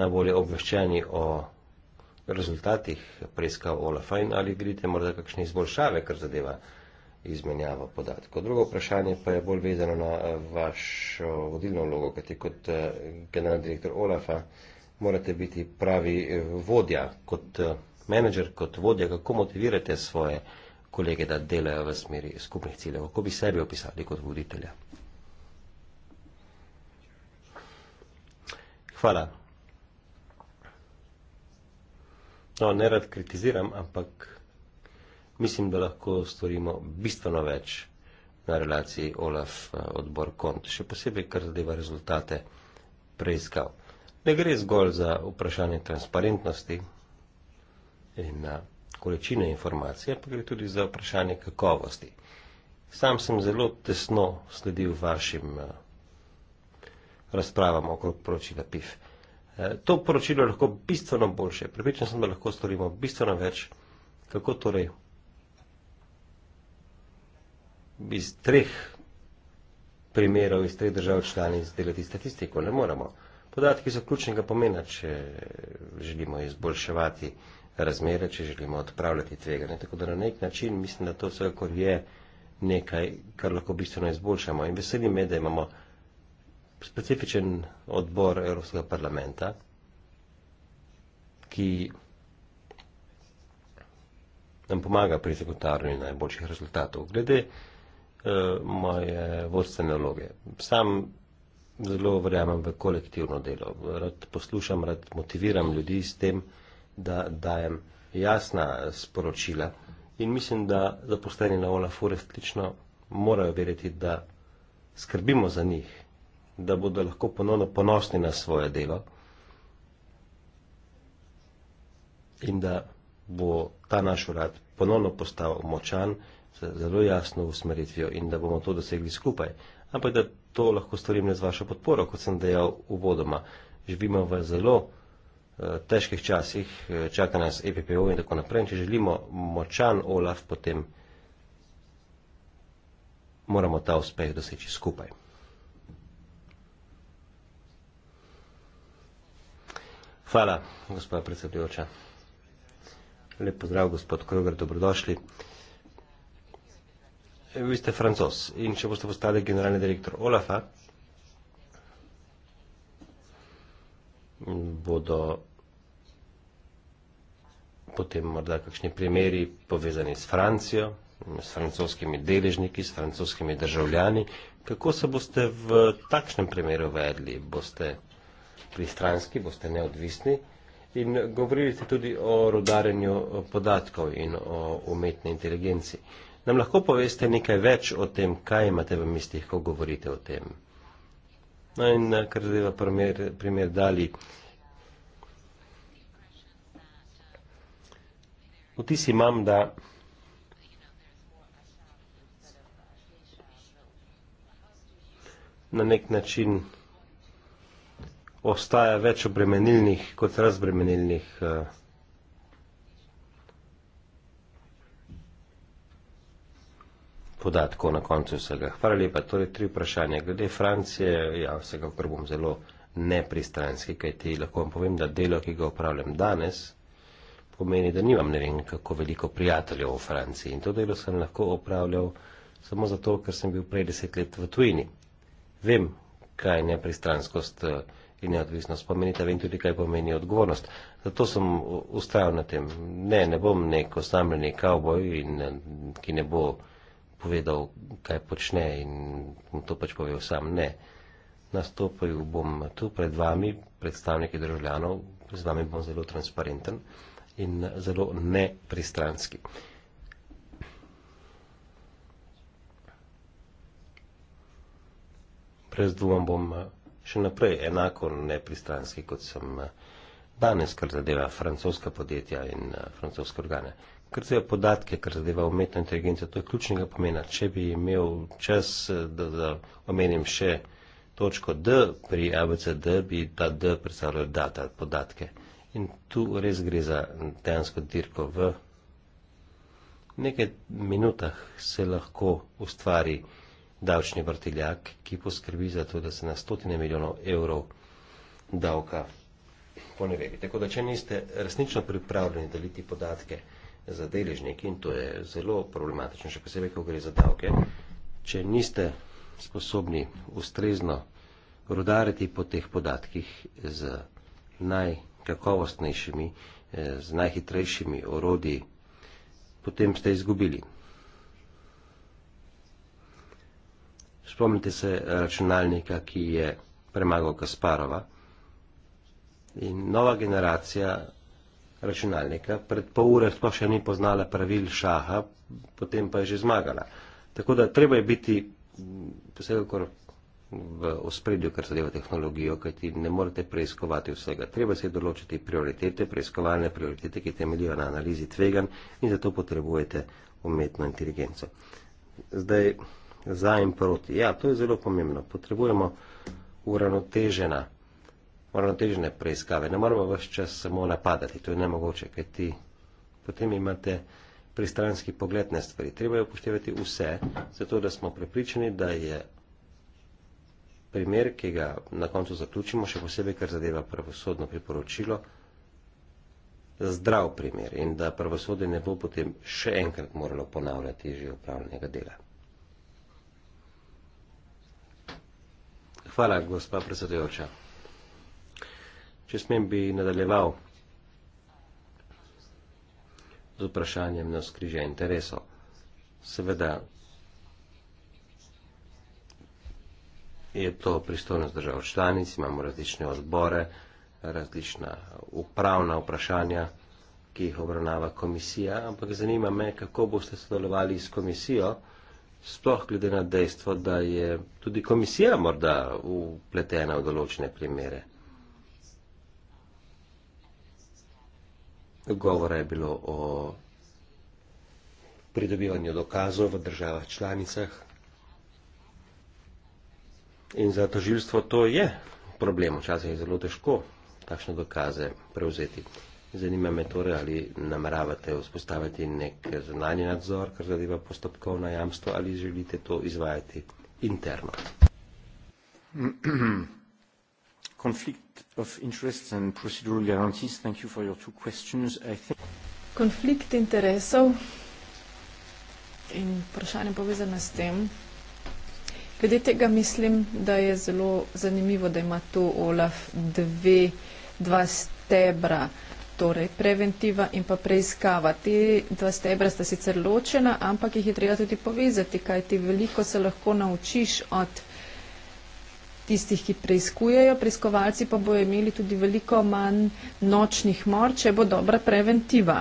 najbolje obveščeni o rezultatih preiskav OLAF-a in ali vidite morda kakšne izboljšave, kar zadeva izmenjavo podatkov. Drugo vprašanje pa je bolj vezano na eh, vašo vodilno vlogo, kajti kot eh, generalni direktor OLAF-a morate biti pravi eh, vodja, kot menedžer, kot vodja, kako motivirate svoje kolege, da delajo v smeri skupnih ciljev, kako bi sebe opisali kot voditelja. Hvala. No, ne rad kritiziram, ampak mislim, da lahko storimo bistveno več na relaciji Olaf eh, odbor kont, še posebej, kar zadeva rezultate preiskav. Ne gre zgolj za vprašanje transparentnosti in eh, količine informacije, pa gre tudi za vprašanje kakovosti. Sam sem zelo tesno sledil vašim eh, razpravam okrog poročila PIF. E, to poročilo je lahko bistveno boljše. Pripričan sem, da lahko storimo bistveno več. Kako torej iz treh primerov, iz treh držav članic delati statistiko? Ne moramo. Podatki so ključnega pomena, če želimo izboljševati razmere, če želimo odpravljati tveganje. Tako da na nek način mislim, da to vsekakor je nekaj, kar lahko bistveno izboljšamo. In veselim me, da imamo specifičen odbor Evropskega parlamenta, ki nam pomaga pri zagotavljanju najboljših rezultatov. Glede uh, moje vodstvene vloge. Sam zelo verjamem v kolektivno delo. Rad poslušam, rad motiviram ljudi s tem, da dajem jasna sporočila in mislim, da zaposleni na OLAF-u resnično morajo verjeti, da skrbimo za njih da bodo lahko ponovno ponosni na svoje delo in da bo ta naš urad ponovno postal močan z zelo jasno usmeritvijo in da bomo to dosegli skupaj. Ampak da to lahko storim le z vašo podporo, kot sem dejal uvodoma. Živimo v zelo eh, težkih časih, eh, čaka nas EPPO in tako naprej. Če želimo močan OLAF, potem moramo ta uspeh doseči skupaj. Hvala, gospod predsedujoča. Lep pozdrav, gospod Kroger, dobrodošli. Vi ste francos in če boste postali generalni direktor OLAFA, bodo potem morda kakšni primeri povezani s Francijo, s francoskimi deležniki, s francoskimi državljani. Kako se boste v takšnem primeru vedli? Boste pristranski, boste neodvisni. In govorili ste tudi o rodarenju podatkov in o umetni inteligenci. Nam lahko poveste nekaj več o tem, kaj imate v mislih, ko govorite o tem? No in eh, kar zadeva primer, primer dali. Vtis imam, da na nek način ostaja več obremenilnih kot razbremenilnih eh, podatkov na koncu vsega. Hvala lepa. Torej, tri vprašanja. Glede Francije, ja, vsekakor bom zelo nepristranski, kajti lahko vam povem, da delo, ki ga upravljam danes, pomeni, da nimam ne vem kako veliko prijateljev v Franciji. In to delo sem lahko upravljal samo zato, ker sem bil prej deset let v tujini. Vem, kaj nepristranskost uh, in neodvisnost. Pomenite vem tudi, kaj pomeni odgovornost. Zato sem ustrajal na tem. Ne, ne bom nek osamljeni kavboj, eh, ki ne bo povedal, kaj počne in to pač povedal sam. Ne, nastopil bom tu pred vami, predstavniki državljanov, z vami bom zelo transparenten in zelo nepristranski. Brez dvoma bom eh, še naprej enako nepristranski, kot sem eh, danes, kar zadeva francoska podjetja in eh, francoske organe. Kar zadeva podatke, kar zadeva umetno inteligenco, to je ključnega pomena. Če bi imel čas, eh, da, da omenim še točko D pri ABCD, bi ta D predstavljal data, podatke. In tu res gre za dejansko dirko v nekaj minutah se lahko ustvari davčni vrtiljak, ki poskrbi za to, da se na stotine milijonov evrov davka poneveri. Tako da, če niste resnično pripravljeni deliti podatke za deležniki, in to je zelo problematično, še posebej, ko gre za davke, če niste sposobni ustrezno rodariti po teh podatkih z najkakovostnejšimi, eh, z najhitrejšimi orodji, potem ste izgubili. Spomnite se eh, računalnika, ki je premagal Kasparova. In nova generacija računalnika pred pol ure sploh še ni poznala pravil šaha, potem pa je že zmagala. Tako da treba je biti posebej mm, kor v ospredju, kar zadeva tehnologijo, kajti ne morete preiskovati vsega. Treba se določiti prioritete, preiskovalne prioritete, ki temeljijo na analizi tvegan in zato potrebujete umetno inteligenco. Zdaj, za in proti. Ja, to je zelo pomembno. Potrebujemo uravnotežena, uravnotežene preiskave. Ne moramo vse čas samo napadati, to je nemogoče, ker ti potem imate pristranski pogled na stvari. Treba je upoštevati vse, zato da smo prepričani, da je primer, ki ga na koncu zaključimo, še posebej, kar zadeva pravosodno priporočilo, zdrav primer in da pravosodje ne bo potem še enkrat moralo ponavljati že upravljenega dela. Hvala, gospa predsedujoča. Če smem, bi nadaljeval z vprašanjem na skrižje interesov. Seveda je to pristojnost držav članic, imamo različne odbore, različna upravna vprašanja, ki jih obravnava komisija, ampak zanima me, kako boste sodelovali s komisijo sploh glede na dejstvo, da je tudi komisija morda upletena v določene primere. Govora je bilo o pridobivanju dokazov v državah članicah in za toživstvo to je problem, včasih je zelo težko takšne dokaze prevzeti. Zanima me torej, ali nameravate vzpostaviti nek zunanji nadzor, kar zadeva postopkovna jamstva, ali želite to izvajati interno. Konflikt interesov in vprašanje povezane s tem. Glede tega mislim, da je zelo zanimivo, da ima to Olaf dve, dva stebra torej preventiva in pa preiskava. Ti dva stebra sta sicer ločena, ampak jih je treba tudi povezati, kaj ti veliko se lahko naučiš od tistih, ki preiskujejo, preiskovalci pa bojo imeli tudi veliko manj nočnih mor, če bo dobra preventiva.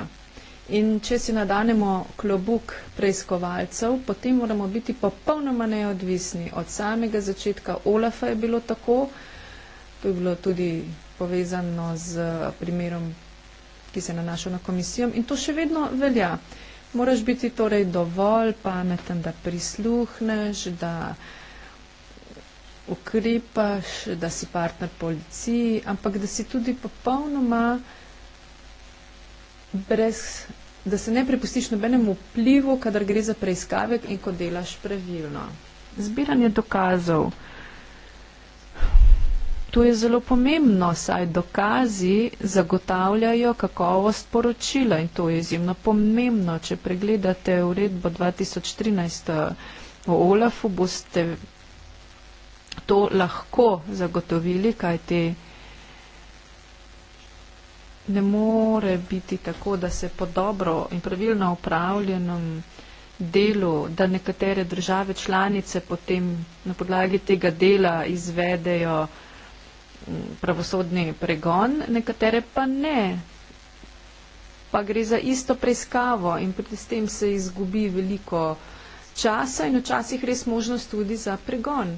In če si nadanemo klobuk preiskovalcev, potem moramo biti popolnoma neodvisni. Od samega začetka Olafa je bilo tako, to je bilo tudi povezano z primerom ki se nanaša na komisijo in to še vedno velja. Moraš biti torej dovolj pameten, da prisluhneš, da ukrepaš, da si partner policiji, ampak da si tudi popolnoma brez, da se ne prepustiš nobenemu vplivu, kadar gre za preiskavek in ko delaš pravilno. Zbiranje dokazov. To je zelo pomembno, saj dokazi zagotavljajo kakovost poročila in to je izjemno pomembno. Če pregledate uredbo 2013 eh, o OLAF-u, boste to lahko zagotovili, kajte ne more biti tako, da se po dobro in pravilno upravljenem delu, da nekatere države članice potem na podlagi tega dela izvedejo vsega, pravosodni pregon, nekatere pa ne. Pa gre za isto preiskavo in pri tem se izgubi veliko časa in včasih res možnost tudi za pregon.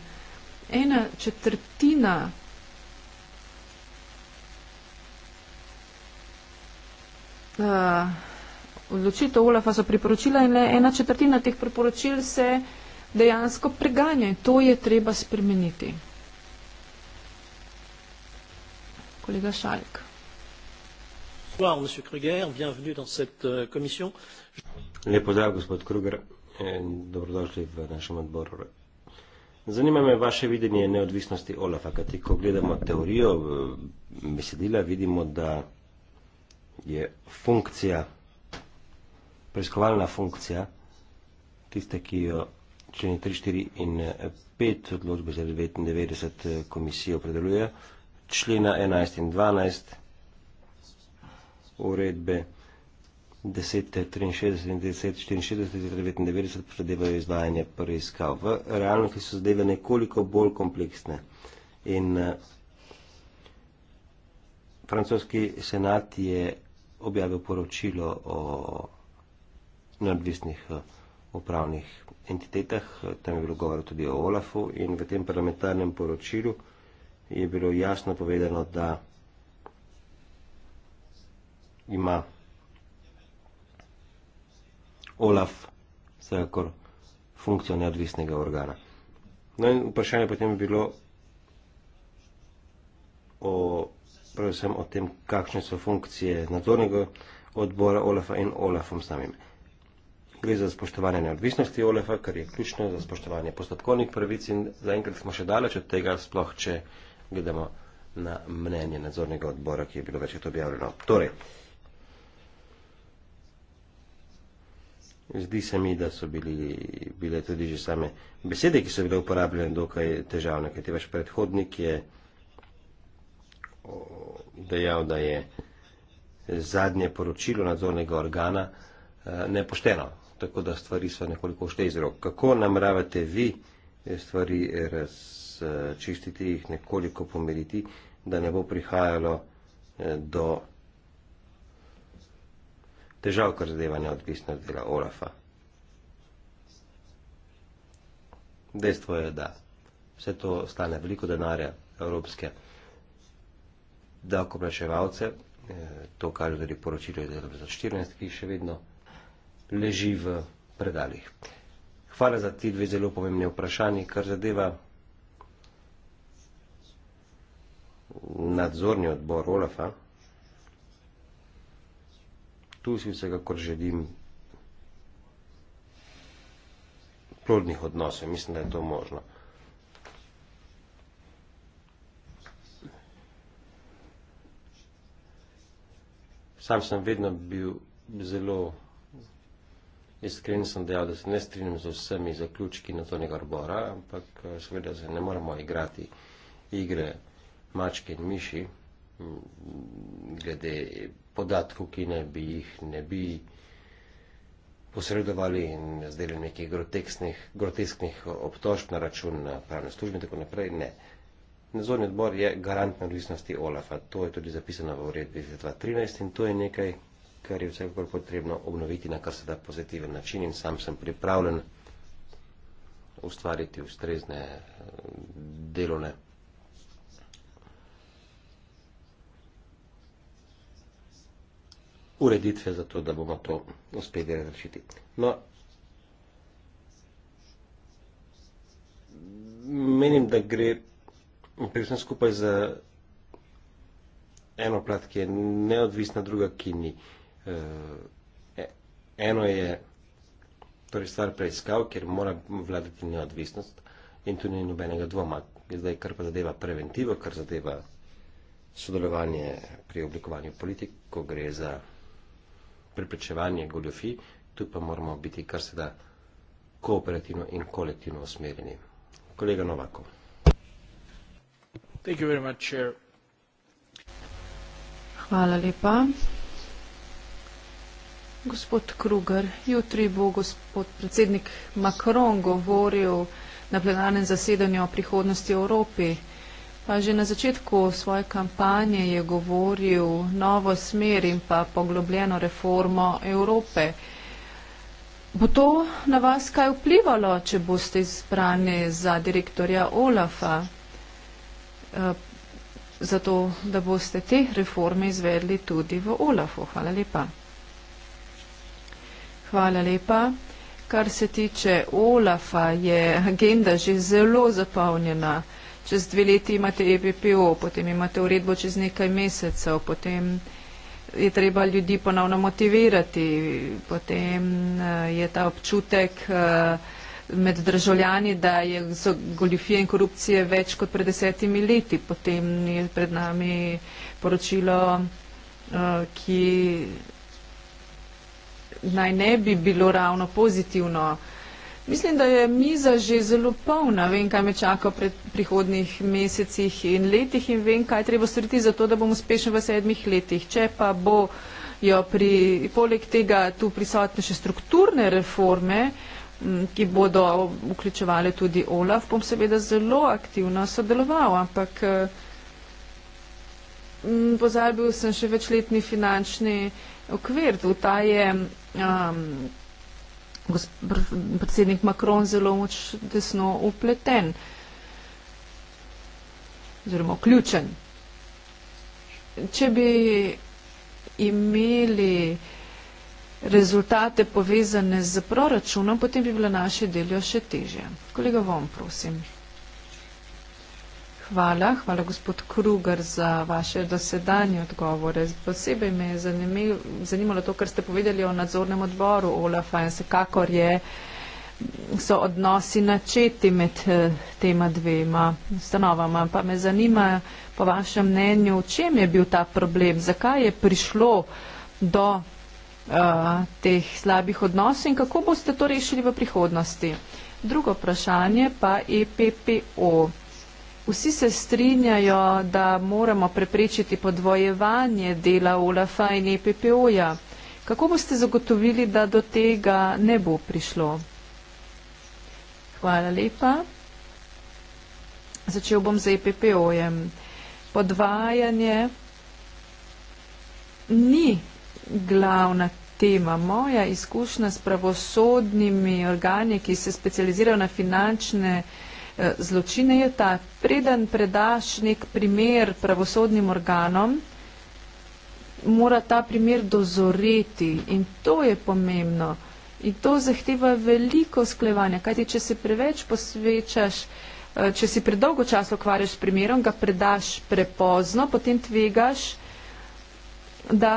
Ena četrtina uh, odločitev Olafa so priporočila in le ena četrtina teh priporočil se dejansko preganja in to je treba spremeniti. kolega Šalek. Euh, Lep pozdrav, gospod Kruger, in dobrodošli v našem odboru. Zanima me vaše videnje neodvisnosti OLAF-a, kajti ko gledamo teorijo eh, besedila, vidimo, da je funkcija, preiskovalna funkcija, tiste, ki jo členi 3, 4 in 5 eh, odločbe za 99 eh, komisijo predelujejo, člena 11 in 12 uredbe 10.63 in 10.64 predevajo izvajanje preiskav. V realnosti so zadeve nekoliko bolj kompleksne in eh, francoski senat je objavil poročilo o neodvisnih eh, upravnih entitetah, tam je bilo govor tudi o Olafu in v tem parlamentarnem poročilu je bilo jasno povedano, da ima Olaf vsekakor funkcijo neodvisnega organa. No in vprašanje potem je bilo o, predvsem o tem, kakšne so funkcije nadzornega odbora Olafa in Olafom samim. Gre za spoštovanje neodvisnosti Olafa, kar je ključno za spoštovanje postopkovnih pravic in zaenkrat smo še daleč od tega, sploh če gledamo na mnenje nadzornega odbora, ki je bilo večkrat objavljeno. Torej, zdi se mi, da so bili, bile tudi že same besede, ki so bile uporabljene, dokaj težavne, kajti vaš predhodnik je dejal, da je zadnje poročilo nadzornega organa eh, nepošteno, tako da stvari so nekoliko šte iz rok. Kako nameravate vi stvari razvijati? čistiti, jih nekoliko pomiriti, da ne bo prihajalo eh, do težav, kar zadeva neodvisnost dela Olafa. Dejstvo je, da vse to stane veliko denarja evropske davkoplačevalce, eh, to kaže tudi poročilo iz 2014, ki še vedno leži v predalih. Hvala za ti dve zelo pomembni vprašanji, kar zadeva nadzorni odbor Olafa. Tu si vsekakor želim plodnih odnosov. Mislim, da je to možno. Sam sem vedno bil zelo iskren, sem dejal, da se ne strinjam z vsemi zaključki na to njega odbora, ampak eh, seveda se ne moramo igrati igre mačke in miši, glede podatkov, ki ne bi jih ne bi posredovali in zdeli nekih grotesknih obtožb na račun na eh, pravne službe in tako naprej. Ne. Nazorni odbor je garant neodvisnosti OLAF-a. To je tudi zapisano v uredbi iz 2013 in to je nekaj, kar je vsekakor potrebno obnoviti na kar se da pozitiven način in sam sem pripravljen ustvariti ustrezne eh, delovne ureditve za to, da bomo to uspeli razrešiti. No, menim, da gre pri vsem skupaj za eno plat, ki je neodvisna, druga, ki ni. Eh, e, eno je torej stvar preiskav, ker mora vladati neodvisnost in tu ni nobenega dvoma. Zdaj, kar pa zadeva preventivo, kar zadeva sodelovanje pri oblikovanju politik, ko gre za preprečevanje goljofij, tu pa moramo biti kar se da kooperativno in kolektivno usmerjeni. Kolega Novakov. Thank you very much, chair. Hvala lepa. Gospod Kruger, jutri bo gospod predsednik Macron govoril na plenarnem zasedanju o prihodnosti Evropi. Pa že na začetku svoje kampanje je govoril novo smer in pa poglobljeno reformo Evrope. Bo to na vas kaj vplivalo, če boste izbrani za direktorja Olafa, eh, zato da boste te reforme izvedli tudi v Olafu? Hvala lepa. Hvala lepa. Kar se tiče Olafa, je agenda že zelo zapolnjena čez dve leti imate EPPO, potem imate uredbo čez nekaj mesecev, potem je treba ljudi ponovno motivirati, potem eh, je ta občutek eh, med državljani, da je za goljufije in korupcije več kot pred desetimi leti, potem je pred nami poročilo, eh, ki naj ne bi bilo ravno pozitivno, Mislim, da je miza že zelo polna. Vem, kaj me čaka pred prihodnih mesecih in letih in vem, kaj treba storiti za to, da bom uspešen v sedmih letih. Če pa bo jo pri, poleg tega tu prisotne še strukturne reforme, ki bodo vključevale tudi OLAF, bom seveda zelo aktivno sodeloval, ampak pozabil sem še večletni finančni okvir. Tu ta je. Um, predsednik Macron zelo moč desno upleten oziroma vključen. Če bi imeli rezultate povezane z proračunom, potem bi bila naše delo še težje. Kolega Vom, prosim. Hvala, hvala gospod Kruger za vaše dosedanje odgovore. Posebej me je zanimalo to, kar ste povedali o nadzornem odboru Olafa in sekakor je, so odnosi načeti med tema dvema ustanovama. Pa me zanima po vašem mnenju, v čem je bil ta problem, zakaj je prišlo do uh, teh slabih odnosov in kako boste to rešili v prihodnosti. Drugo vprašanje pa je PPO. Vsi se strinjajo, da moramo preprečiti podvojevanje dela OLAF-a in EPPO-ja. Kako boste zagotovili, da do tega ne bo prišlo? Hvala lepa. Začel bom z EPPO-jem. Podvajanje ni glavna tema. Moja izkušnja s pravosodnimi organi, ki se specializirajo na finančne vsega, Eh, zločine je ta, preden predaš nek primer pravosodnim organom, mora ta primer dozoreti in to je pomembno. In to zahteva veliko sklevanja, kajti če se preveč posvečaš, eh, če si predolgo časa ukvarjaš s primerom, ga predaš prepozno, potem tvegaš, da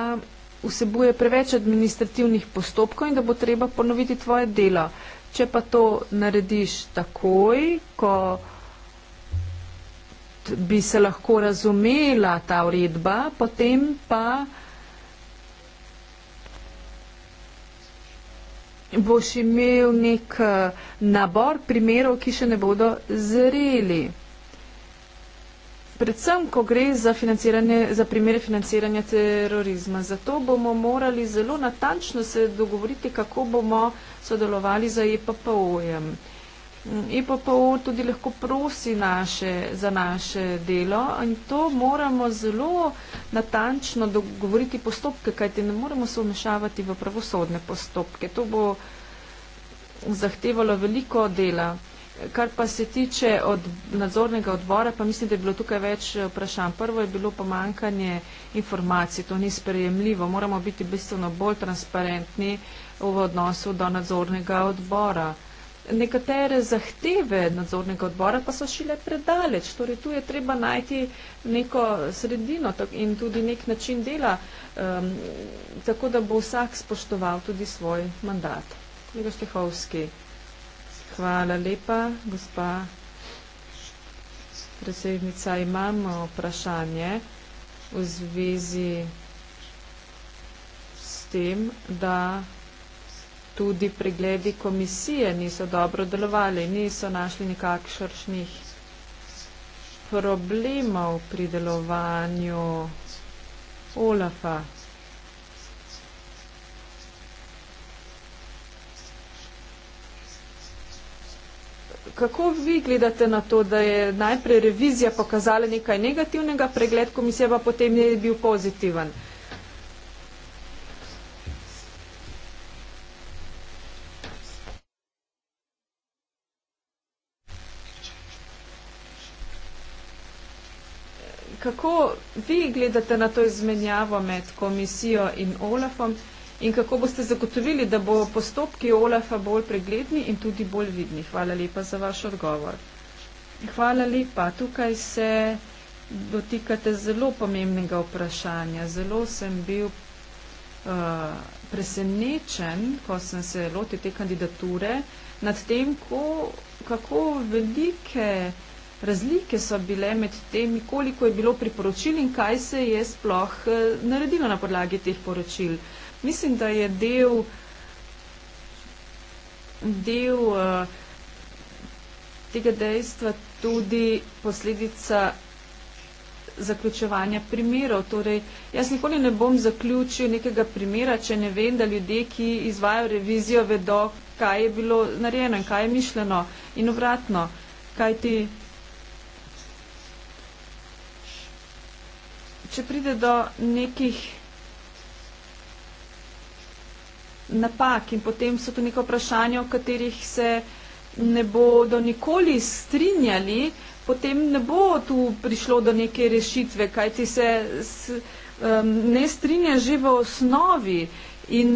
vsebuje preveč administrativnih postopkov in da bo treba ponoviti tvoje delo če pa to narediš takoj, ko bi se lahko razumela ta uredba, potem pa boš imel nek eh, nabor primerov, ki še ne bodo zreli. Predvsem, ko gre za, za primere financiranja terorizma. Zato bomo morali zelo natančno se dogovoriti, kako bomo uh, sodelovali z EPPO-jem. EPPO tudi lahko prosi naše, za naše delo in to moramo zelo natančno dogovoriti postopke, kajti ne moremo se umešavati v pravosodne postopke. To bo zahtevalo veliko dela. Kar pa se tiče od nadzornega odbora, pa mislim, da je bilo tukaj več eh, vprašanj. Prvo je bilo pomankanje informacij, to ni sprejemljivo. Moramo biti bistveno bolj transparentni v odnosu do nadzornega odbora. Nekatere zahteve nadzornega odbora pa so šile predaleč, torej tu je treba najti neko sredino in tudi nek način dela, um, tako da bo vsak spoštoval tudi svoj mandat. Lega Štehovski. Hvala lepa, gospa predsednica. Imamo vprašanje v zvezi s tem, da tudi pregledi komisije niso dobro delovali, niso našli nikakršnih problemov pri delovanju OLAF-a. kako vi gledate na to, da je najprej revizija pokazala nekaj negativnega, pregled komisije pa potem je bil pozitiven? Kako vi gledate na to izmenjavo med komisijo in OLAFom? in kako boste zagotovili, da bo postopki OLAF-a bolj pregledni in tudi bolj vidni. Hvala lepa za vaš odgovor. Hvala lepa. Tukaj se dotikate zelo pomembnega vprašanja. Zelo sem bil uh, presenečen, ko sem se lotil te kandidature, nad tem, ko, kako velike razlike so bile med temi, koliko je bilo priporočil in kaj se je sploh uh, naredilo na podlagi teh poročil. Uh, Mislim, da je del, del uh, tega dejstva tudi posledica zaključevanja primerov. Torej, jaz nikoli ne bom zaključil nekega primera, če ne vem, da ljudje, ki izvajo revizijo, vedo, kaj je bilo narejeno in kaj je mišljeno in obratno. Kaj ti, če pride do nekih napak in potem so tu neka vprašanja, o katerih se ne bodo nikoli strinjali, potem ne bo tu prišlo do neke rešitve, kaj ti se s, um, ne strinja že v osnovi in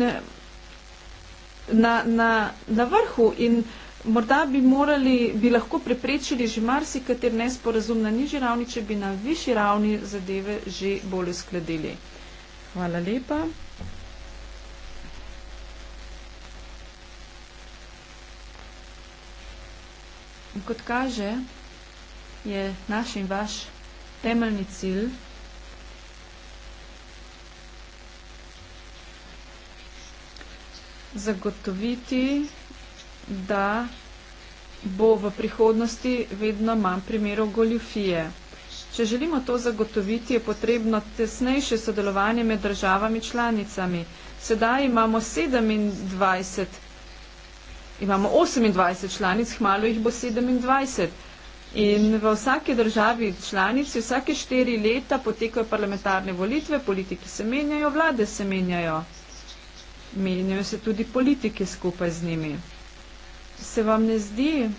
na, na, na vrhu in morda bi morali, bi lahko preprečili že marsikater nesporazum na nižji ravni, če bi na višji ravni zadeve že bolj uskladili. Hvala lepa. In kot kaže, je naš in vaš temeljni cilj zagotoviti, da bo v prihodnosti vedno manj primerov goljufije. Če želimo to zagotoviti, je potrebno tesnejše sodelovanje med državami članicami. Sedaj imamo 27 imamo 28 članic, hmalo jih bo 27. In v vsaki državi članici vsake štiri leta potekajo parlamentarne volitve, politiki se menjajo, vlade se menjajo. Menjajo se tudi politike skupaj z njimi. Se vam ne zdi,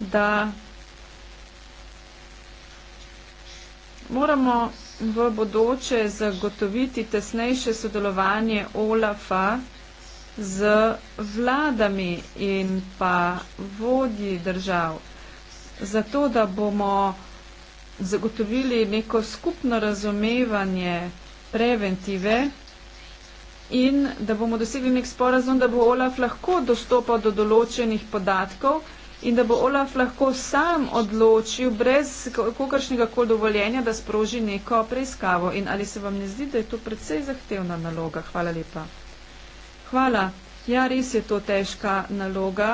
da moramo v bodoče zagotoviti tesnejše sodelovanje OLAF-a z vladami in pa vodji držav, zato da bomo zagotovili neko skupno razumevanje preventive in da bomo dosegli nek sporazum, da bo OLAF lahko dostopal do določenih podatkov in da bo OLAF lahko sam odločil brez kakršnega koli dovoljenja, da sproži neko preiskavo. In ali se vam ne zdi, da je to precej zahtevna naloga? Hvala lepa. Hvala. Ja, res je to težka naloga,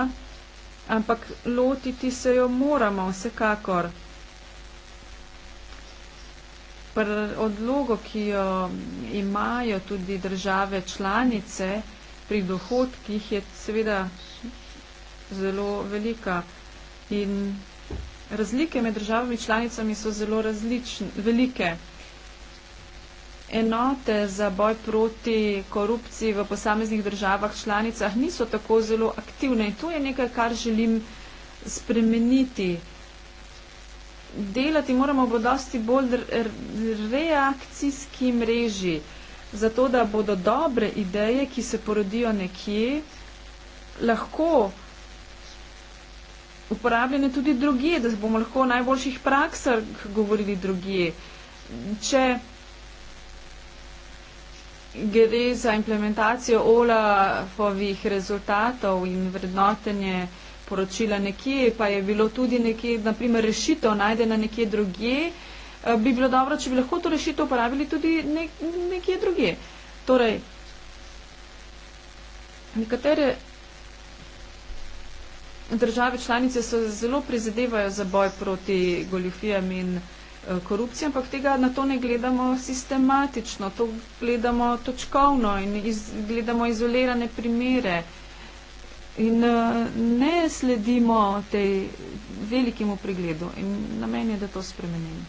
ampak lotiti se jo moramo vsekakor. Pr odlogo, ki jo imajo tudi države članice pri dohodkih, je seveda zelo velika. In razlike med državami članicami so zelo različne, velike enote za boj proti korupciji v posameznih državah članicah niso tako zelo aktivne. In to je nekaj, kar želim spremeniti. Delati moramo v dosti bolj reakcijski mreži, zato da bodo dobre ideje, ki se porodijo nekje, lahko uporabljene tudi drugje, da bomo lahko o najboljših praksah govorili drugje. Če gre za implementacijo Olafovih rezultatov in vrednotenje poročila nekje, pa je bilo tudi nekje, naprimer, rešitev najdena nekje druge, eh, bi bilo dobro, če bi lahko to rešitev uporabili tudi nek, nekje druge. Torej, nekatere države članice se zelo prizadevajo za boj proti goljofijam in Eh, korupcije, ampak tega na to ne gledamo sistematično, to gledamo točkovno in iz, gledamo izolirane primere in eh, ne sledimo tej velikemu pregledu in namen je, da to spremenim.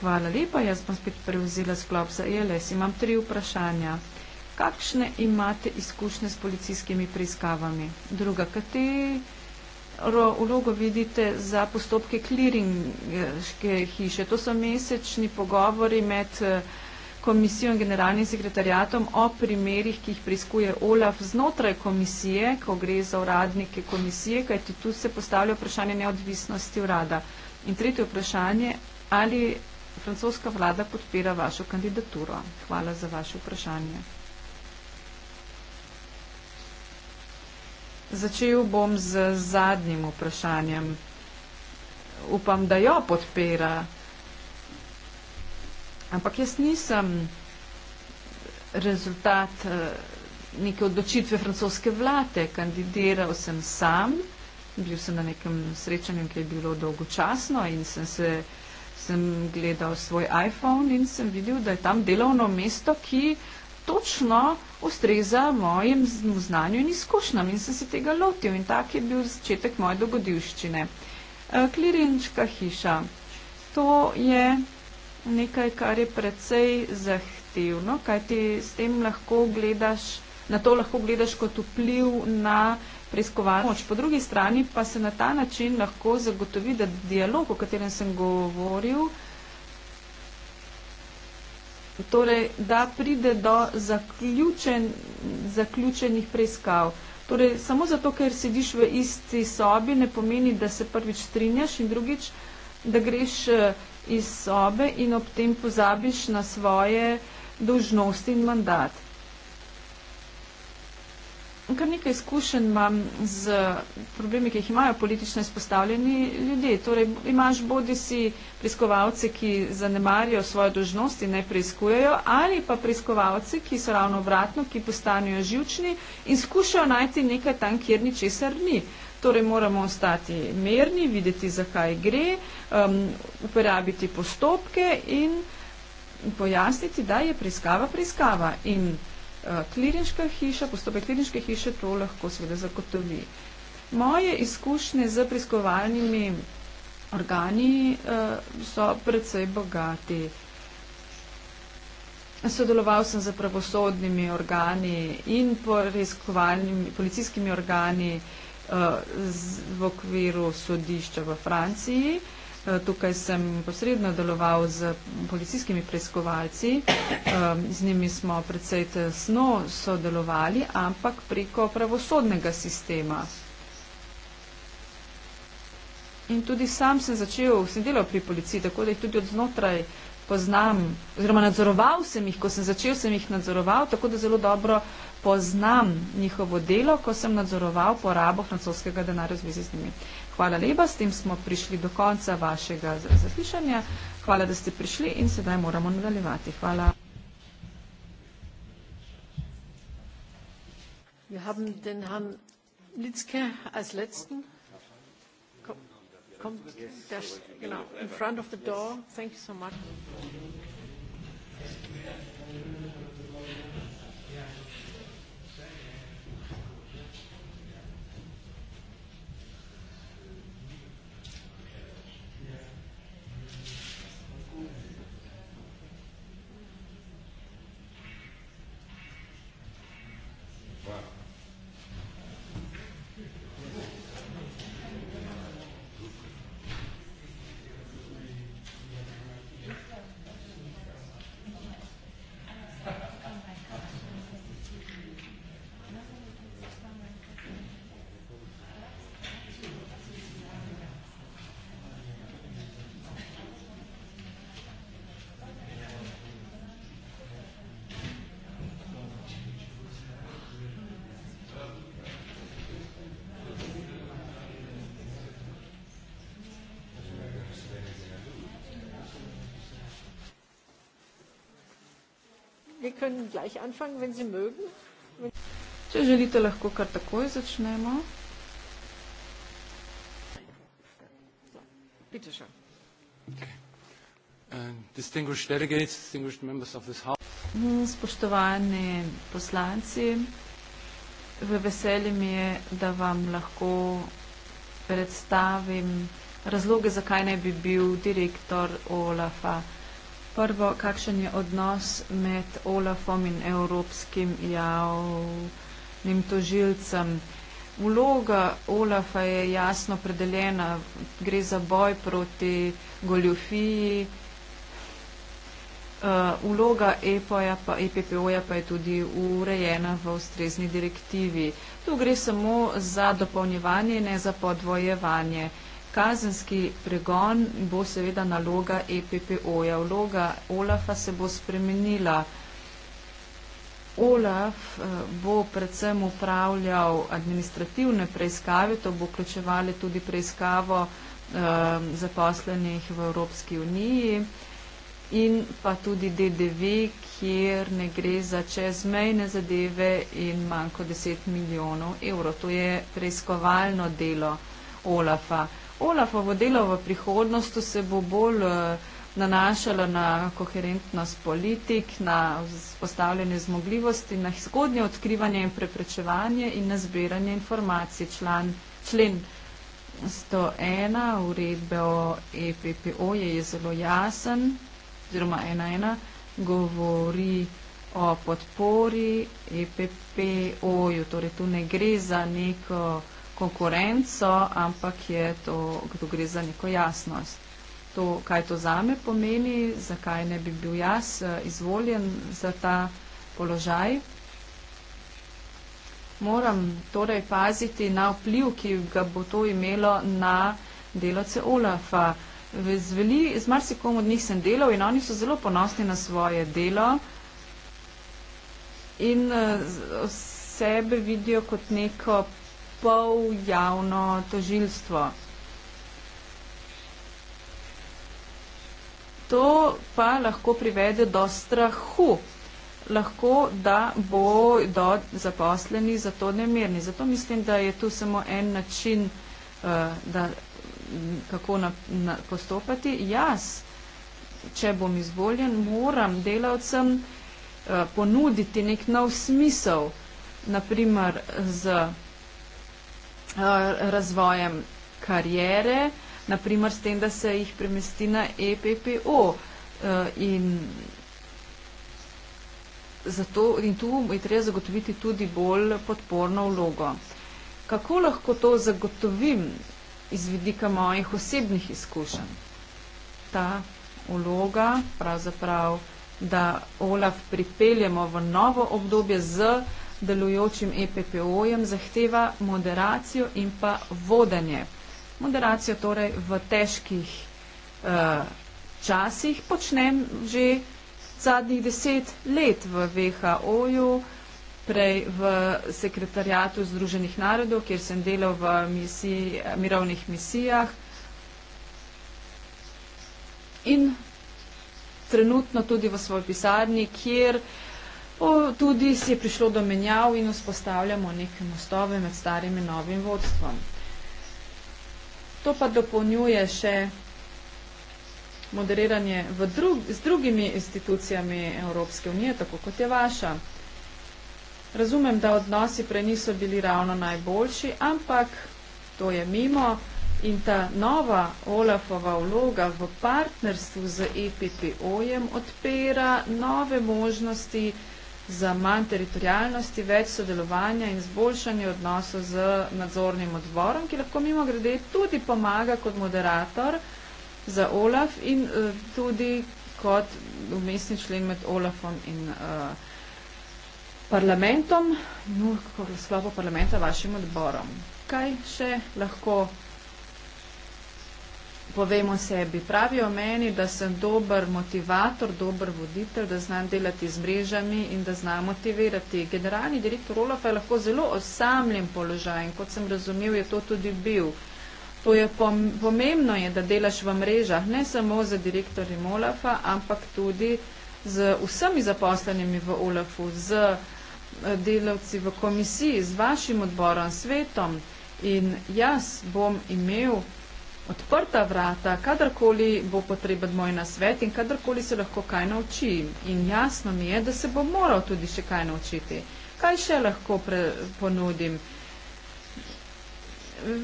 Hvala lepa, jaz bom spet prevzela sklop za ELS. Imam tri vprašanja. Kakšne imate izkušnje s policijskimi preiskavami? Druga, kateri vlogo vidite za postopke kliringške hiše? To so mesečni pogovori med eh, komisijo in generalnim sekretarjatom o primerih, ki jih preiskuje OLAF znotraj komisije, ko gre za uradnike komisije, kajti tu se postavlja vprašanje neodvisnosti urada. In tretje vprašanje, ali francoska vlada podpira vašo kandidaturo? Hvala za vaše vprašanje. Začel bom z zadnjim vprašanjem. Upam, da jo podpira. Ampak jaz nisem rezultat eh, neke odločitve francoske vlade. Kandidiral sem sam, bil sem na nekem srečanju, ki je bilo dolgočasno in sem, se, sem gledal svoj iPhone in sem videl, da je tam delovno mesto, ki točno ustreza mojim znanju in izkušnjam in sem se tega lotil in tak je bil začetek moje dogodivščine. E, klirinčka hiša. To je nekaj, kar je precej zahtevno, kajti s tem lahko gledaš, na to lahko gledaš kot vpliv na preiskovalno moč. Po drugi strani pa se na ta način lahko zagotovi, da dialog, o katerem sem govoril, torej, da pride do zaključen, zaključenih preiskav. Torej, samo zato, ker sediš v isti sobi, ne pomeni, da se prvič strinjaš in drugič, da greš eh, iz sobe in ob tem pozabiš na svoje dožnosti in mandat kar nekaj izkušenj imam z problemi, ki jih imajo politično izpostavljeni ljudje. Torej, imaš bodi si preiskovalce, ki zanemarijo svojo dožnost in ne preiskujejo, ali pa preiskovalce, ki so ravno obratno, ki postanejo živčni in skušajo najti nekaj tam, kjer ni česar ni. Torej, moramo ostati merni, videti, zakaj gre, um, uporabiti postopke in pojasniti, da je preiskava preiskava. In Eh, klinička hiša, postopek klinične hiše to lahko seveda zagotovi. Moje izkušnje z preiskovalnimi organi eh, so precej bogati. Sodeloval sem z pravosodnimi organi in policijskimi organi eh, v okviru sodišča v Franciji. Eh, tukaj sem posredno deloval z policijskimi preiskovalci, z njimi smo predvsej tesno sodelovali, ampak preko pravosodnega sistema. In tudi sam sem začel, sem delal pri policiji, tako da jih tudi od znotraj poznam, oziroma nadzoroval sem jih, ko sem začel, sem jih nadzoroval, tako da zelo dobro poznam njihovo delo, ko sem nadzoroval porabo francoskega denarja v zvezi z njimi. Uh, Hvala lepa, s tem smo prišli do konca vašega zaslišanja. Hvala, da ste prišli in sedaj moramo nadaljevati. Hvala. Wir haben den Herrn Litzke als letzten. Kommt, der, genau, in front of the door. Thank you so much. können gleich anfangen, wenn Sie mögen. Če želite, lahko kar takoj začnemo. Uh, Spoštovani poslanci, v veselju mi je, da vam lahko predstavim razloge, zakaj ne bi bil direktor OLAF-a prvo, kakšen je odnos med Olafom in evropskim javnim tožilcem? Vloga Olafa je jasno predeljena, gre za boj proti goljofiji, uh, vloga EPO-ja pa, EPPO -ja pa je tudi urejena v ustrezni direktivi. Tu gre samo za dopolnjevanje, ne za podvojevanje. Kazenski pregon bo seveda naloga EPPO-ja. Vloga OLAF-a se bo spremenila. OLAF eh, bo predvsem upravljal administrativne preiskave, to bo vključevalo tudi preiskavo eh, zaposlenih v Evropski uniji in pa tudi DDV, kjer ne gre za čezmejne zadeve in manj kot 10 milijonov evrov. To je preiskovalno delo OLAF-a. Olafovo delo v prihodnosti se bo bolj eh, nanašalo na koherentnost politik, na vzpostavljanje zmogljivosti, na izhodnje odkrivanje in preprečevanje in na zbiranje informacij. Član, člen 101 uredbe o EPPO je, je zelo jasen, oziroma 11, govori o podpori EPPO-ju, torej tu ne gre za neko konkurenco, ampak je to, kdo gre za neko jasnost. To, kaj to zame pomeni, zakaj ne bi bil jaz eh, izvoljen za ta položaj. Moram torej paziti na vpliv, ki ga bo to imelo na delavce Olafa. Z, veli, z marsikom od njih sem delal in oni so zelo ponosni na svoje delo in eh, sebe vidijo kot neko pol javno tožilstvo. To pa lahko privede do strahu, lahko da bo do zaposleni zato nemirni. Zato mislim, da je tu samo en način, eh, da, kako na, na, postopati. Jaz, če bom izvoljen, moram delavcem eh, ponuditi nek nov smisel, naprimer z Eh, razvojem karijere, naprimer s tem, da se jih premesti na EPPO. Uh, eh, in, zato, in tu je treba zagotoviti tudi bolj podporno vlogo. Kako lahko to zagotovim iz vidika mojih osebnih izkušenj? Ta vloga, pravzaprav, da Olaf pripeljemo v novo obdobje z delujočim EPPO-jem zahteva moderacijo in pa vodenje. Moderacijo torej v težkih eh, časih počnem že zadnjih deset let v WHO-ju, prej v sekretarijatu Združenih narodov, kjer sem delal v misiji, mirovnih misijah in trenutno tudi v svoj pisarni, kjer eh, O, tudi si je prišlo do menjav in vzpostavljamo neke mostove med starim in novim vodstvom. To pa dopolnjuje še moderiranje v drug, z drugimi institucijami Evropske unije, tako kot je vaša. Razumem, da odnosi prej niso bili ravno najboljši, ampak to je mimo in ta nova Olafova vloga v partnerstvu z EPPO-jem odpira nove možnosti, za manj teritorijalnosti, več sodelovanja in zboljšanje odnosov z nadzornim odborom, ki lahko mimo grede tudi pomaga kot moderator za OLAF in uh, tudi kot umestni člen med OLAFom in uh, parlamentom, no, kako je sklopo parlamenta, vašim odborom. Kaj še lahko povemo sebi. Pravijo meni, da sem dober motivator, dober voditelj, da znam delati z mrežami in da znam motivirati. Generalni direktor Olafa je lahko zelo osamljen položaj in kot sem razumel, je to tudi bil. To je pomembno, je, da delaš v mrežah ne samo za direktorjem Olafa, ampak tudi z vsemi zaposlenimi v Olafu, z eh, delavci v komisiji, z vašim odborom, svetom. In jaz bom imel odprta vrata, kadarkoli bo potreben moj nasvet in kadarkoli se lahko kaj naučim. In jasno mi je, da se bom moral tudi še kaj naučiti. Kaj še lahko pre, ponudim?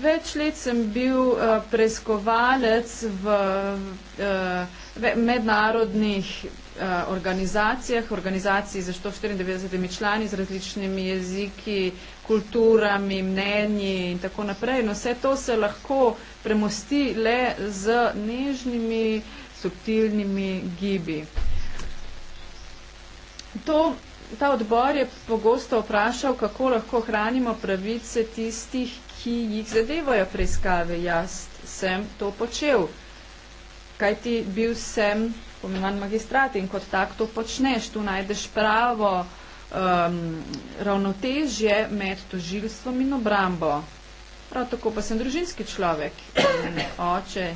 Več let sem bil uh, preiskovalec v uh, mednarodnih eh, organizacijah, organizaciji za 194 člani z različnimi jeziki, kulturami, mnenji in tako naprej. No, vse to se lahko premosti le z nežnimi, subtilnimi gibi. To, ta odbor je pogosto vprašal, kako lahko hranimo pravice tistih, ki jih zadevajo preiskave. Jaz sem to počel, kaj ti bil sem pomenovan magistrat in kot tak to počneš, tu najdeš pravo um, ravnotežje med tožilstvom in obrambo. Prav tako pa sem družinski človek, oče,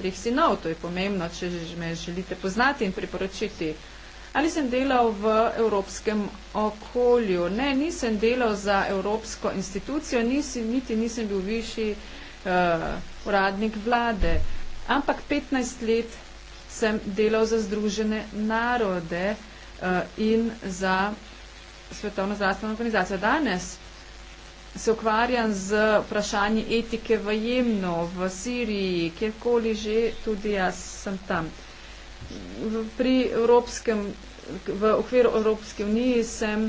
trih sinov, to je pomembno, če me želite poznati in priporočiti. Ali sem delal v evropskem okolju? Ne, nisem delal za evropsko institucijo, nisi, niti nisem bil višji uh, uradnik vlade. Ampak 15 let sem delal za Združene narode uh, in za Svetovno zdravstveno organizacijo. Danes se ukvarjam z vprašanji etike v Jemnu, v Siriji, kjerkoli že, tudi jaz sem tam. V, pri Evropskem, v okviru Evropske unije sem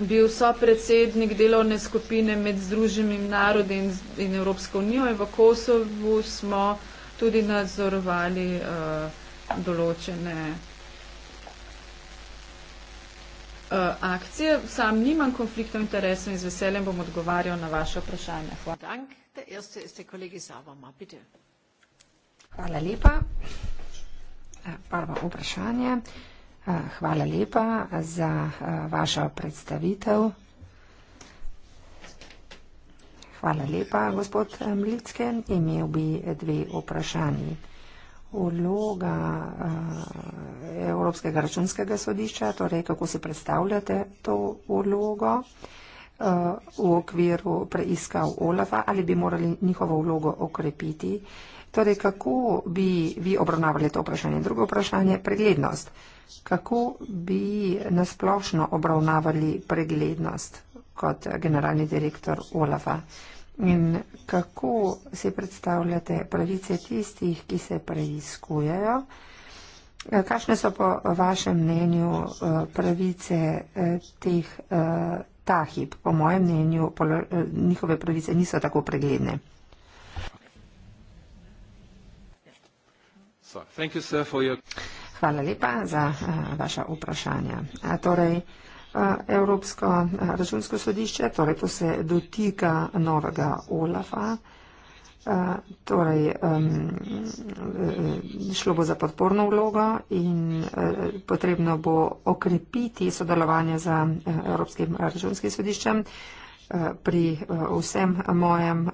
bil sopredsednik delovne skupine med Združenim narodom in, in Evropsko unijo in v Kosovu smo tudi nadzorovali uh, določene uh, Eh, akcije. Sam nimam konfliktov interesov in z veseljem bom odgovarjal na vaše vprašanje. Hvala. Hvala lepa. Eh, prvo vprašanje. Eh, hvala lepa za vašo predstavitev. Hvala lepa, gospod Mlicken. Imel bi dve vprašanje vloga eh, Evropskega računskega sodišča, torej kako si predstavljate to vlogo eh, v okviru preiskav OLAFA ali bi morali njihovo vlogo okrepiti. Torej, kako bi vi obravnavali to vprašanje? Drugo vprašanje, preglednost. Kako bi nasplošno obravnavali preglednost kot generalni direktor OLAFA? Uh, In kako si predstavljate pravice tistih, ki se preiskujejo? Eh, kakšne so po vašem mnenju eh, pravice eh, teh tahib? Po mojem mnenju njihove pravice niso tako pregledne. Hvala lepa za vaša vprašanja. A torej, Evropsko računsko sodišče, torej to se dotika novega OLAF-a. Torej, e, šlo bo za podporno vlogo in e, potrebno bo okrepiti sodelovanje za e, Evropskim računskim sodiščem pri vsem mojem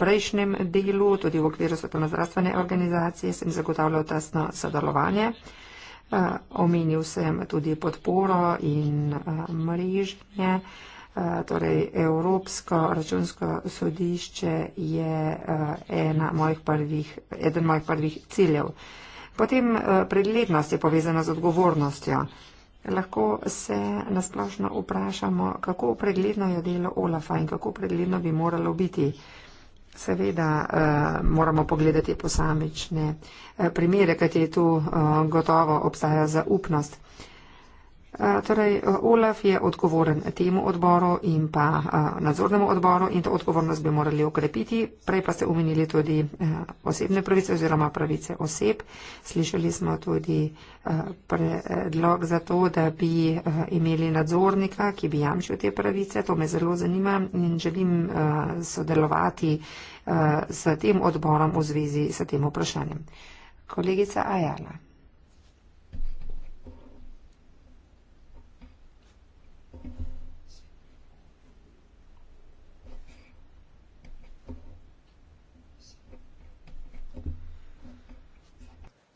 prejšnjem delu, tudi v okviru svetovno-zdravstvene organizacije, sem zagotavljal tesno sodelovanje. Omenil sem tudi podporo in mrežnje. Torej, Evropsko računsko sodišče je ena mojih prvih, eden mojih prvih ciljev. Potem preglednost je povezana z odgovornostjo. Lahko se nasplošno vprašamo, kako pregledno je delo Olafa in kako pregledno bi moralo biti. Seveda uh, moramo pogledati posamične uh, primere, kateri tu uh, gotovo obstaja zaupnost. Torej, Olaf je odgovoren temu odboru in pa nadzornemu odboru in to odgovornost bi morali ukrepiti. Prej pa ste umenili tudi osebne pravice oziroma pravice oseb. Slišali smo tudi predlog za to, da bi imeli nadzornika, ki bi jamčil te pravice. To me zelo zanima in želim sodelovati s tem odborom v zvezi s tem vprašanjem. Kolegica Ajala.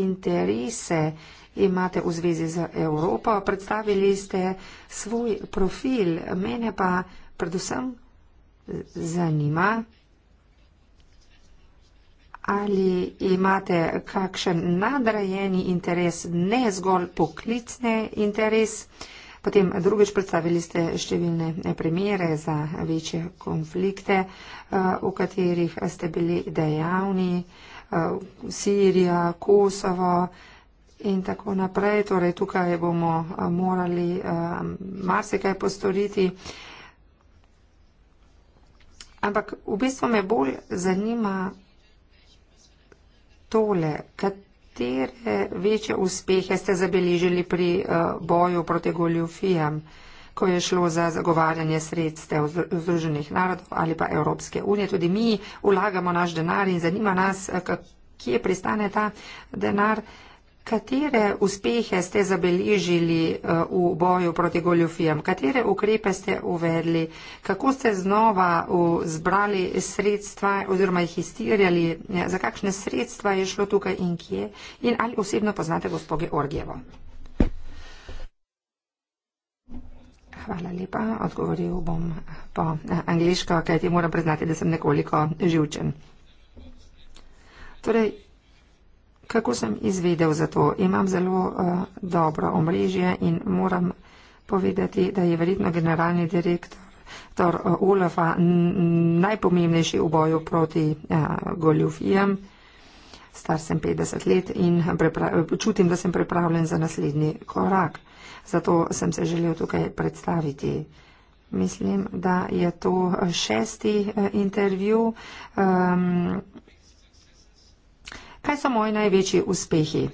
interese imate v zvezi z Evropo. Predstavili ste svoj profil, mene pa predvsem zanima, ali imate kakšen nadrajeni interes, ne zgolj poklicne interes. Potem drugič predstavili ste številne primere za večje konflikte, eh, v katerih ste bili dejavni. Eh, Sirija, Kosovo in tako naprej. Torej, tukaj bomo eh, morali eh, marsikaj postoriti. Ampak v bistvu me bolj zanima tole, katere večje uspehe ste zabeležili pri boju proti goljufijam ko je šlo za zagovarjanje sredstev Združenih narodov ali pa Evropske unije. Tudi mi vlagamo naš denar in zanima nas, eh, kje pristane ta denar. Katere uspehe ste zabeležili eh, v boju proti goljofijam? Katere ukrepe ste uvedli? Kako ste znova zbrali sredstva oziroma jih istirjali? Ja, za kakšne sredstva je šlo tukaj in kje? In ali osebno poznate gospoge Orgjevo? Hvala lepa. Odgovoril bom po eh, angliško, kajti moram priznati, da sem nekoliko živčen. Torej, kako sem izvedel za to? Imam zelo uh, dobro omrežje in moram povedati, da je verjetno generalni direktor Tor Ulofa eh, najpomembnejši v boju proti uh, goljufijam. Star sem 50 let in čutim, da sem pripravljen za naslednji korak. Zato sem se želel tukaj predstaviti. Mislim, da je to eh, šesti eh, intervju. Um, kaj so moji največji uspehi?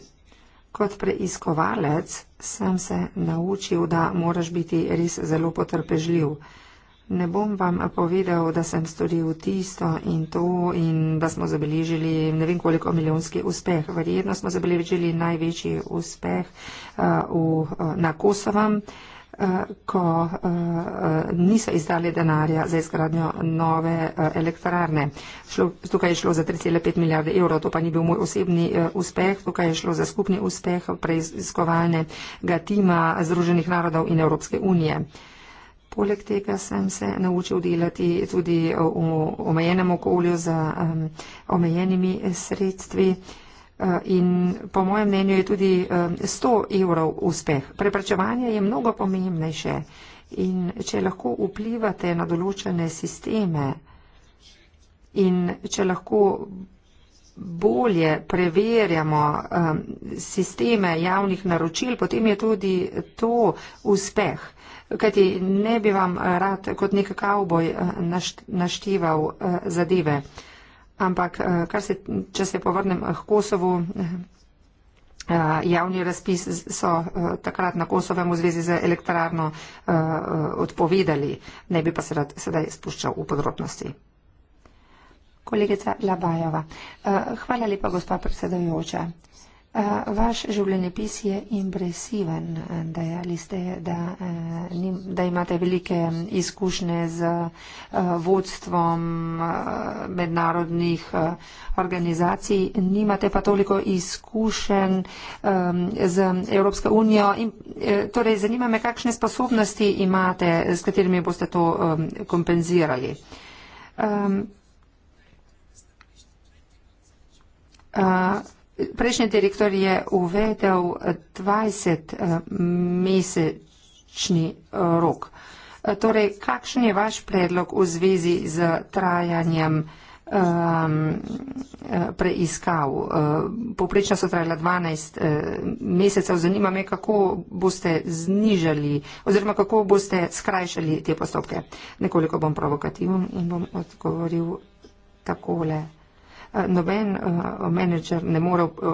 Kot preiskovalec sem se naučil, da moraš biti res zelo potrpežljiv. Ne bom vam povedal, da sem storil tisto in to in da smo zabeležili ne vem koliko milijonski uspeh. Verjetno smo zabeležili največji uspeh uh, v, uh, na Kosovam, uh, eh, ko uh, niso izdali denarja za izgradnjo nove uh, elektrarne. Šlo, tukaj je šlo za 3,5 milijarde evrov, to pa ni bil moj osebni uh, uspeh. Tukaj je šlo za skupni uspeh preiskovalnega tima Združenih narodov in Evropske unije. Uh, Poleg tega sem se naučil delati tudi v omejenem okolju z um, omejenimi sredstvi. Uh, in po mojem mnenju je tudi 100 um, evrov uspeh. Preprečevanje je mnogo pomembnejše. In če lahko vplivate na določene sisteme in če lahko bolje preverjamo um, sisteme javnih naročil, potem je tudi to uspeh. Kajti ne bi vam rad kot nek kavboj eh, našteval eh, zadeve. Ampak, eh, kar se, če se povrnem k Kosovu, javni razpis so takrat na Kosovem v zvezi z elektrarno odpovedali, ne bi pa se rad sedaj spuščal v podrobnosti. Kolegica Labajeva. Hvala lepa, gospa predsedajoča. Vaš življenjepis je impresiven, dejali ste, da, da imate velike izkušnje z vodstvom mednarodnih organizacij, nimate pa toliko izkušenj z Evropsko unijo. In, e, torej, zanima me, kakšne sposobnosti imate, s katerimi boste to kompenzirali. Uh, Prejšnji direktor je uvedel 20 eh, mesečni eh, rok. Eh, torej, kakšen je vaš predlog v zvezi z trajanjem um, preiskav? Poprečno so trajala 12 mesecev. Zanima me, kako boste znižali oziroma kako boste skrajšali te postopke. Nekoliko bom provokativen in bom odgovoril takole. Eh, noben eh, menedžer ne more eh,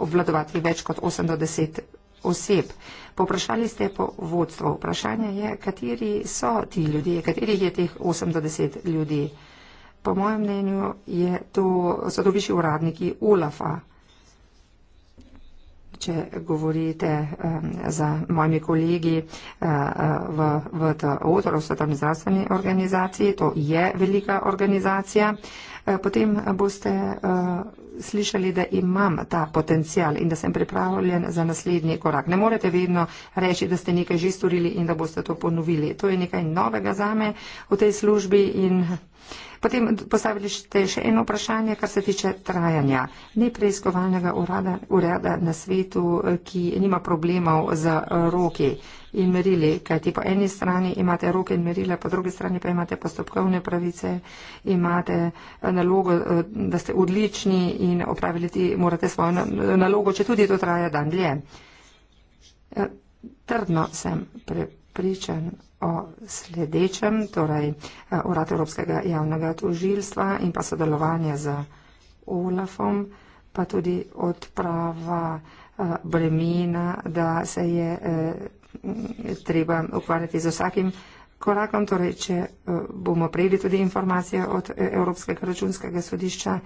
obvladovati več kot 8 do 10 oseb. Poprašali ste po vodstvu. Vprašanje je, kateri so ti ljudje, katerih je teh 8 do 10 ljudi. Po mojem mnenju je to, so to višji uradniki ULAFA. Če govorite um, za mojimi kolegi uh, v, v TO, torej v Svetovni zdravstveni organizaciji, to je velika organizacija. Uh, Eh, potem eh, boste eh, slišali, da imam ta potencial in da sem pripravljen za naslednji korak. Ne morete vedno reči, da ste nekaj že storili in da boste to ponovili. To je nekaj novega zame v tej službi in Potem postavili ste še eno vprašanje, kar se tiče trajanja nepreiskovalnega urada, urada na svetu, eh, ki nima problemov z eh, roki in merili, kajti po eni strani imate roke in merile, po drugi strani pa imate postopkovne pravice, imate eh, nalogo, da ste odlični in opravili ti morate svojo nalogo, če tudi to traja dan dlje. Trdno sem prepričan pričan o sledečem, torej eh, urad Evropskega javnega tožilstva in pa sodelovanje z OLAF-om, pa tudi odprava eh, bremena, da se je eh, treba ukvarjati z vsakim korakom, torej če bomo prejeli tudi informacije od Evropskega računskega sodišča.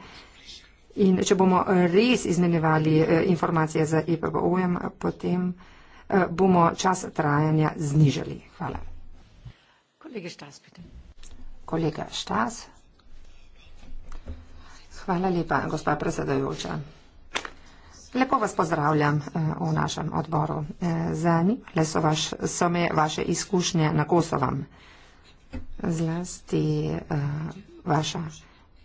In če bomo res izmenjevali informacije za IPVO-jem, potem uh, Eh, bomo čas trajanja znižali. Hvala. Kolega Štas, pite. Kolega Štas. Hvala lepa, gospa predsedajoča. Lepo vas pozdravljam eh, v našem odboru. Eh, Zanimale so, vaš, so me vaše izkušnje na Kosovam. Zlasti uh, vaša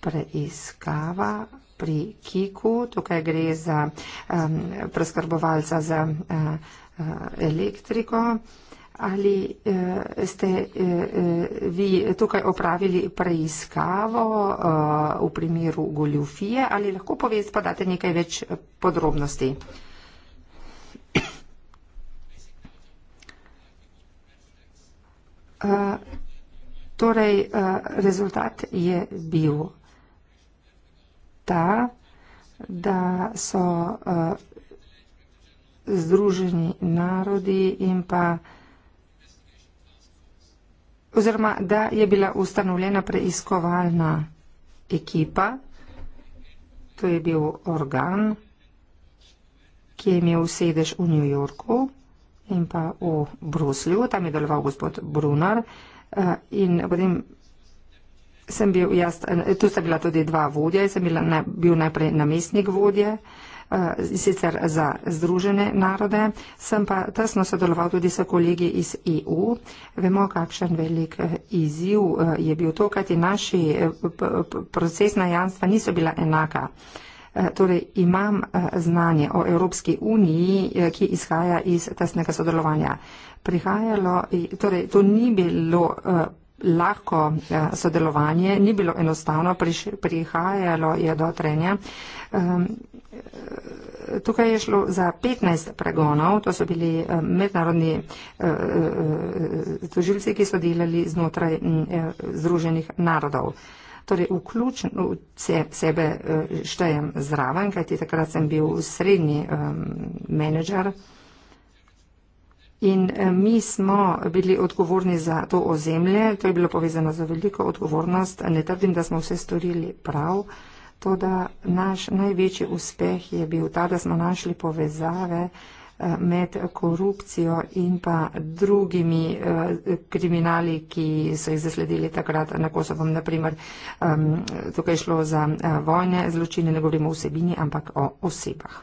preiskava pri Kiku. Tukaj gre za um, preskrbovalca za uh, Eh, elektriko. Ali eh, ste eh, vi tukaj opravili preiskavo v primeru goljufije ali lahko poveste, pa date nekaj več podrobnosti? Torej, rezultat je bil ta, da so Združeni narodi in pa oziroma, da je bila ustanovljena preiskovalna ekipa, to je bil organ, ki je imel sedež v New Yorku in pa v Bruslju, tam je deloval gospod Brunar eh, in potem sem bil jaz, eh, tu sta bila tudi dva vodja, jaz sem bila, bil najprej namestnik vodje, Eh, sicer za Združene narode, sem pa tesno sodeloval tudi s kolegi iz EU. Vemo, kakšen velik eh, izziv eh, je bil to, kajti naši procesna janstva niso bila enaka. Torej imam znanje o Evropski uniji, ki izhaja iz tesnega sodelovanja. Prihajalo, torej, to ni bilo lahko sodelovanje, ni bilo enostavno, prihajalo je do trenja. Ehm, Eh, tukaj je šlo za 15 pregonov, to so bili eh, mednarodni eh, tožilci, ki so delali znotraj mm, Združenih narodov. Torej, vključno se, sebe štejem zraven, kajti takrat sem bil srednji menedžer. In mi smo bili odgovorni za to ozemlje, to je bilo povezano z veliko odgovornost. Ne trdim, da smo vse storili prav, To, da naš največji uspeh je bil ta, da smo našli povezave eh, med korupcijo in pa drugimi eh, kriminali, ki so jih zasledili takrat na Kosovom. Naprimer, tukaj je šlo za eh, vojne zločine, ne govorimo o vsebini, ampak o osebah.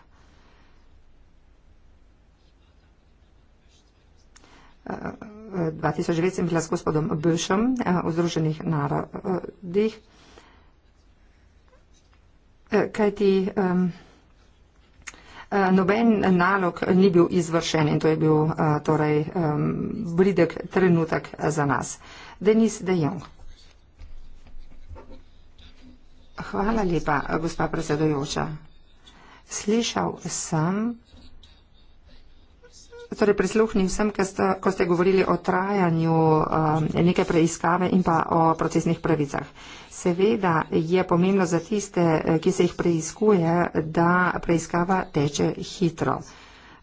V 2009 sem bila s gospodom Bršem v Združenih narodih. Eh, kajti um, noben nalog ni bil izvršen in to je bil uh, torej um, bridek trenutek za nas. Denis De Jong. Hvala lepa, gospa predsedojoča. Slišal sem, torej prisluhnil sem, ste, ko ste govorili o trajanju um, neke preiskave in pa o procesnih pravicah seveda je pomembno za tiste, eh, ki se jih preizkuje, da preiskava teče hitro.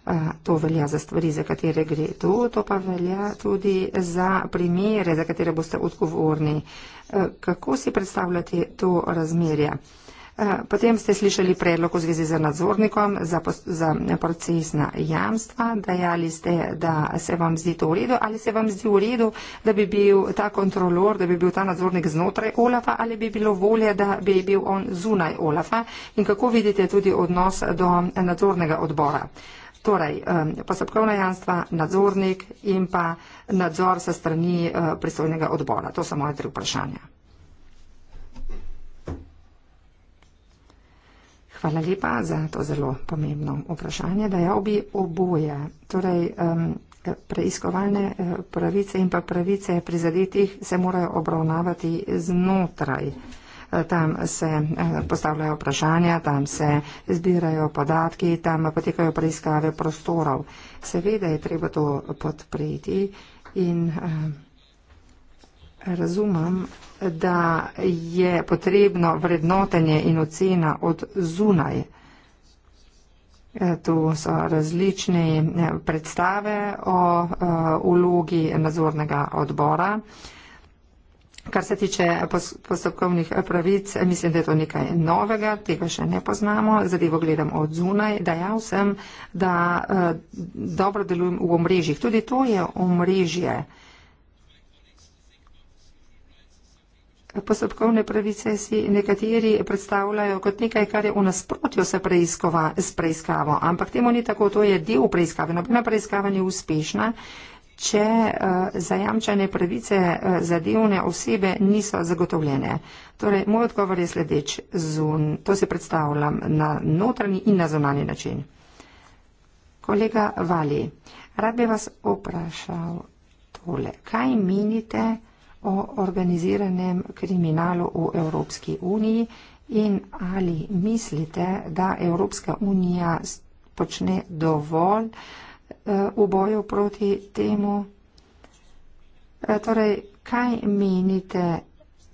Eh, to velja za stvari, za katere gre to, to pa velja tudi za primere, za katere boste odgovorni. Eh, kako si predstavljate to razmerje? Eh, potem ste slišali predlog v zvezi z nadzornikom za, za procesna jamstva. Dajali ste, da se vam zdi to v redu. Ali se vam zdi v redu, da bi bil ta kontrolor, da bi bil ta nadzornik znotraj Olafa ali bi bilo bolje, da bi bil on zunaj Olafa? In kako vidite tudi odnos do nadzornega odbora? Torej, posebkovna jamstva, nadzornik in pa nadzor sa strani eh, pristojnega odbora. To so moje tri vprašanja. Hvala lepa za to zelo pomembno vprašanje. Da, ja, obi oboje. Torej, um, preiskovalne eh, pravice in pa pravice prizadetih se morajo obravnavati znotraj. Eh, tam se eh, postavljajo vprašanja, tam se zbirajo podatki, tam potekajo preiskave prostorov. Seveda je treba to podpreti in. Um, razumem, da je potrebno vrednotenje in ocena od zunaj. E, tu so različne e, predstave o ulogi e, nadzornega odbora. Kar se tiče postopkovnih pravic, mislim, da je to nekaj novega, tega še ne poznamo, zadevo gledam od zunaj, dajal sem, da dobro delujem v omrežjih. Tudi to je omrežje. postopkovne pravice si nekateri predstavljajo kot nekaj, kar je v nasprotju s preiskavo, ampak temu ni tako, to je del preiskave. Nobena preiskava ni uspešna, če uh, zajamčene pravice uh, zadevne osebe niso zagotovljene. Torej, moj odgovor je sledeč, zun, to se predstavljam na notranji in na zunani način. Kolega Vali, rad bi vas vprašal tole. Kaj menite? o organiziranem kriminalu v Evropski uniji in ali mislite, da Evropska unija počne dovolj eh, v boju proti temu? Eh, torej, kaj menite,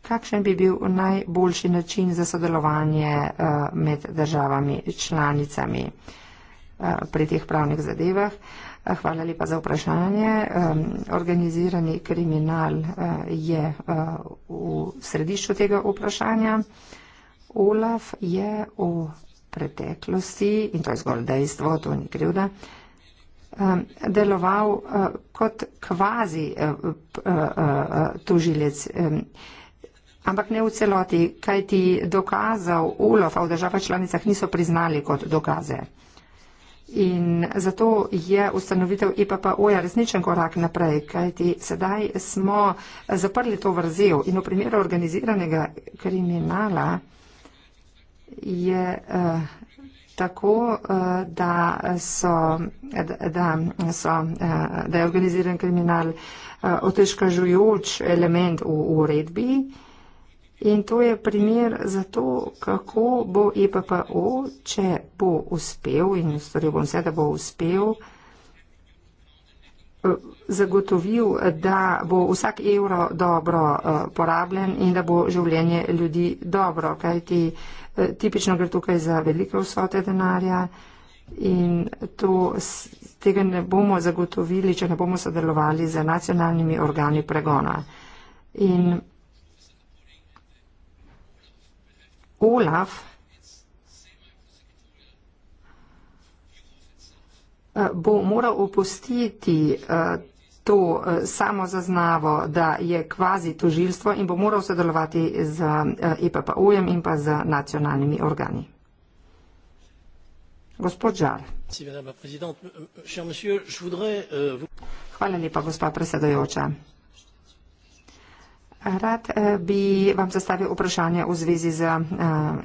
kakšen bi bil najboljši način za sodelovanje eh, med državami članicami pri teh pravnih zadevah? Hvala lepa za vprašanje. Organizirani kriminal e, je e, v središču tega vprašanja. Olaf je v preteklosti, in to je zgolj dejstvo, to ni krivda, deloval e, kot kvazi tužilec. Ampak ne v celoti, kaj ti dokazal Olaf, a v državah članicah niso priznali kot dokaze. In zato je ustanovitev EPPO-ja resničen korak naprej, kajti sedaj smo zaprli to vrzel in v primeru organiziranega kriminala je eh, tako, eh, da, so, da, so, eh, da je organiziran kriminal otežkažujoč element v uredbi. In to je primer za to, kako bo EPPO, če bo uspel in storil bom vse, da bo uspel, eh, zagotovil, da bo vsak evro dobro eh, porabljen in da bo življenje ljudi dobro, kajti eh, tipično gre tukaj za velike vsote denarja in to, tega ne bomo zagotovili, če ne bomo sodelovali z nacionalnimi organi pregona. In Olaf eh, bo moral opustiti eh, to eh, samo zaznavo, da je kvazi tožilstvo in bo moral sodelovati z EPPO-jem e in pa z nacionalnimi organi. Gospod Žar. Euh, euh, euh, Hvala lepa, gospa predsedajoča. Rad eh, bi vam zastavil vprašanje v zvezi z eh,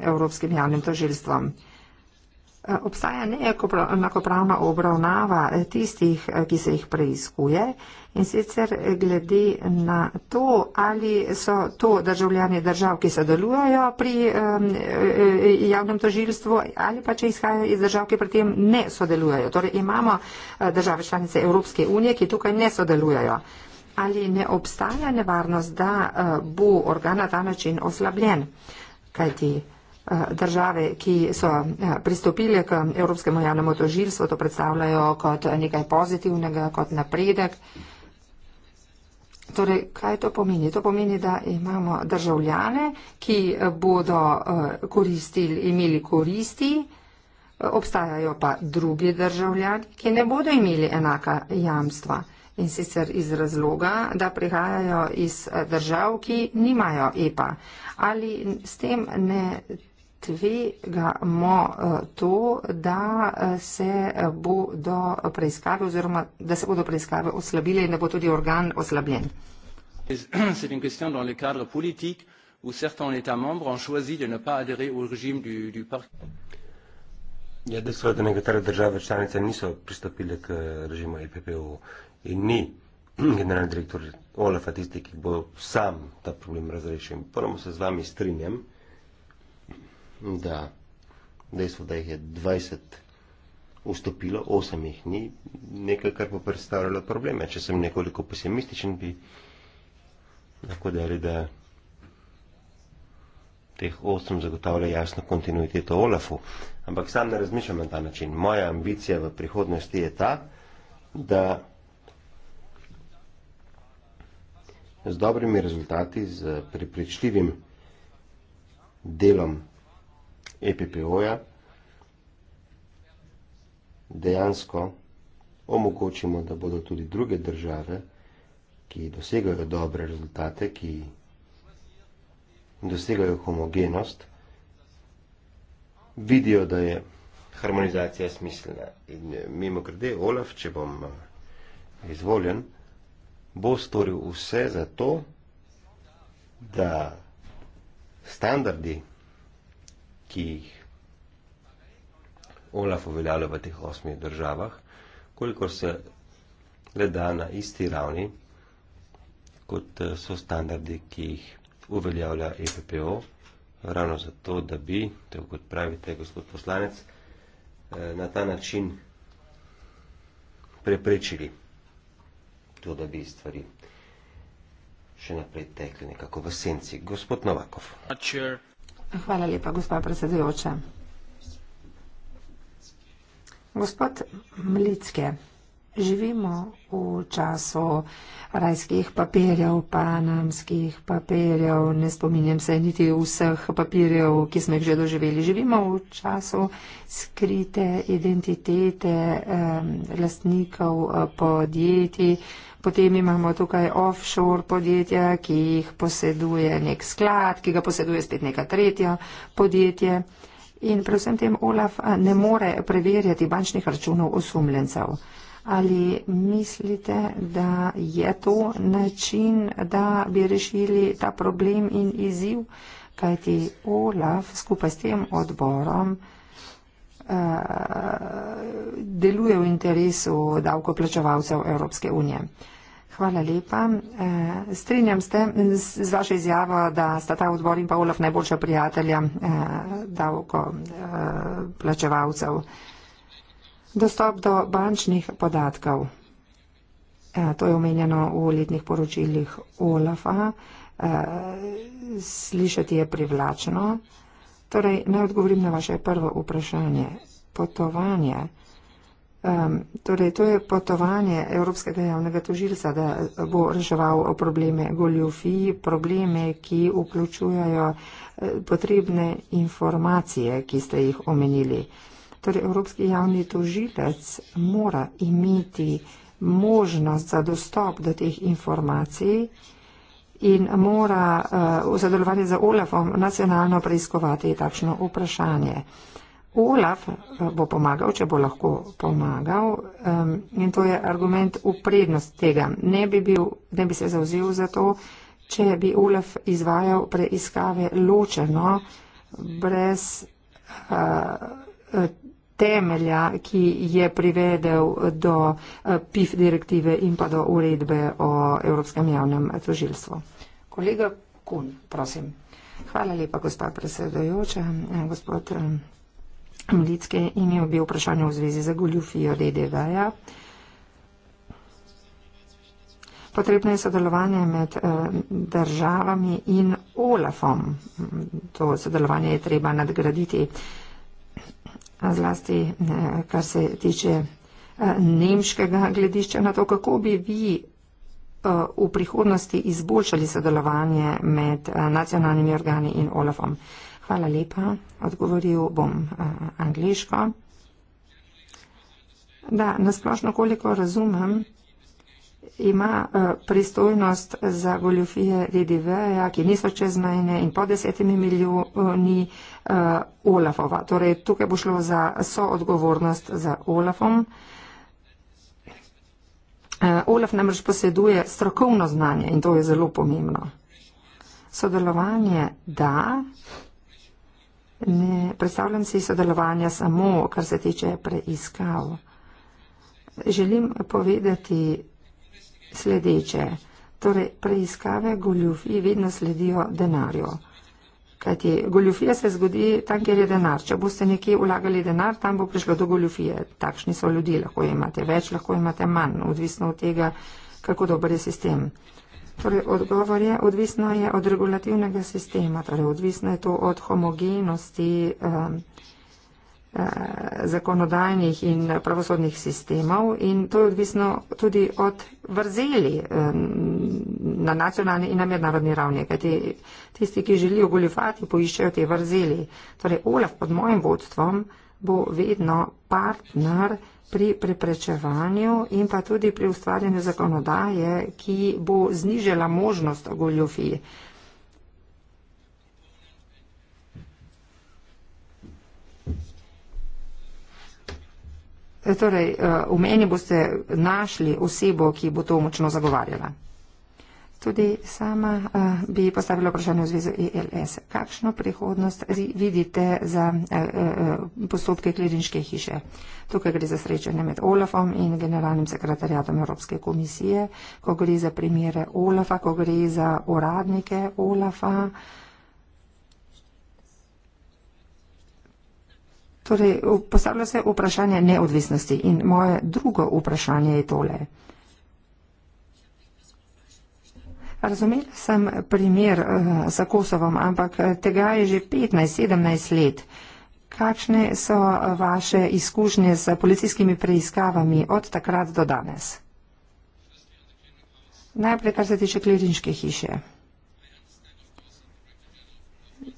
Evropskim javnim tožilstvom. Eh, obstaja neenakopravna obravnava tistih, ki se jih preiskuje in sicer glede na to, ali so to državljani držav, ki sodelujejo pri ehm, javnem tožilstvu ali pa če izhajajo iz držav, ki pri tem ne sodelujejo. Torej imamo države članice Evropske unije, ki tukaj ne sodelujejo ali ne obstaja nevarnost, da eh, bo organ na ta način oslabljen, kajti eh, države, ki so eh, pristopile k Evropskemu javnemu tožilstvu, to predstavljajo kot nekaj pozitivnega, kot napredek. Torej, kaj to pomeni? To pomeni, da imamo državljane, ki bodo koristili, imeli koristi, obstajajo pa drugi državljani, ki ne bodo imeli enaka jamstva in sicer iz razloga, da prihajajo iz eh, držav, ki nimajo EPA. Ali s tem ne tvegamo eh, to, da eh, se bodo preiskave oziroma da se bodo preiskave oslabile in da bo tudi organ oslabljen? Ja, da seveda nekatere države članice niso pristopile k režimu EPPO in ni generalni direktor Olafa tisti, ki bo sam ta problem razrešil. Prvo se z vami strinjam, da dejstvo, da jih je 20 vstopilo, 8 jih ni, nekaj, kar bo predstavljalo probleme. Če sem nekoliko pesimističen, bi lahko dali, da teh 8 zagotavlja jasno kontinuiteto Olafu. Ampak sam ne razmišljam na ta način. Moja ambicija v prihodnosti je ta, da z dobrimi rezultati, z prepričljivim delom EPPO-ja, dejansko omogočimo, da bodo tudi druge države, ki dosegajo dobre rezultate, ki dosegajo homogenost, vidijo, da je harmonizacija smiselna. In mimo grede, Olaf, če bom eh, izvoljen, bo storil vse za to, da standardi, ki jih Olaf uveljavlja v teh osmih državah, koliko se le da na isti ravni, kot eh, so standardi, ki jih uveljavlja EPPO, ravno zato, da bi, tako kot pravite, gospod poslanec, eh, na ta način preprečili to, da bi stvari še naprej tekli nekako v senci. Gospod Novakov. Hvala lepa, gospa predsedujoča. Gospod Mlicke, živimo v času rajskih papirjev, panamskih papirjev, ne spominjam se niti vseh papirjev, ki smo jih že doživeli. Živimo v času skrite identitete eh, lastnikov eh, podjetij, Potem imamo tukaj offshore podjetja, ki jih poseduje nek sklad, ki ga poseduje spet neka tretja podjetje. In predvsem tem Olaf eh, ne more preverjati bančnih računov osumljencev. Ali mislite, da je to način, da bi rešili ta problem in izziv? Kajti Olaf skupaj s tem odborom uh, deluje v interesu davkoplačevalcev Evropske unije. Uh, Hvala lepa. Eh, strinjam se z vašo izjavo, da sta ta odbor in pa Olaf najboljša prijatelja eh, davkoplačevalcev. Eh, Dostop do bančnih podatkov. To je omenjeno v letnih poročilih Olafa. Slišati je privlačno. Torej, naj odgovorim na vaše prvo vprašanje. Potovanje. Um, torej, to je potovanje Evropskega javnega tožilca, da bo reševal probleme goljofij, probleme, ki vključujajo eh, potrebne informacije, ki ste jih omenili. Torej, Evropski javni tožilec mora imeti možnost za dostop do teh informacij in mora uh, v sodelovanju z OLAF-om nacionalno preiskovati takšno vprašanje. Uh, Olaf bo pomagal, če bo lahko pomagal. In to je argument v prednost tega. Ne bi, bil, ne bi se zauzel za to, če bi Olaf izvajal preiskave ločeno, brez eh, temelja, ki je privedel do eh, PIF direktive in pa do uredbe o Evropskem javnem tožilstvu. Kolega Kun, prosim. Hvala lepa, eh, gospod predsedojoča. Gospod Mlitske in je obje vprašanje v zvezi za goljufijo DDV-ja. Potrebno je sodelovanje med eh, državami in OLAFom. To sodelovanje je treba nadgraditi. Zlasti, eh, kar se tiče eh, nemškega gledišča na to, kako bi vi v prihodnosti izboljšali sodelovanje med nacionalnimi organi in OLAFom. Hvala lepa. Odgovoril bom uh, angliško. Da, nasplošno, koliko razumem, ima uh, pristojnost za goljofije DDV-ja, ki niso čezmejne in po desetimi milijoni uh, Olafova. Torej, tukaj bo šlo za soodgovornost za Olafom. Uh, Olaf namreč poseduje strokovno znanje in to je zelo pomembno. Sodelovanje da, Ne predstavljam si sodelovanja samo, kar se tiče preiskav. Želim povedati sledeče. Torej, preiskave goljufi vedno sledijo denarju. Kajti goljufija se zgodi tam, kjer je denar. Če boste nekje vlagali denar, tam bo prišlo do goljufije. Takšni so ljudje, lahko imate več, lahko imate manj, odvisno od tega, kako dober je sistem. Torej, odgovor je, odvisno je od regulativnega sistema, torej, odvisno je to od homogenosti um, zakonodajnih in pravosodnih sistemov in to je odvisno tudi od vrzeli ehm, na nacionalni in na mednarodni ravni, kajti tisti, ki želijo goljufati, poiščejo te vrzeli. Torej, Olaf pod mojim vodstvom bo vedno partner pri preprečevanju in pa tudi pri ustvarjanju zakonodaje, ki bo znižala možnost goljofij. Torej, eh, v meni boste našli osebo, ki bo to močno zagovarjala. Tudi sama uh, bi postavila vprašanje v zvezi z ELS. Kakšno prihodnost vidite za uh, uh, postopke kliničke hiše? Tukaj gre za srečanje med Olafom in generalnim sekretarjatom Evropske komisije, ko gre za primere Olafa, ko gre za uradnike Olafa. Torej, postavlja se vprašanje neodvisnosti in moje drugo vprašanje je tole. Uh, Razumela sem primer eh, za Kosovom, ampak eh, tega je že 15-17 let. Kakšne so eh, vaše izkušnje z policijskimi preiskavami od takrat do danes? Najprej, kar se tiče kliničke hiše.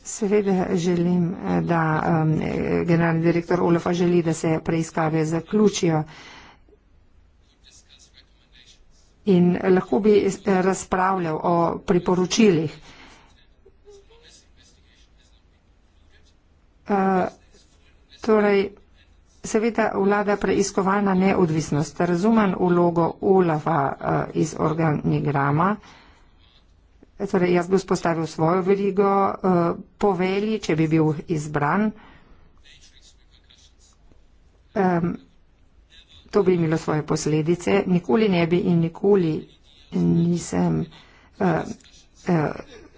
Seveda želim, da um, generalni direktor Olofa želi, da se preiskave zaključijo. Uh, in lahko bi eh, razpravljal o priporočilih. Eh, torej, seveda vlada preiskovalna neodvisnost, razumen vlogo Olava eh, iz organigrama, torej jaz bi spostavil svojo verigo povelji, če bi bil izbran. To bi imelo svoje posledice. Nikoli ne bi in nikoli nisem uh, uh,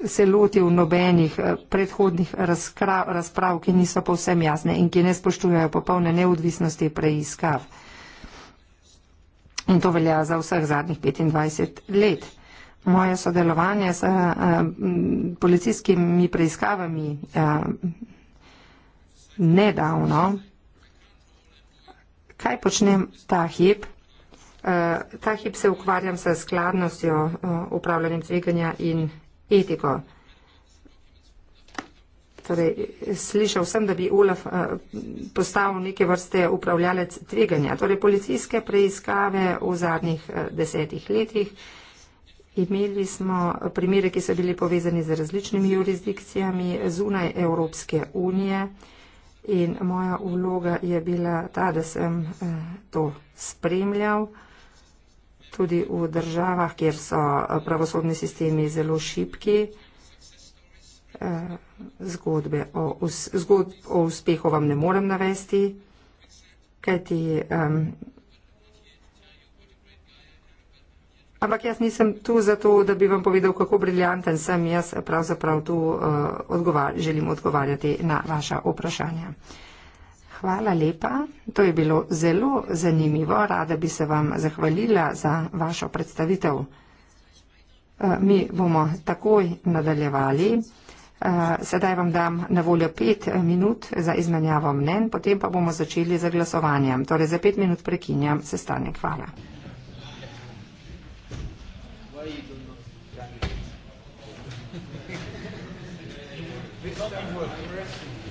se lotil nobenih eh, predhodnih razkrav, razprav, ki niso povsem jasne in ki ne spoštujajo popolne neodvisnosti preiskav. In to velja za vseh zadnjih 25 let. Moje sodelovanje s uh, policijskimi preiskavami uh, nedavno kaj počnem ta hip. Eh, ta hip se ukvarjam s skladnostjo, eh, upravljanjem tveganja in etiko. Torej, slišal sem, da bi Olaf eh, postavil neke vrste upravljalec tveganja. Torej, policijske preiskave v zadnjih desetih letih. Imeli smo primere, ki so bili povezani z različnimi jurisdikcijami zunaj Evropske unije. In moja vloga je bila ta, da sem eh, to spremljal tudi v državah, kjer so eh, pravosodni sistemi zelo šipki. Eh, zgodbe o, zgodb o uspehu vam ne morem navesti, kajti um, Ampak jaz nisem tu zato, da bi vam povedal, kako briljanten sem. Jaz pravzaprav tu uh, odgovar želim odgovarjati na vaša vprašanja. Hvala lepa. To je bilo zelo zanimivo. Rada bi se vam zahvalila za vašo predstavitev. Eh, mi bomo takoj nadaljevali. Eh, sedaj vam dam na voljo pet minut za izmenjavo mnen, potem pa bomo začeli z glasovanjem. Torej za pet minut prekinjam sestanek. Hvala.